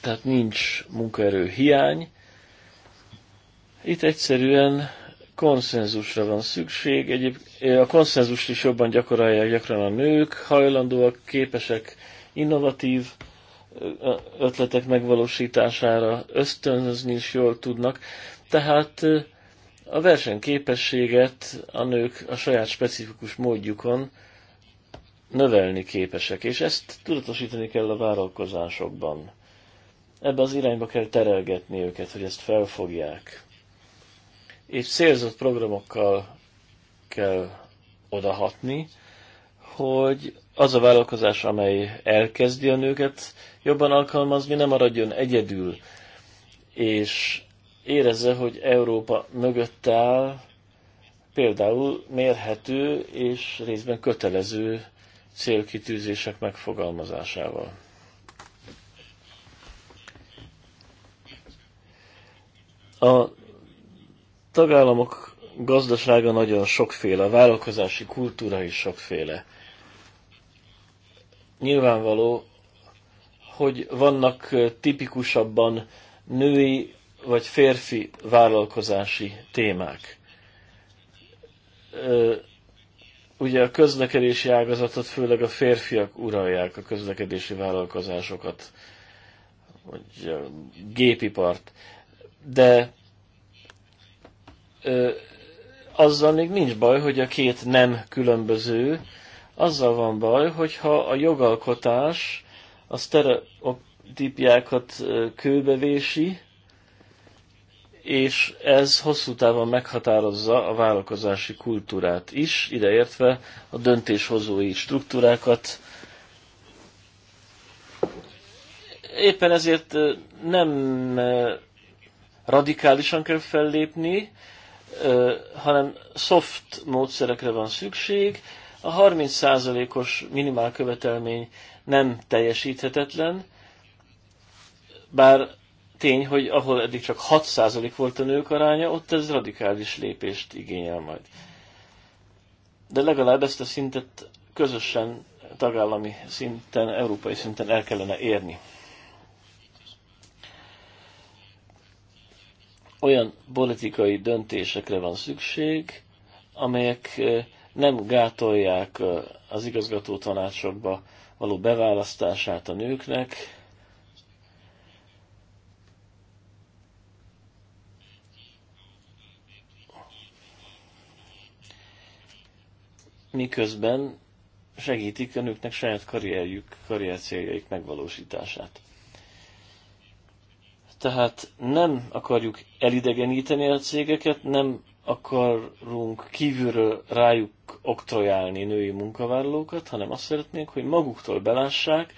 tehát nincs munkaerő hiány. Itt egyszerűen konszenzusra van szükség. Egyéb, a konszenzust is jobban gyakorolják gyakran a nők, hajlandóak, képesek, innovatív ötletek megvalósítására ösztönözni is jól tudnak. Tehát a versenyképességet a nők a saját specifikus módjukon növelni képesek, és ezt tudatosítani kell a vállalkozásokban. Ebbe az irányba kell terelgetni őket, hogy ezt felfogják és célzott programokkal kell odahatni, hogy az a vállalkozás, amely elkezdi a nőket jobban alkalmazni, nem maradjon egyedül, és érezze, hogy Európa mögött áll például mérhető és részben kötelező célkitűzések megfogalmazásával. A tagállamok gazdasága nagyon sokféle, a vállalkozási kultúra is sokféle. Nyilvánvaló, hogy vannak tipikusabban női vagy férfi vállalkozási témák. Ugye a közlekedési ágazatot főleg a férfiak uralják, a közlekedési vállalkozásokat, vagy a gépipart. De azzal még nincs baj, hogy a két nem különböző, azzal van baj, hogyha a jogalkotás a sztereotípiákat kőbevési, és ez hosszú távon meghatározza a vállalkozási kultúrát is, ideértve a döntéshozói struktúrákat. Éppen ezért nem radikálisan kell fellépni, hanem soft módszerekre van szükség. A 30%-os minimál követelmény nem teljesíthetetlen, bár tény, hogy ahol eddig csak 6% volt a nők aránya, ott ez radikális lépést igényel majd. De legalább ezt a szintet közösen, tagállami szinten, európai szinten el kellene érni. olyan politikai döntésekre van szükség, amelyek nem gátolják az igazgató tanácsokba való beválasztását a nőknek, miközben segítik a nőknek saját karrierjük, karrier céljaik megvalósítását. Tehát nem akarjuk elidegeníteni a cégeket, nem akarunk kívülről rájuk oktrojálni női munkavállalókat, hanem azt szeretnénk, hogy maguktól belássák,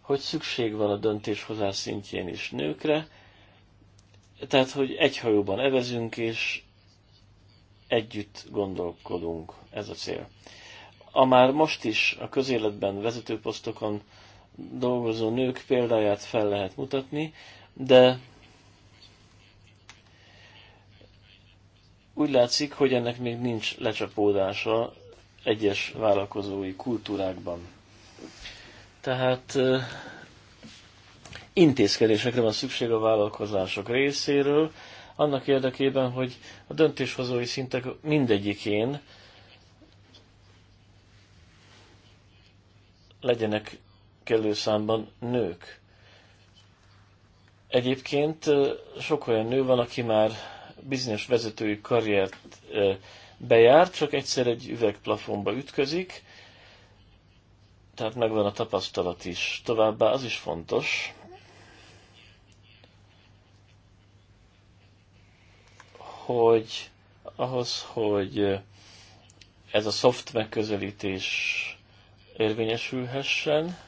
hogy szükség van a döntéshozás szintjén is nőkre, tehát, hogy egy hajóban evezünk, és együtt gondolkodunk, ez a cél. A már most is a közéletben vezetőposztokon dolgozó nők példáját fel lehet mutatni, de úgy látszik, hogy ennek még nincs lecsapódása egyes vállalkozói kultúrákban. Tehát intézkedésekre van szükség a vállalkozások részéről, annak érdekében, hogy a döntéshozói szintek mindegyikén legyenek kellő számban nők. Egyébként sok olyan nő van, aki már bizonyos vezetői karriert bejár, csak egyszer egy üvegplafonba ütközik, tehát megvan a tapasztalat is. Továbbá az is fontos, hogy ahhoz, hogy ez a szoft megközelítés érvényesülhessen,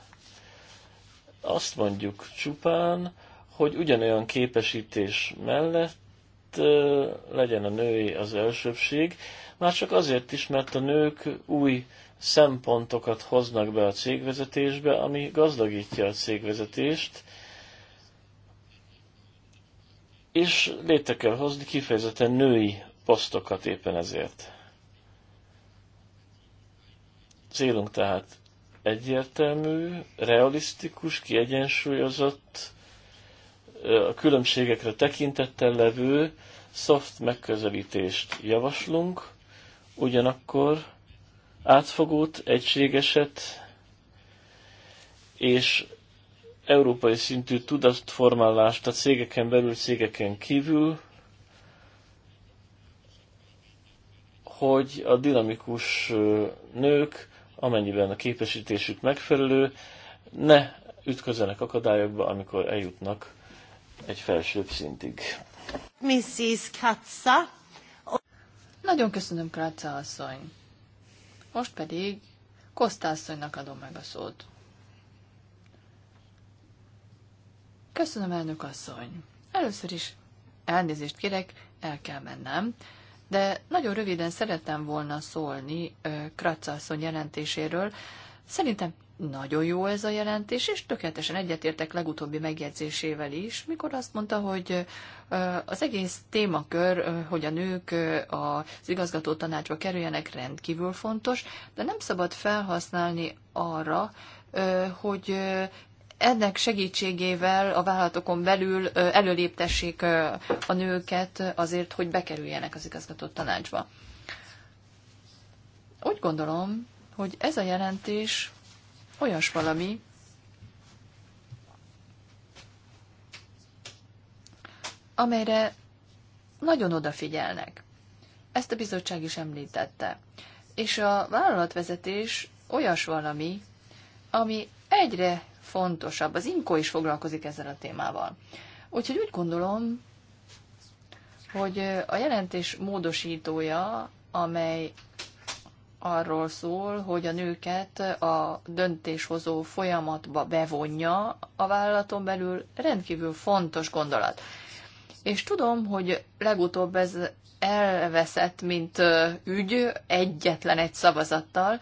azt mondjuk csupán, hogy ugyanolyan képesítés mellett legyen a női az elsőbség, már csak azért is, mert a nők új szempontokat hoznak be a cégvezetésbe, ami gazdagítja a cégvezetést, és létre kell hozni kifejezetten női posztokat éppen ezért. Célunk tehát egyértelmű, realisztikus, kiegyensúlyozott a különbségekre tekintettel levő soft megközelítést javaslunk, ugyanakkor átfogót, egységeset és európai szintű tudatformálást a cégeken belül, cégeken kívül, hogy a dinamikus nők, amennyiben a képesítésük megfelelő, ne ütközenek akadályokba, amikor eljutnak egy felsőbb szintig. Mrs. Katza. Nagyon köszönöm, Kratza asszony. Most pedig Kosta asszonynak adom meg a szót. Köszönöm, elnök asszony. Először is elnézést kérek, el kell mennem, de nagyon röviden szerettem volna szólni Kratza asszony jelentéséről, Szerintem nagyon jó ez a jelentés, és tökéletesen egyetértek legutóbbi megjegyzésével is, mikor azt mondta, hogy az egész témakör, hogy a nők az igazgató tanácsba kerüljenek, rendkívül fontos, de nem szabad felhasználni arra, hogy ennek segítségével a vállalatokon belül előléptessék a nőket azért, hogy bekerüljenek az igazgató tanácsba. Úgy gondolom, hogy ez a jelentés olyas valami, amelyre nagyon odafigyelnek. Ezt a bizottság is említette. És a vállalatvezetés olyas valami, ami egyre fontosabb. Az INKO is foglalkozik ezzel a témával. Úgyhogy úgy gondolom, hogy a jelentés módosítója, amely arról szól, hogy a nőket a döntéshozó folyamatba bevonja a vállalaton belül, rendkívül fontos gondolat. És tudom, hogy legutóbb ez elveszett, mint ügy, egyetlen egy szavazattal.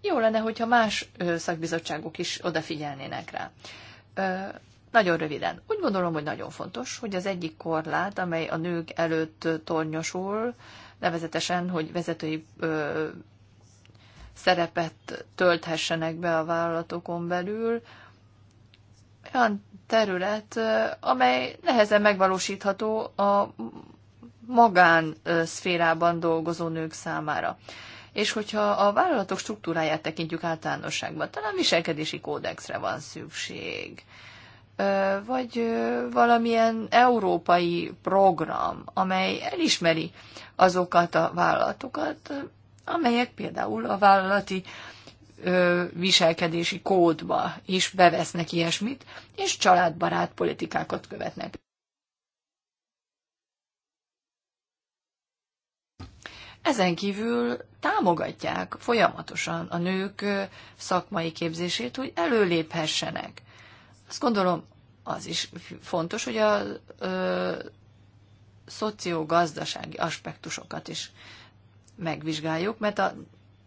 Jó lenne, hogyha más szakbizottságok is odafigyelnének rá. Nagyon röviden. Úgy gondolom, hogy nagyon fontos, hogy az egyik korlát, amely a nők előtt tornyosul, nevezetesen, hogy vezetői ö, szerepet tölthessenek be a vállalatokon belül, olyan terület, amely nehezen megvalósítható a magán szférában dolgozó nők számára. És hogyha a vállalatok struktúráját tekintjük általánosságban, talán viselkedési kódexre van szükség vagy valamilyen európai program, amely elismeri azokat a vállalatokat, amelyek például a vállalati viselkedési kódba is bevesznek ilyesmit, és családbarát politikákat követnek. Ezen kívül támogatják folyamatosan a nők szakmai képzését, hogy előléphessenek. Azt gondolom, az is fontos, hogy a ö, szociogazdasági aspektusokat is megvizsgáljuk, mert a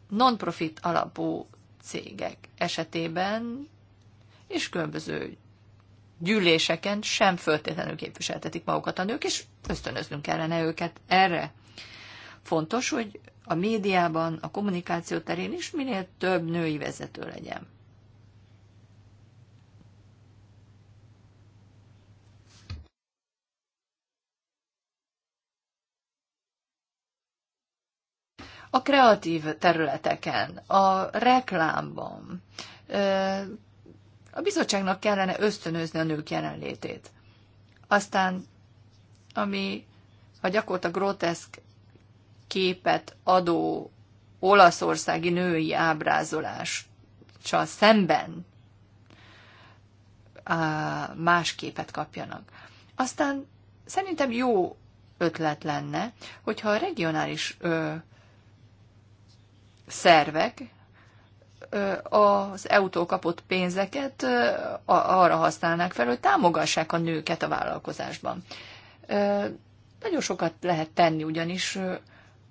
non-profit alapú cégek esetében és különböző gyűléseken sem föltétlenül képviseltetik magukat a nők, és ösztönöznünk kellene őket erre. Fontos, hogy a médiában, a kommunikáció terén is minél több női vezető legyen. a kreatív területeken, a reklámban. A bizottságnak kellene ösztönözni a nők jelenlétét. Aztán, ami a gyakorta groteszk képet adó olaszországi női ábrázolás csak szemben más képet kapjanak. Aztán szerintem jó ötlet lenne, hogyha a regionális ö, szervek az EU-tól kapott pénzeket arra használnák fel, hogy támogassák a nőket a vállalkozásban. Nagyon sokat lehet tenni ugyanis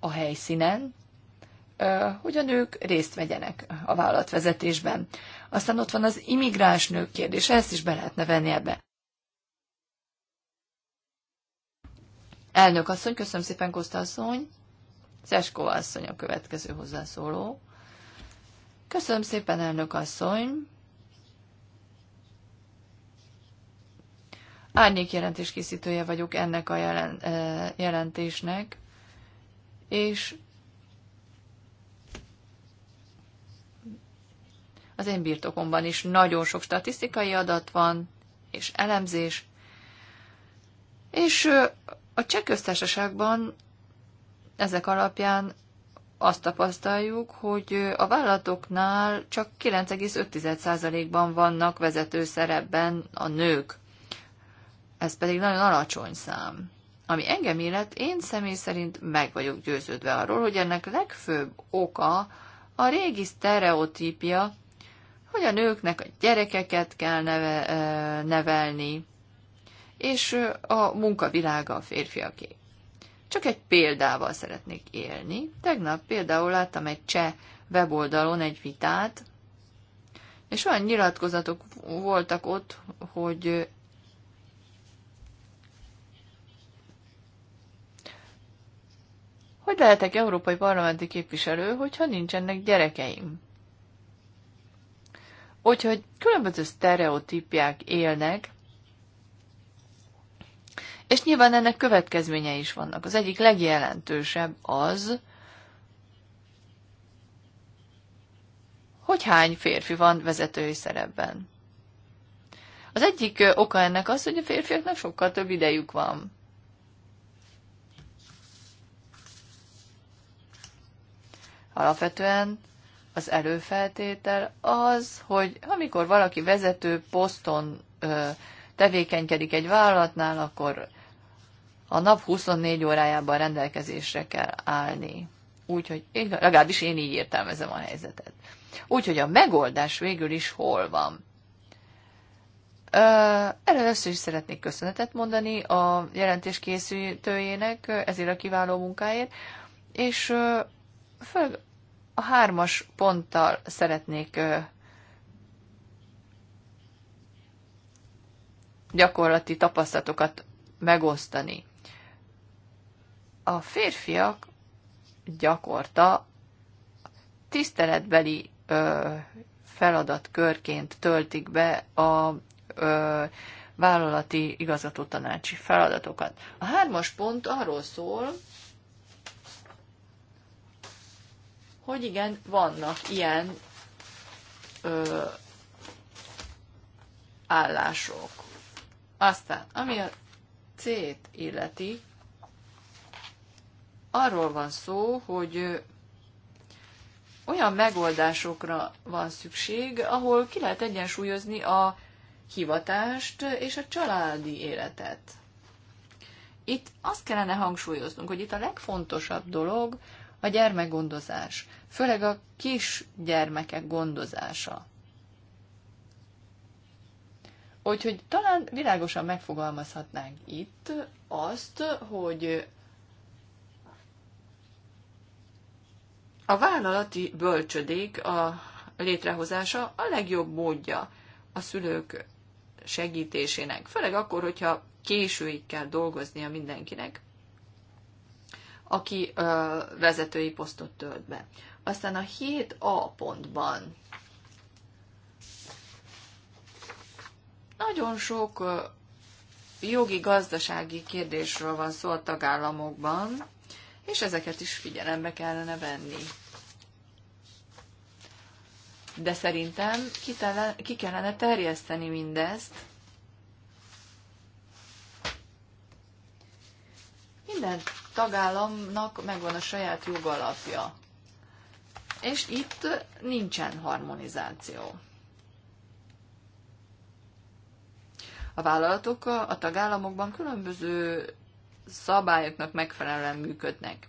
a helyszínen, hogy a nők részt vegyenek a vállalatvezetésben. Aztán ott van az immigráns nők kérdése, ezt is be lehetne venni ebbe. Elnök asszony, köszönöm szépen, Kosta asszony. Szeskova asszony a következő hozzászóló. Köszönöm szépen, elnök asszony. Árnyék jelentés készítője vagyok ennek a eh, jelentésnek, és az én birtokomban is nagyon sok statisztikai adat van, és elemzés, és eh, a cseh ezek alapján azt tapasztaljuk, hogy a vállalatoknál csak 9,5%-ban vannak vezető szerepben a nők. Ez pedig nagyon alacsony szám. Ami engem illet, én személy szerint meg vagyok győződve arról, hogy ennek legfőbb oka a régi sztereotípia, hogy a nőknek a gyerekeket kell neve, nevelni, és a munkavilága a férfiaké. Csak egy példával szeretnék élni. Tegnap például láttam egy cseh weboldalon egy vitát, és olyan nyilatkozatok voltak ott, hogy hogy lehetek európai parlamenti képviselő, hogyha nincsenek gyerekeim. Úgyhogy különböző sztereotípiák élnek és nyilván ennek következményei is vannak. Az egyik legjelentősebb az, hogy hány férfi van vezetői szerepben. Az egyik oka ennek az, hogy a férfiaknak sokkal több idejük van. Alapvetően az előfeltétel az, hogy amikor valaki vezető poszton ö, tevékenykedik egy vállalatnál, akkor a nap 24 órájában rendelkezésre kell állni. Úgyhogy én, legalábbis én így értelmezem a helyzetet. Úgyhogy a megoldás végül is hol van? Először is szeretnék köszönetet mondani a jelentés készítőjének ezért a kiváló munkáért, és főleg a hármas ponttal szeretnék gyakorlati tapasztalatokat megosztani a férfiak gyakorta tiszteletbeli ö, feladatkörként töltik be a ö, vállalati tanácsi feladatokat. A hármas pont arról szól, hogy igen, vannak ilyen ö, állások. Aztán, ami a C-t illeti, arról van szó, hogy olyan megoldásokra van szükség, ahol ki lehet egyensúlyozni a hivatást és a családi életet. Itt azt kellene hangsúlyoznunk, hogy itt a legfontosabb dolog a gyermekgondozás, főleg a kis gyermekek gondozása. Úgyhogy talán világosan megfogalmazhatnánk itt azt, hogy A vállalati bölcsödék a létrehozása a legjobb módja a szülők segítésének, főleg akkor, hogyha későig kell dolgoznia mindenkinek, aki ö, vezetői posztot tölt be. Aztán a 7A pontban nagyon sok jogi-gazdasági kérdésről van szó a tagállamokban, és ezeket is figyelembe kellene venni. De szerintem ki, tele, ki kellene terjeszteni mindezt, minden tagállamnak megvan a saját jogalapja. És itt nincsen harmonizáció. A vállalatok a tagállamokban különböző szabályoknak megfelelően működnek.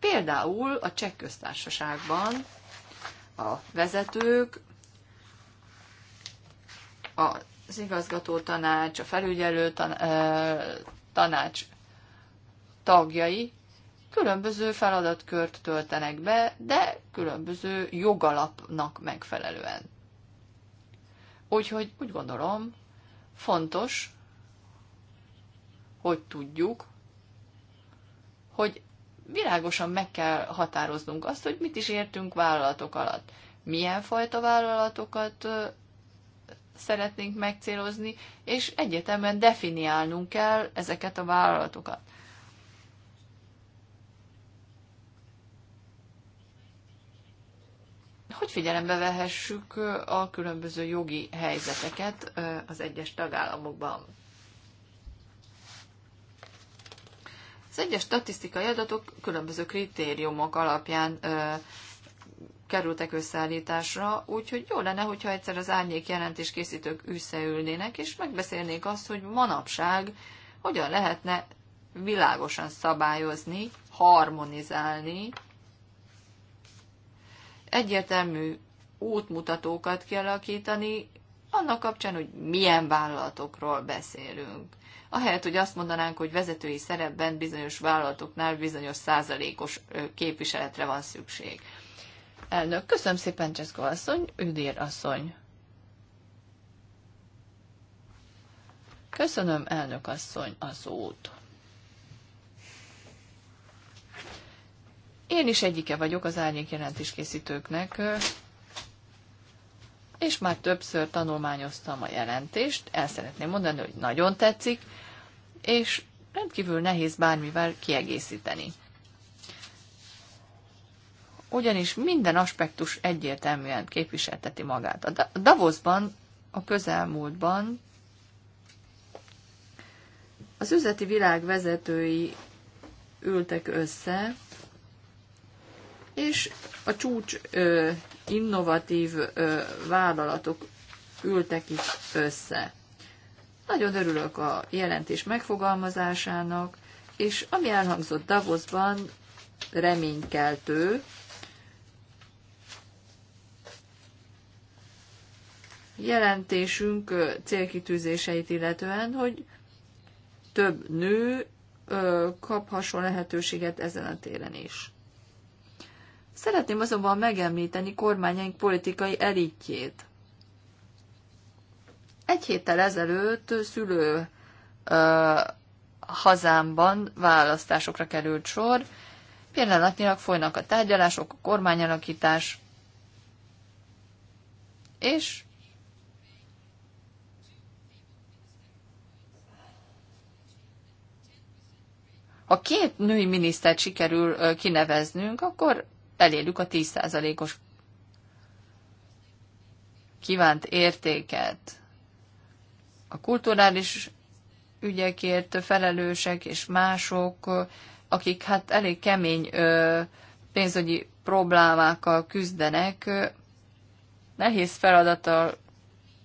Például a cseh köztársaságban a vezetők, az igazgató tanács, a felügyelő tanács tagjai különböző feladatkört töltenek be, de különböző jogalapnak megfelelően. Úgyhogy úgy gondolom, fontos, hogy tudjuk, hogy világosan meg kell határoznunk azt, hogy mit is értünk vállalatok alatt. Milyen fajta vállalatokat szeretnénk megcélozni, és egyetemben definiálnunk kell ezeket a vállalatokat. Hogy figyelembe vehessük a különböző jogi helyzeteket az egyes tagállamokban? Az egyes statisztikai adatok különböző kritériumok alapján ö, kerültek összeállításra, úgyhogy jó lenne, hogyha egyszer az árnyék jelentés készítők összeülnének, és megbeszélnék azt, hogy manapság hogyan lehetne világosan szabályozni, harmonizálni, egyértelmű útmutatókat kialakítani, annak kapcsán, hogy milyen vállalatokról beszélünk ahelyett, hogy azt mondanánk, hogy vezetői szerepben bizonyos vállalatoknál bizonyos százalékos képviseletre van szükség. Elnök, köszönöm szépen, Cseszko asszony, Üdér asszony. Köszönöm, elnök asszony, a szót. Én is egyike vagyok az árnyék jelentéskészítőknek, és már többször tanulmányoztam a jelentést, el szeretném mondani, hogy nagyon tetszik, és rendkívül nehéz bármivel kiegészíteni. Ugyanis minden aspektus egyértelműen képviselteti magát. A Davosban, a közelmúltban az üzleti világ vezetői ültek össze, és a csúcs ö, innovatív vállalatok ültek itt össze. Nagyon örülök a jelentés megfogalmazásának, és ami elhangzott Davosban, reménykeltő, jelentésünk célkitűzéseit illetően, hogy több nő kaphasson lehetőséget ezen a téren is. Szeretném azonban megemlíteni kormányaink politikai elitjét. Egy héttel ezelőtt szülő ö, hazámban választásokra került sor. Pillanatnyilag folynak a tárgyalások, a kormányalakítás, és ha két női minisztert sikerül kineveznünk, akkor elérjük a 10%-os kívánt értéket. A kulturális ügyekért felelősek és mások, akik hát elég kemény pénzügyi problémákkal küzdenek, nehéz feladattal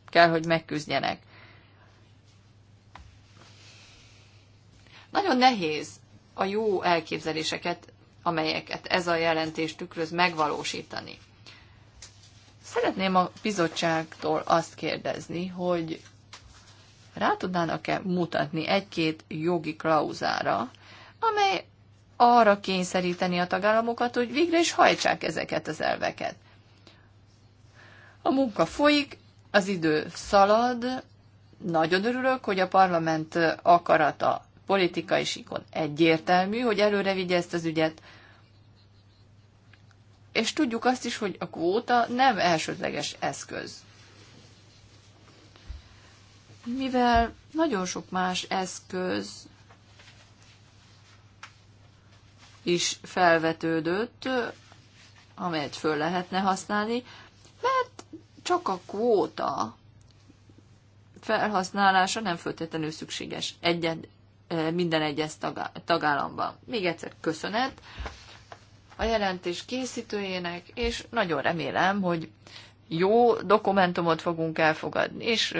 kell, hogy megküzdjenek. Nagyon nehéz a jó elképzeléseket amelyeket ez a jelentés tükröz megvalósítani. Szeretném a bizottságtól azt kérdezni, hogy rá tudnának-e mutatni egy-két jogi klauzára, amely arra kényszeríteni a tagállamokat, hogy végre is hajtsák ezeket az elveket. A munka folyik, az idő szalad, nagyon örülök, hogy a parlament akarata politikai sikon egyértelmű, hogy előre vigye ezt az ügyet. És tudjuk azt is, hogy a kvóta nem elsődleges eszköz. Mivel nagyon sok más eszköz is felvetődött, amelyet föl lehetne használni, mert csak a kvóta felhasználása nem feltétlenül szükséges egyet, minden egyes tagállamban. Még egyszer köszönet a jelentés készítőjének, és nagyon remélem, hogy jó dokumentumot fogunk elfogadni, és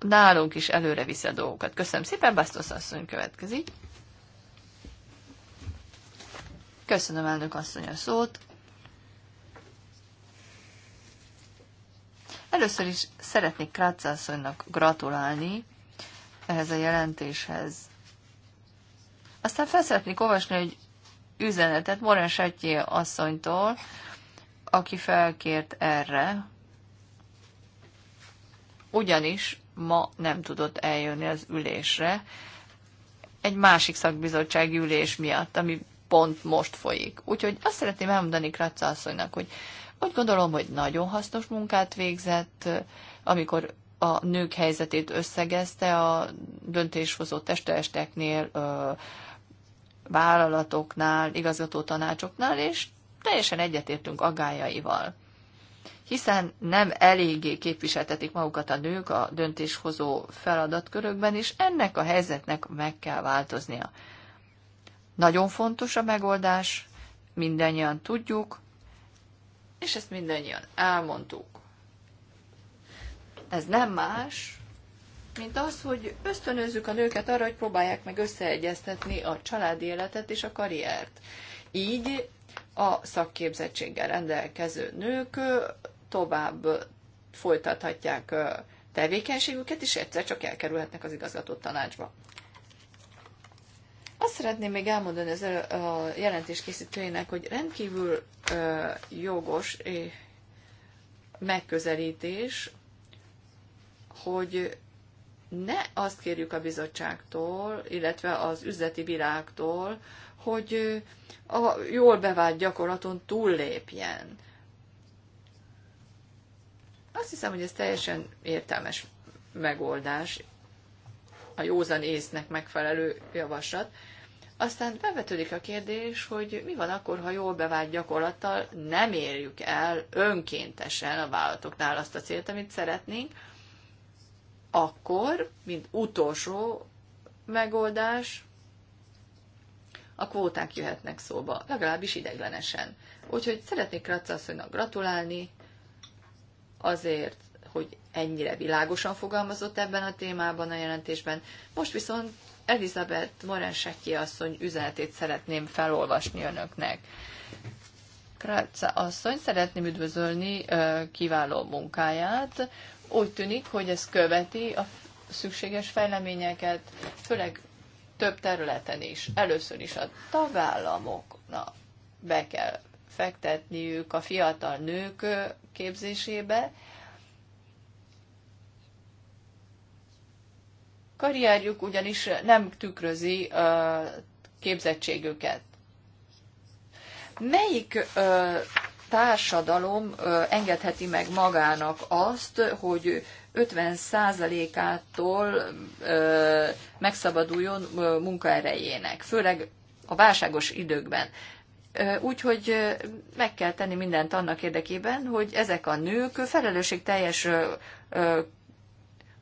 nálunk is előre viszi a dolgokat. Köszönöm szépen, Bastos asszony következik. Köszönöm elnök asszony a szót. Először is szeretnék Krácz asszonynak gratulálni ehhez a jelentéshez. Aztán fel szeretnék olvasni egy üzenetet Morán Sattyé asszonytól, aki felkért erre, ugyanis ma nem tudott eljönni az ülésre, egy másik szakbizottsági ülés miatt, ami pont most folyik. Úgyhogy azt szeretném elmondani Kratza asszonynak, hogy úgy gondolom, hogy nagyon hasznos munkát végzett, amikor a nők helyzetét összegezte a döntéshozó testesteknél, vállalatoknál, igazgató tanácsoknál, és teljesen egyetértünk agájaival. Hiszen nem eléggé képviseltetik magukat a nők a döntéshozó feladatkörökben, és ennek a helyzetnek meg kell változnia. Nagyon fontos a megoldás, mindannyian tudjuk, és ezt mindannyian elmondtuk ez nem más, mint az, hogy ösztönözzük a nőket arra, hogy próbálják meg összeegyeztetni a családi életet és a karriert. Így a szakképzettséggel rendelkező nők tovább folytathatják tevékenységüket, és egyszer csak elkerülhetnek az igazgató tanácsba. Azt szeretném még elmondani az a jelentés készítőjének, hogy rendkívül jogos megközelítés hogy ne azt kérjük a bizottságtól, illetve az üzleti világtól, hogy a jól bevált gyakorlaton túllépjen. Azt hiszem, hogy ez teljesen értelmes megoldás, a józan észnek megfelelő javaslat. Aztán bevetődik a kérdés, hogy mi van akkor, ha jól bevált gyakorlattal nem érjük el önkéntesen a vállalatoknál azt a célt, amit szeretnénk, akkor, mint utolsó megoldás, a kvóták jöhetnek szóba, legalábbis ideglenesen. Úgyhogy szeretnék Kratzasszonynak gratulálni azért, hogy ennyire világosan fogalmazott ebben a témában a jelentésben. Most viszont Elizabeth Morenseki asszony üzenetét szeretném felolvasni önöknek. Kratz asszony, szeretném üdvözölni kiváló munkáját úgy tűnik, hogy ez követi a szükséges fejleményeket, főleg több területen is. Először is a tagállamoknak be kell fektetniük a fiatal nők képzésébe, karrierjük ugyanis nem tükrözi a képzettségüket. Melyik társadalom engedheti meg magának azt, hogy 50%-ától megszabaduljon munkaerejének, főleg a válságos időkben. Úgyhogy meg kell tenni mindent annak érdekében, hogy ezek a nők felelősségteljes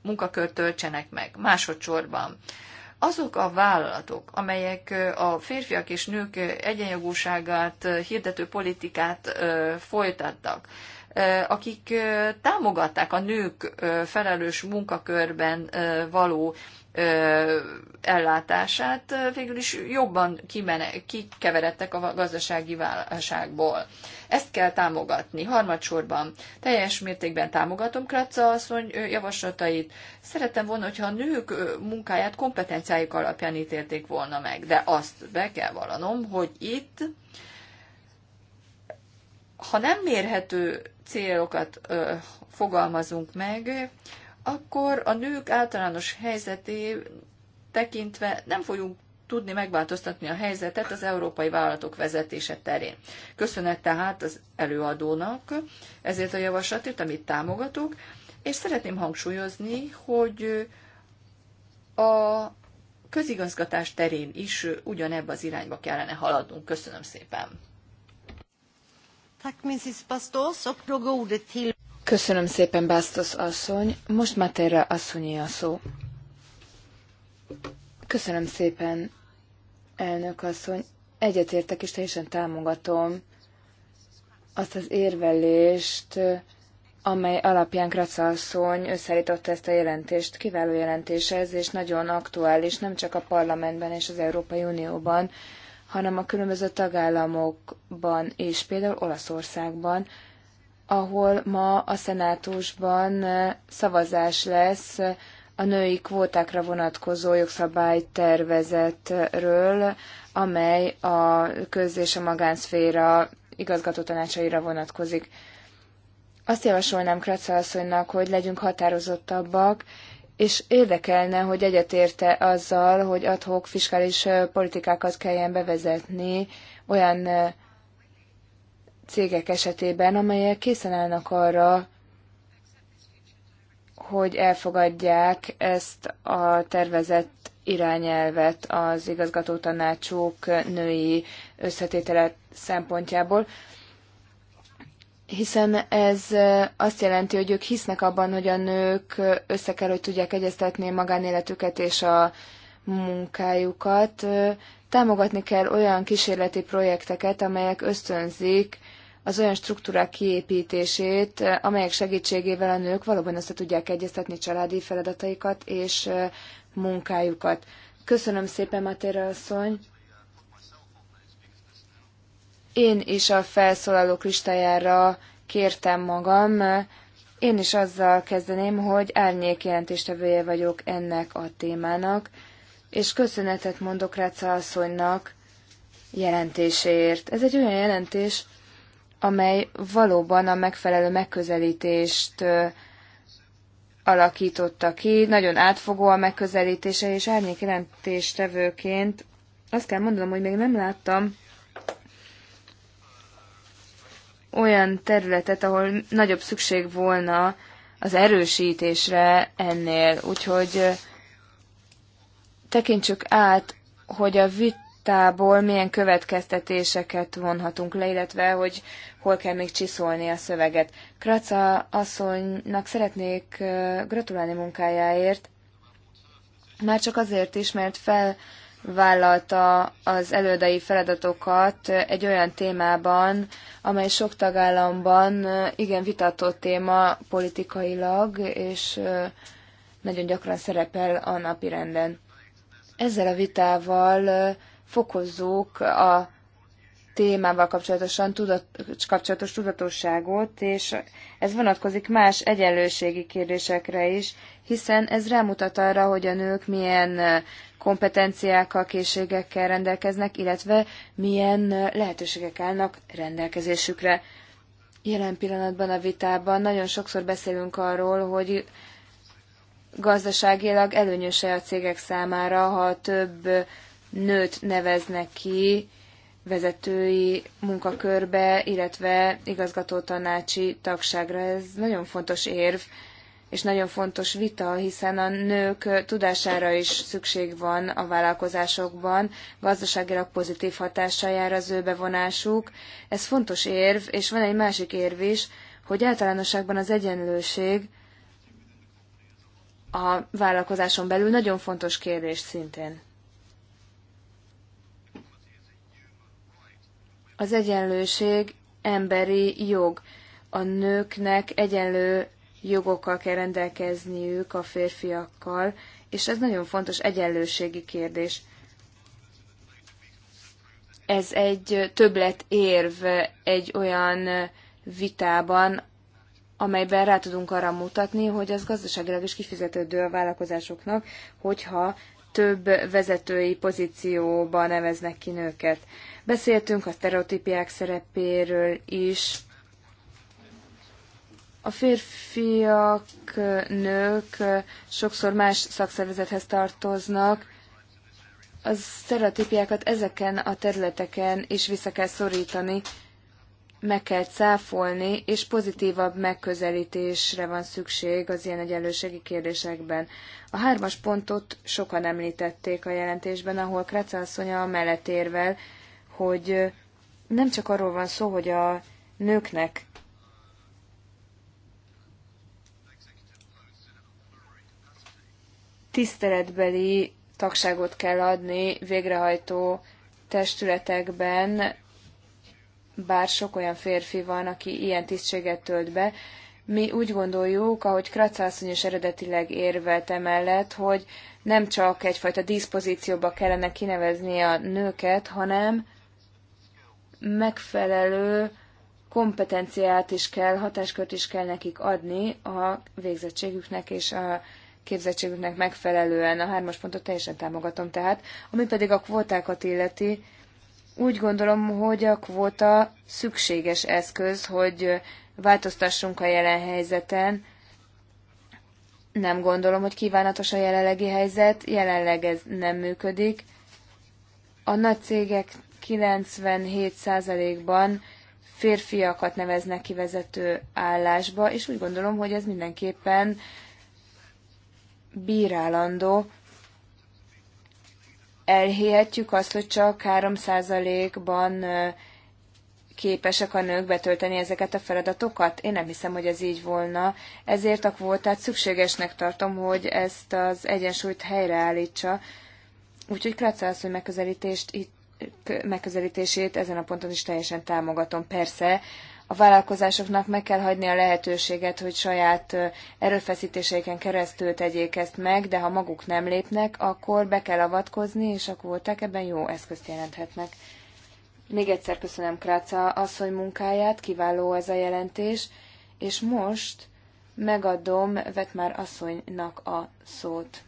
munkakört töltsenek meg másodszorban azok a vállalatok, amelyek a férfiak és nők egyenjogúságát hirdető politikát folytattak, akik támogatták a nők felelős munkakörben való ellátását végül is jobban kimene, kikeveredtek a gazdasági válságból. Ezt kell támogatni. Harmadsorban teljes mértékben támogatom Kratza asszony javaslatait. Szeretem volna, hogyha a nők munkáját kompetenciájuk alapján ítélték volna meg, de azt be kell vallanom, hogy itt ha nem mérhető célokat ö, fogalmazunk meg, akkor a nők általános helyzeté tekintve nem fogunk tudni megváltoztatni a helyzetet az európai vállalatok vezetése terén. Köszönet tehát az előadónak ezért a javaslatért, amit támogatok, és szeretném hangsúlyozni, hogy a közigazgatás terén is ugyanebb az irányba kellene haladnunk. Köszönöm szépen! Köszönöm szépen, Bastos asszony. Most Materra asszonyi a szó. Köszönöm szépen, elnök asszony. Egyetértek és teljesen támogatom azt az érvelést, amely alapján Kraca asszony összeállította ezt a jelentést. Kiváló jelentés ez, és nagyon aktuális nem csak a parlamentben és az Európai Unióban, hanem a különböző tagállamokban és például Olaszországban, ahol ma a szenátusban szavazás lesz a női kvótákra vonatkozó jogszabálytervezetről, amely a köz- és a magánszféra igazgatótanácsaira vonatkozik. Azt javasolnám Kratza asszonynak, hogy legyünk határozottabbak, és érdekelne, hogy egyetérte azzal, hogy adhok fiskális politikákat kelljen bevezetni olyan cégek esetében, amelyek készen állnak arra, hogy elfogadják ezt a tervezett irányelvet az igazgató tanácsok női összetétele szempontjából, hiszen ez azt jelenti, hogy ők hisznek abban, hogy a nők össze kell, hogy tudják egyeztetni magánéletüket és a munkájukat. Támogatni kell olyan kísérleti projekteket, amelyek ösztönzik az olyan struktúrák kiépítését, amelyek segítségével a nők valóban össze tudják egyeztetni családi feladataikat és munkájukat. Köszönöm szépen, Matéra asszony! Én is a felszólalók listájára kértem magam. Én is azzal kezdeném, hogy árnyék jelentéstevője vagyok ennek a témának, és köszönetet mondok Reca asszonynak jelentéséért. Ez egy olyan jelentés, amely valóban a megfelelő megközelítést alakította ki. Nagyon átfogó a megközelítése, és árnyék jelentéstevőként azt kell mondanom, hogy még nem láttam olyan területet, ahol nagyobb szükség volna az erősítésre ennél. Úgyhogy tekintsük át, hogy a vit vitából milyen következtetéseket vonhatunk le, illetve hogy hol kell még csiszolni a szöveget. Kraca asszonynak szeretnék gratulálni munkájáért, már csak azért is, mert felvállalta az elődei feladatokat egy olyan témában, amely sok tagállamban igen vitatott téma politikailag, és nagyon gyakran szerepel a napirenden. Ezzel a vitával fokozzuk a témával kapcsolatosan tudat, kapcsolatos tudatosságot, és ez vonatkozik más egyenlőségi kérdésekre is, hiszen ez rámutat arra, hogy a nők milyen kompetenciákkal, készségekkel rendelkeznek, illetve milyen lehetőségek állnak rendelkezésükre. Jelen pillanatban a vitában nagyon sokszor beszélünk arról, hogy gazdaságilag előnyöse a cégek számára, ha több nőt neveznek ki vezetői munkakörbe, illetve igazgatótanácsi tagságra. Ez nagyon fontos érv, és nagyon fontos vita, hiszen a nők tudására is szükség van a vállalkozásokban, gazdaságilag pozitív hatással jár az ő bevonásuk. Ez fontos érv, és van egy másik érv is, hogy általánosságban az egyenlőség a vállalkozáson belül nagyon fontos kérdés szintén. Az egyenlőség emberi jog. A nőknek egyenlő jogokkal kell rendelkezniük a férfiakkal, és ez nagyon fontos egyenlőségi kérdés. Ez egy többlet érv egy olyan vitában, amelyben rá tudunk arra mutatni, hogy az gazdaságilag is kifizetődő a vállalkozásoknak, hogyha több vezetői pozícióba neveznek ki nőket. Beszéltünk a sztereotípiák szerepéről is. A férfiak, nők sokszor más szakszervezethez tartoznak, az sztereotípiákat ezeken a területeken is vissza kell szorítani, meg kell cáfolni, és pozitívabb megközelítésre van szükség az ilyen egyenlőségi kérdésekben. A hármas pontot sokan említették a jelentésben, ahol Kreca asszonya a mellett érvel, hogy nem csak arról van szó, hogy a nőknek tiszteletbeli tagságot kell adni végrehajtó testületekben, bár sok olyan férfi van, aki ilyen tisztséget tölt be. Mi úgy gondoljuk, ahogy Kratzászony is eredetileg érvelt emellett, hogy nem csak egyfajta diszpozícióba kellene kinevezni a nőket, hanem megfelelő kompetenciát is kell, hatáskört is kell nekik adni a végzettségüknek és a képzettségüknek megfelelően. A hármas pontot teljesen támogatom tehát. Ami pedig a kvótákat illeti, úgy gondolom, hogy a kvóta szükséges eszköz, hogy változtassunk a jelen helyzeten. Nem gondolom, hogy kívánatos a jelenlegi helyzet, jelenleg ez nem működik. A nagy cégek 97%-ban férfiakat neveznek ki vezető állásba, és úgy gondolom, hogy ez mindenképpen bírálandó. Elhihetjük azt, hogy csak 3%-ban képesek a nők betölteni ezeket a feladatokat? Én nem hiszem, hogy ez így volna. Ezért a kvótát szükségesnek tartom, hogy ezt az egyensúlyt helyreállítsa. Úgyhogy Kratz hogy megközelítést itt megközelítését ezen a ponton is teljesen támogatom. Persze a vállalkozásoknak meg kell hagyni a lehetőséget, hogy saját erőfeszítéseiken keresztül tegyék ezt meg, de ha maguk nem lépnek, akkor be kell avatkozni, és akkor voltak ebben jó eszközt jelenthetnek. Még egyszer köszönöm Kráca asszony munkáját, kiváló ez a jelentés, és most megadom Vetmár asszonynak a szót.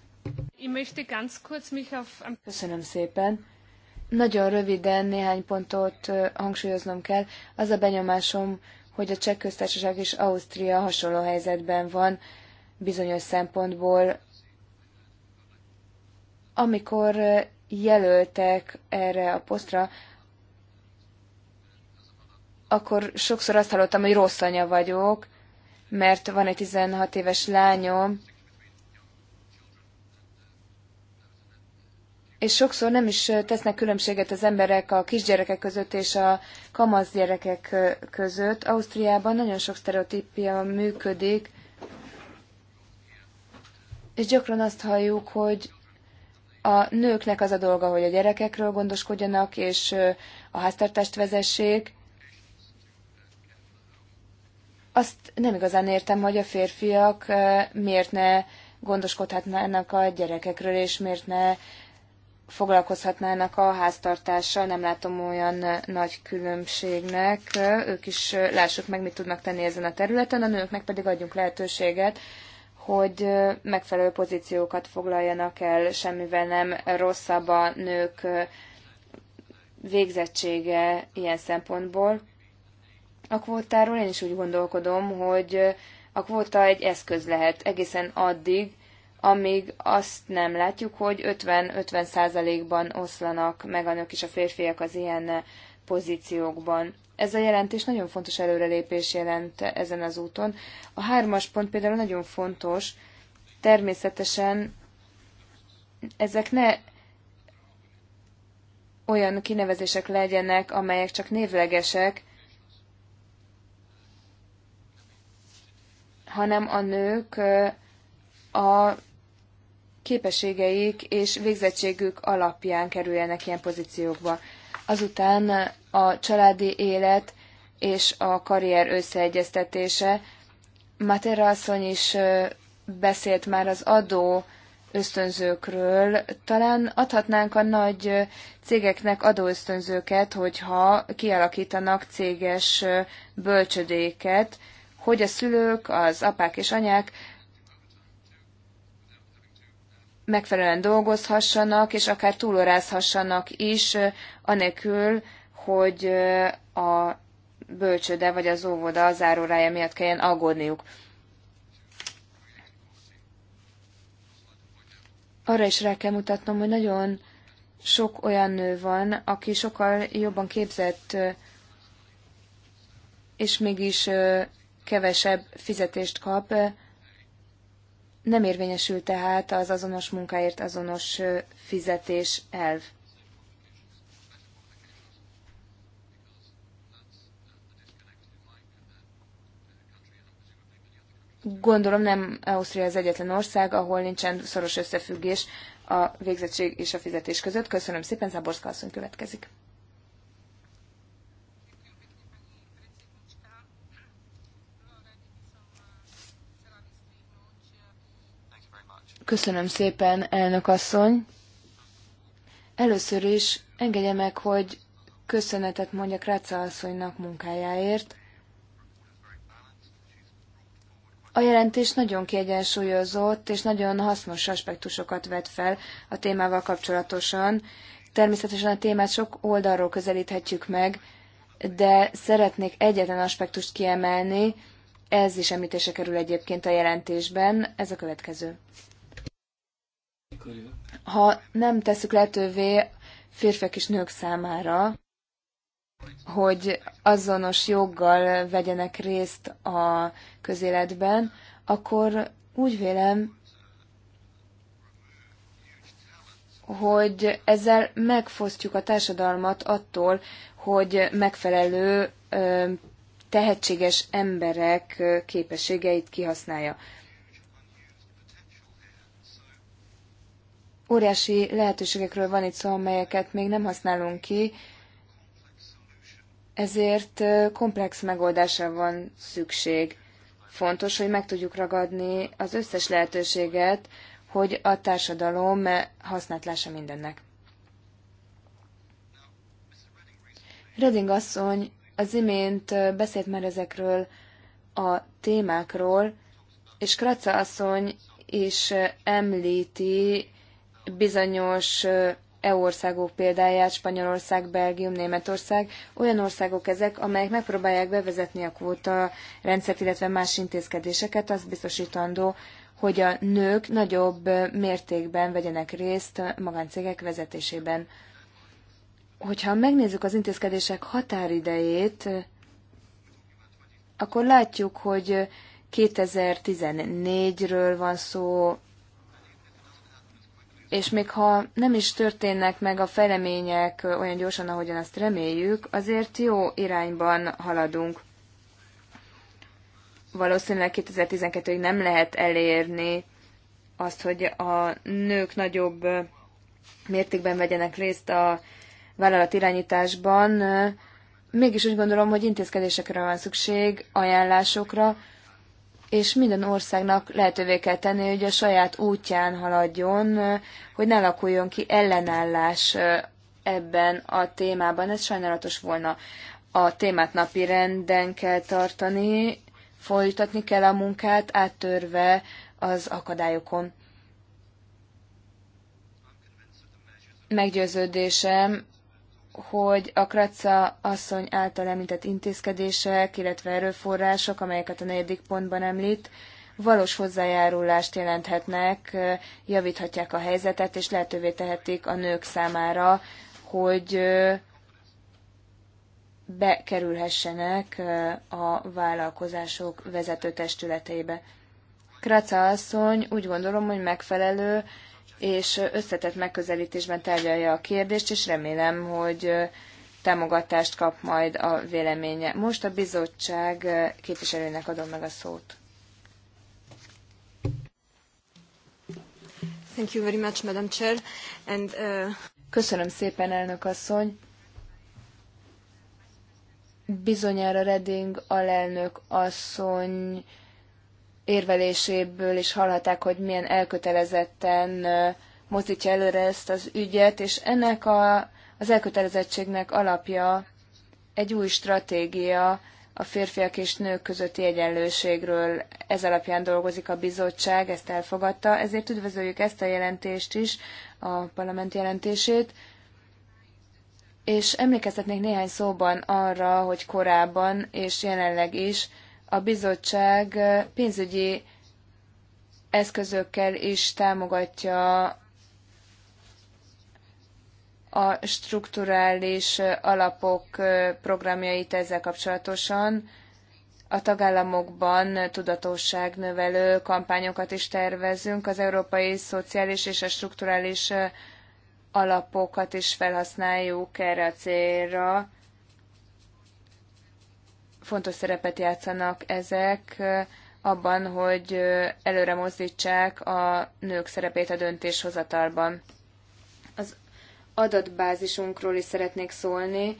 Köszönöm szépen. Nagyon röviden néhány pontot hangsúlyoznom kell. Az a benyomásom, hogy a Cseh köztársaság és Ausztria hasonló helyzetben van bizonyos szempontból. Amikor jelöltek erre a posztra, akkor sokszor azt hallottam, hogy rossz anya vagyok, mert van egy 16 éves lányom, és sokszor nem is tesznek különbséget az emberek a kisgyerekek között és a kamasz gyerekek között. Ausztriában nagyon sok sztereotípia működik, és gyakran azt halljuk, hogy a nőknek az a dolga, hogy a gyerekekről gondoskodjanak, és a háztartást vezessék. Azt nem igazán értem, hogy a férfiak miért ne gondoskodhatnának a gyerekekről, és miért ne foglalkozhatnának a háztartással, nem látom olyan nagy különbségnek. Ők is lássuk meg, mit tudnak tenni ezen a területen, a nőknek pedig adjunk lehetőséget, hogy megfelelő pozíciókat foglaljanak el, semmivel nem rosszabb a nők végzettsége ilyen szempontból. A kvótáról én is úgy gondolkodom, hogy a kvóta egy eszköz lehet egészen addig, amíg azt nem látjuk, hogy 50-50 százalékban -50 oszlanak meg a nők és a férfiak az ilyen pozíciókban. Ez a jelentés nagyon fontos előrelépés jelent ezen az úton. A hármas pont például nagyon fontos, természetesen ezek ne olyan kinevezések legyenek, amelyek csak névlegesek, hanem a nők a képességeik és végzettségük alapján kerüljenek ilyen pozíciókba. Azután a családi élet és a karrier összeegyeztetése. Matera asszony is beszélt már az adó ösztönzőkről. Talán adhatnánk a nagy cégeknek adóösztönzőket, hogyha kialakítanak céges bölcsödéket, hogy a szülők, az apák és anyák megfelelően dolgozhassanak, és akár túlorázhassanak is, anélkül, hogy a bölcsőde vagy az óvoda zárórája miatt kelljen aggódniuk. Arra is rá kell mutatnom, hogy nagyon sok olyan nő van, aki sokkal jobban képzett, és mégis kevesebb fizetést kap, nem érvényesül tehát az azonos munkáért azonos fizetés elv. Gondolom nem Ausztria az egyetlen ország, ahol nincsen szoros összefüggés a végzettség és a fizetés között. Köszönöm szépen, Záborszka asszony következik. Köszönöm szépen, elnök asszony. Először is engedje meg, hogy köszönetet mondjak Ráca asszonynak munkájáért. A jelentés nagyon kiegyensúlyozott és nagyon hasznos aspektusokat vet fel a témával kapcsolatosan. Természetesen a témát sok oldalról közelíthetjük meg, de szeretnék egyetlen aspektust kiemelni, ez is említése kerül egyébként a jelentésben, ez a következő ha nem tesszük lehetővé férfiak és nők számára, hogy azonos joggal vegyenek részt a közéletben, akkor úgy vélem, hogy ezzel megfosztjuk a társadalmat attól, hogy megfelelő tehetséges emberek képességeit kihasználja. óriási lehetőségekről van itt szó, amelyeket még nem használunk ki, ezért komplex megoldásra van szükség. Fontos, hogy meg tudjuk ragadni az összes lehetőséget, hogy a társadalom hasznát lássa mindennek. Reding asszony az imént beszélt már ezekről a témákról, és Kratza asszony is említi bizonyos E országok példáját, Spanyolország, Belgium, Németország, olyan országok ezek, amelyek megpróbálják bevezetni a kvóta rendszert, illetve más intézkedéseket, az biztosítandó, hogy a nők nagyobb mértékben vegyenek részt magáncégek vezetésében. Hogyha megnézzük az intézkedések határidejét, akkor látjuk, hogy 2014-ről van szó, és még ha nem is történnek meg a felemények olyan gyorsan, ahogyan azt reméljük, azért jó irányban haladunk. Valószínűleg 2012-ig nem lehet elérni azt, hogy a nők nagyobb mértékben vegyenek részt a vállalat irányításban. Mégis úgy gondolom, hogy intézkedésekre van szükség, ajánlásokra, és minden országnak lehetővé kell tenni, hogy a saját útján haladjon, hogy ne alakuljon ki ellenállás ebben a témában. Ez sajnálatos volna. A témát napi renden kell tartani, folytatni kell a munkát, áttörve az akadályokon. Meggyőződésem, hogy a Kratza asszony által említett intézkedések, illetve erőforrások, amelyeket a negyedik pontban említ, valós hozzájárulást jelenthetnek, javíthatják a helyzetet, és lehetővé tehetik a nők számára, hogy bekerülhessenek a vállalkozások vezető testületeibe. Kraca asszony úgy gondolom, hogy megfelelő és összetett megközelítésben tárgyalja a kérdést, és remélem, hogy támogatást kap majd a véleménye. Most a bizottság képviselőnek adom meg a szót. Thank you very much, Madam Chair. And, uh... Köszönöm szépen, elnök asszony. Bizonyára Reding alelnök asszony érveléséből is hallhatták, hogy milyen elkötelezetten mozdítja előre ezt az ügyet, és ennek a, az elkötelezettségnek alapja egy új stratégia a férfiak és nők közötti egyenlőségről. Ez alapján dolgozik a bizottság, ezt elfogadta, ezért üdvözöljük ezt a jelentést is, a parlament jelentését. És emlékeztetnék néhány szóban arra, hogy korábban és jelenleg is a bizottság pénzügyi eszközökkel is támogatja a strukturális alapok programjait ezzel kapcsolatosan. A tagállamokban tudatosságnövelő kampányokat is tervezünk, az európai szociális és a strukturális alapokat is felhasználjuk erre a célra fontos szerepet játszanak ezek abban, hogy előre mozdítsák a nők szerepét a döntéshozatalban. Az adatbázisunkról is szeretnék szólni,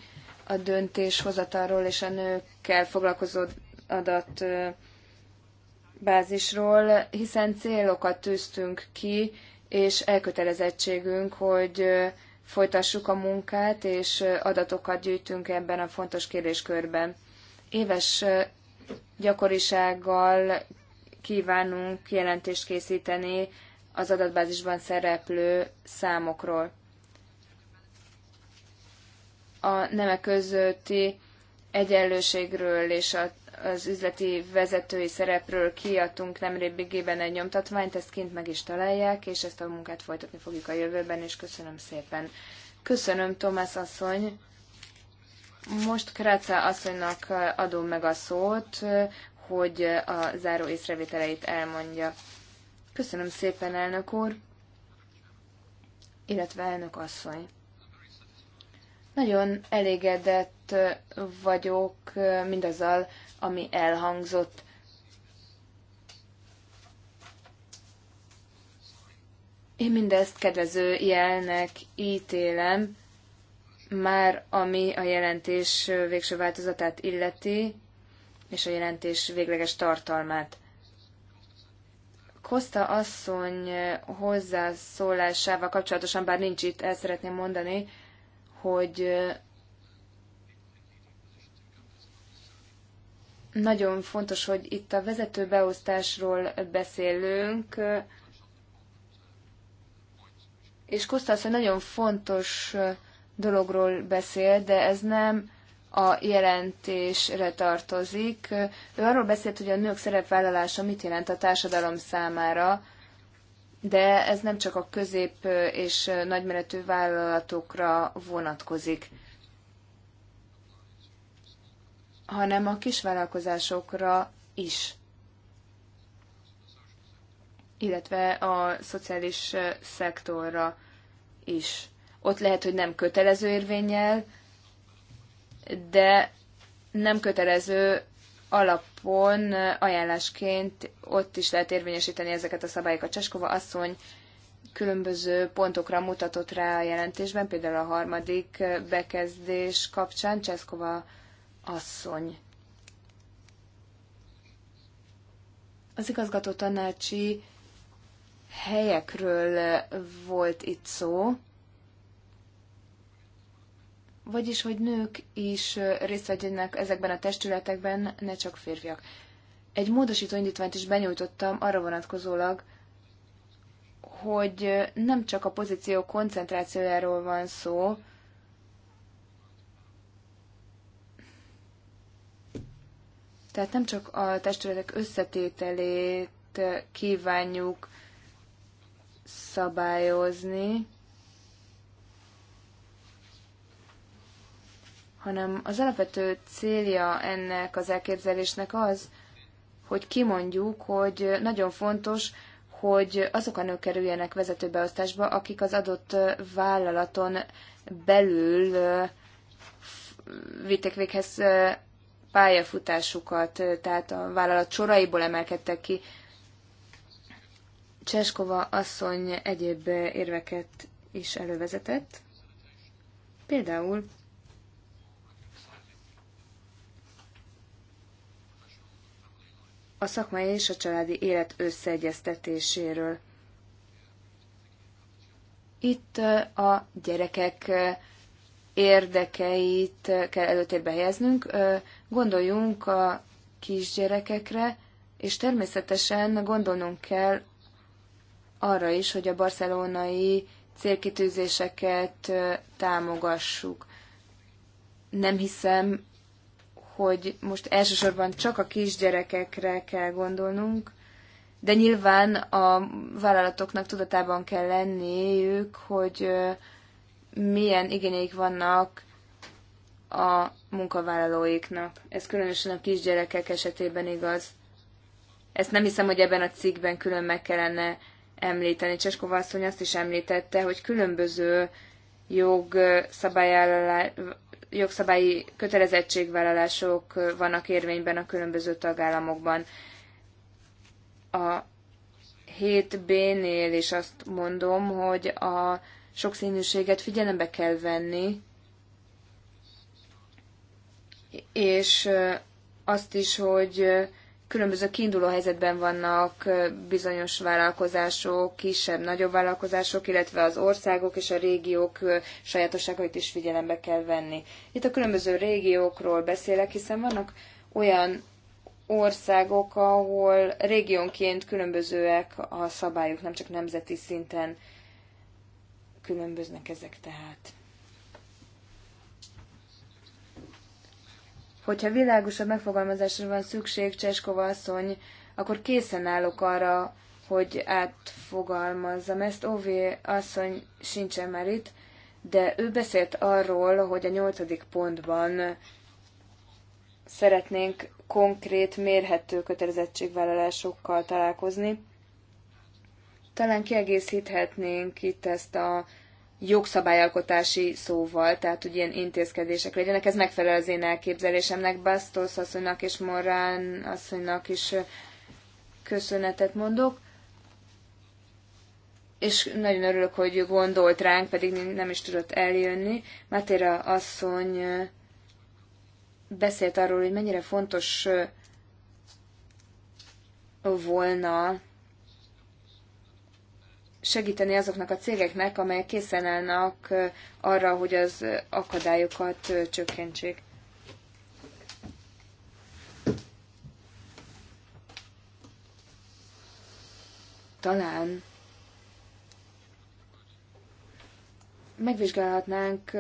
a döntéshozatalról és a nőkkel foglalkozó adatbázisról, hiszen célokat tűztünk ki, és elkötelezettségünk, hogy folytassuk a munkát, és adatokat gyűjtünk ebben a fontos kérdéskörben éves gyakorisággal kívánunk jelentést készíteni az adatbázisban szereplő számokról. A nemek közötti egyenlőségről és a az üzleti vezetői szerepről kiadtunk nemrégiben egy nyomtatványt, ezt kint meg is találják, és ezt a munkát folytatni fogjuk a jövőben, és köszönöm szépen. Köszönöm, Tomás asszony, most Kráca asszonynak adom meg a szót, hogy a záró észrevételeit elmondja. Köszönöm szépen, elnök úr, illetve elnök asszony. Nagyon elégedett vagyok mindazzal, ami elhangzott. Én mindezt kedvező jelnek ítélem, már ami a jelentés végső változatát illeti, és a jelentés végleges tartalmát. Kosta asszony hozzászólásával kapcsolatosan, bár nincs itt, el szeretném mondani, hogy nagyon fontos, hogy itt a vezető beosztásról beszélünk, és Kosta asszony nagyon fontos dologról beszél, de ez nem a jelentésre tartozik. Ő arról beszélt, hogy a nők szerepvállalása mit jelent a társadalom számára, de ez nem csak a közép és nagyméretű vállalatokra vonatkozik, hanem a kisvállalkozásokra is, illetve a szociális szektorra is ott lehet, hogy nem kötelező érvényel, de nem kötelező alapon ajánlásként ott is lehet érvényesíteni ezeket a szabályokat. Cseskova asszony különböző pontokra mutatott rá a jelentésben, például a harmadik bekezdés kapcsán Cseskova asszony. Az igazgató tanácsi helyekről volt itt szó, vagyis, hogy nők is részt vegyenek ezekben a testületekben, ne csak férfiak. Egy módosító indítványt is benyújtottam arra vonatkozólag, hogy nem csak a pozíció koncentrációjáról van szó, tehát nem csak a testületek összetételét kívánjuk szabályozni, hanem az alapvető célja ennek az elképzelésnek az, hogy kimondjuk, hogy nagyon fontos, hogy azok a nők kerüljenek vezetőbeosztásba, akik az adott vállalaton belül vitték véghez pályafutásukat, tehát a vállalat soraiból emelkedtek ki. Cseskova asszony egyéb érveket is elővezetett. Például a szakmai és a családi élet összeegyeztetéséről. Itt a gyerekek érdekeit kell előtérbe helyeznünk. Gondoljunk a kisgyerekekre, és természetesen gondolnunk kell arra is, hogy a barcelonai célkitűzéseket támogassuk. Nem hiszem, hogy most elsősorban csak a kisgyerekekre kell gondolnunk, de nyilván a vállalatoknak tudatában kell lenniük, hogy milyen igényeik vannak a munkavállalóiknak. Ez különösen a kisgyerekek esetében igaz. Ezt nem hiszem, hogy ebben a cikkben külön meg kellene említeni. Cseskova asszony azt is említette, hogy különböző jogszabályi kötelezettségvállalások vannak érvényben a különböző tagállamokban. A 7B-nél is azt mondom, hogy a sokszínűséget figyelembe kell venni, és azt is, hogy különböző kiinduló helyzetben vannak bizonyos vállalkozások, kisebb, nagyobb vállalkozások, illetve az országok és a régiók sajátosságait is figyelembe kell venni. Itt a különböző régiókról beszélek, hiszen vannak olyan országok, ahol régiónként különbözőek a szabályok, nem csak nemzeti szinten különböznek ezek tehát. Hogyha világosabb megfogalmazásra van szükség, Cseskova asszony, akkor készen állok arra, hogy átfogalmazzam ezt. ovi asszony sincsen már itt, de ő beszélt arról, hogy a nyolcadik pontban szeretnénk konkrét, mérhető kötelezettségvállalásokkal találkozni. Talán kiegészíthetnénk itt ezt a jogszabályalkotási szóval, tehát hogy ilyen intézkedések legyenek. Ez megfelel az én elképzelésemnek. Bastos asszonynak és Morán asszonynak is köszönetet mondok. És nagyon örülök, hogy gondolt ránk, pedig nem is tudott eljönni. Matéra asszony beszélt arról, hogy mennyire fontos volna segíteni azoknak a cégeknek, amelyek készen állnak arra, hogy az akadályokat csökkentsék. Talán megvizsgálhatnánk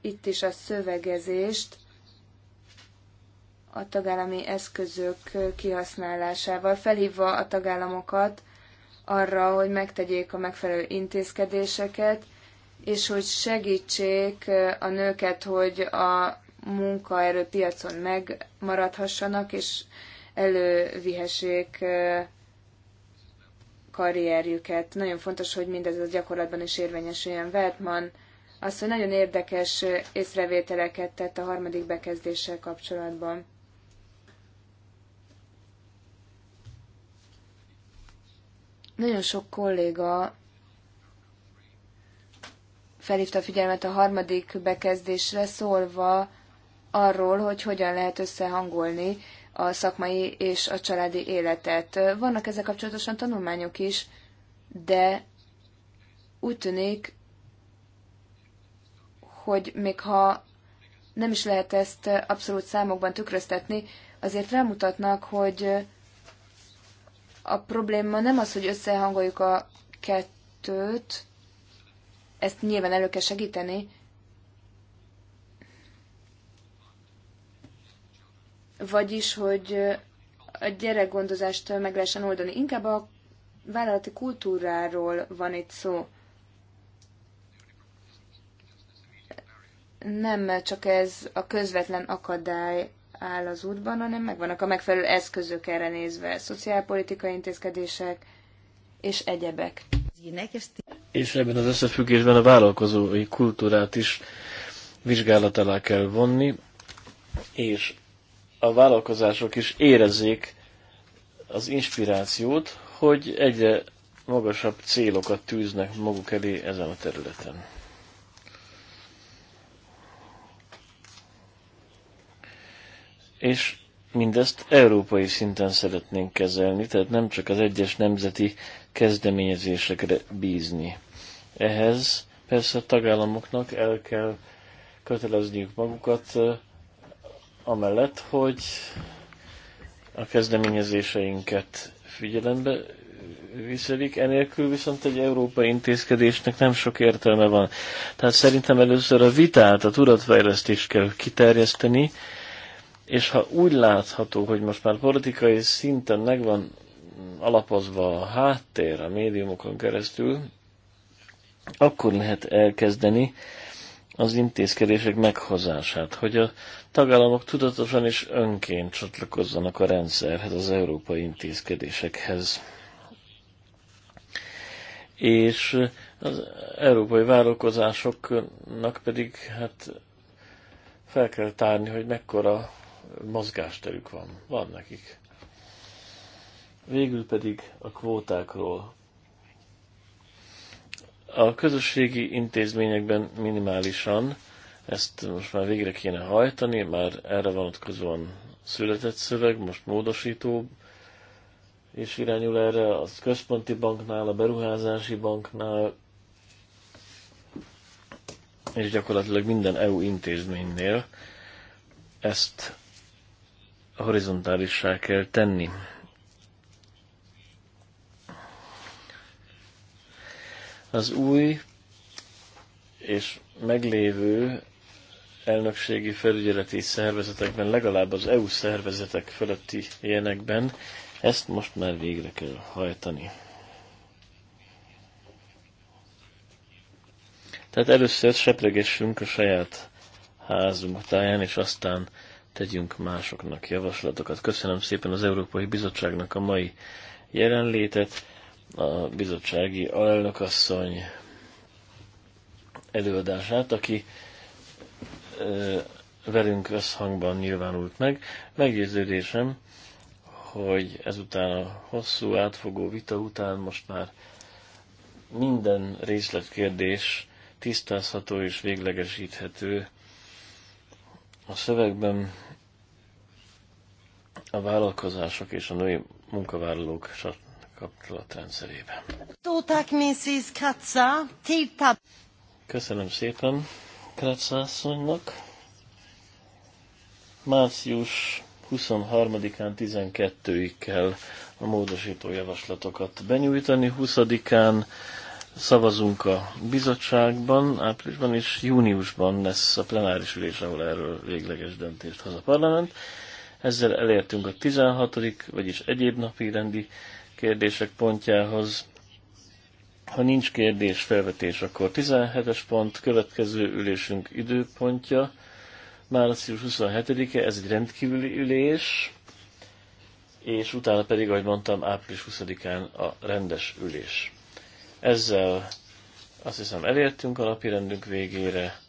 itt is a szövegezést a tagállami eszközök kihasználásával, felhívva a tagállamokat, arra, hogy megtegyék a megfelelő intézkedéseket, és hogy segítsék a nőket, hogy a munkaerőpiacon megmaradhassanak, és elővihessék karrierjüket. Nagyon fontos, hogy mindez a gyakorlatban is érvényesüljön. Veltman azt, hogy nagyon érdekes észrevételeket tett a harmadik bekezdéssel kapcsolatban. Nagyon sok kolléga felhívta a figyelmet a harmadik bekezdésre, szólva arról, hogy hogyan lehet összehangolni a szakmai és a családi életet. Vannak ezzel kapcsolatosan tanulmányok is, de úgy tűnik, hogy még ha nem is lehet ezt abszolút számokban tükröztetni, azért rámutatnak, hogy a probléma nem az, hogy összehangoljuk a kettőt, ezt nyilván elő kell segíteni, vagyis, hogy a gyerekgondozást meg lehessen oldani. Inkább a vállalati kultúráról van itt szó. Nem csak ez a közvetlen akadály áll az útban, hanem megvannak a megfelelő eszközök erre nézve, szociálpolitikai intézkedések és egyebek. És ebben az összefüggésben a vállalkozói kultúrát is vizsgálat alá kell vonni, és a vállalkozások is érezzék az inspirációt, hogy egyre magasabb célokat tűznek maguk elé ezen a területen. és mindezt európai szinten szeretnénk kezelni, tehát nem csak az egyes nemzeti kezdeményezésekre bízni. Ehhez persze a tagállamoknak el kell kötelezniük magukat amellett, hogy a kezdeményezéseinket figyelembe viselik, enélkül viszont egy európai intézkedésnek nem sok értelme van. Tehát szerintem először a vitát, a tudatfejlesztést kell kiterjeszteni, és ha úgy látható, hogy most már politikai szinten megvan alapozva a háttér a médiumokon keresztül, akkor lehet elkezdeni az intézkedések meghozását, hogy a tagállamok tudatosan és önként csatlakozzanak a rendszerhez, az európai intézkedésekhez. És az európai vállalkozásoknak pedig hát fel kell tárni, hogy mekkora mozgásterük van. Van nekik. Végül pedig a kvótákról. A közösségi intézményekben minimálisan, ezt most már végre kéne hajtani, már erre vonatkozóan született szöveg, most módosító, és irányul erre a központi banknál, a beruházási banknál, és gyakorlatilag minden EU intézménynél ezt horizontálissá kell tenni. Az új és meglévő elnökségi felügyeleti szervezetekben, legalább az EU szervezetek fölötti ilyenekben, ezt most már végre kell hajtani. Tehát először sepregessünk a saját házunk táján, és aztán tegyünk másoknak javaslatokat. Köszönöm szépen az Európai Bizottságnak a mai jelenlétet, a bizottsági alelnökasszony előadását, aki velünk összhangban nyilvánult meg. Meggyőződésem, hogy ezután a hosszú átfogó vita után most már minden részletkérdés tisztázható és véglegesíthető a szövegben a vállalkozások és a női munkavállalók kapcsolatrendszerében. Köszönöm szépen Kratzászonynak. Március 23-án 12-ig kell a módosító javaslatokat benyújtani, 20-án Szavazunk a bizottságban, áprilisban és júniusban lesz a plenáris ülés, ahol erről végleges döntést hoz a parlament. Ezzel elértünk a 16. vagyis egyéb napi rendi kérdések pontjához. Ha nincs kérdés, felvetés, akkor 17-es pont, következő ülésünk időpontja, március 27-e, ez egy rendkívüli ülés, és utána pedig, ahogy mondtam, április 20-án a rendes ülés. Ezzel azt hiszem elértünk a rendünk végére.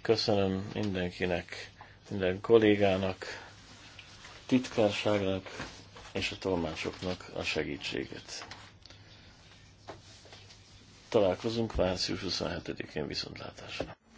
Köszönöm mindenkinek, minden kollégának, titkárságnak és a tolmácsoknak a segítséget. Találkozunk március 27-én viszontlátásra.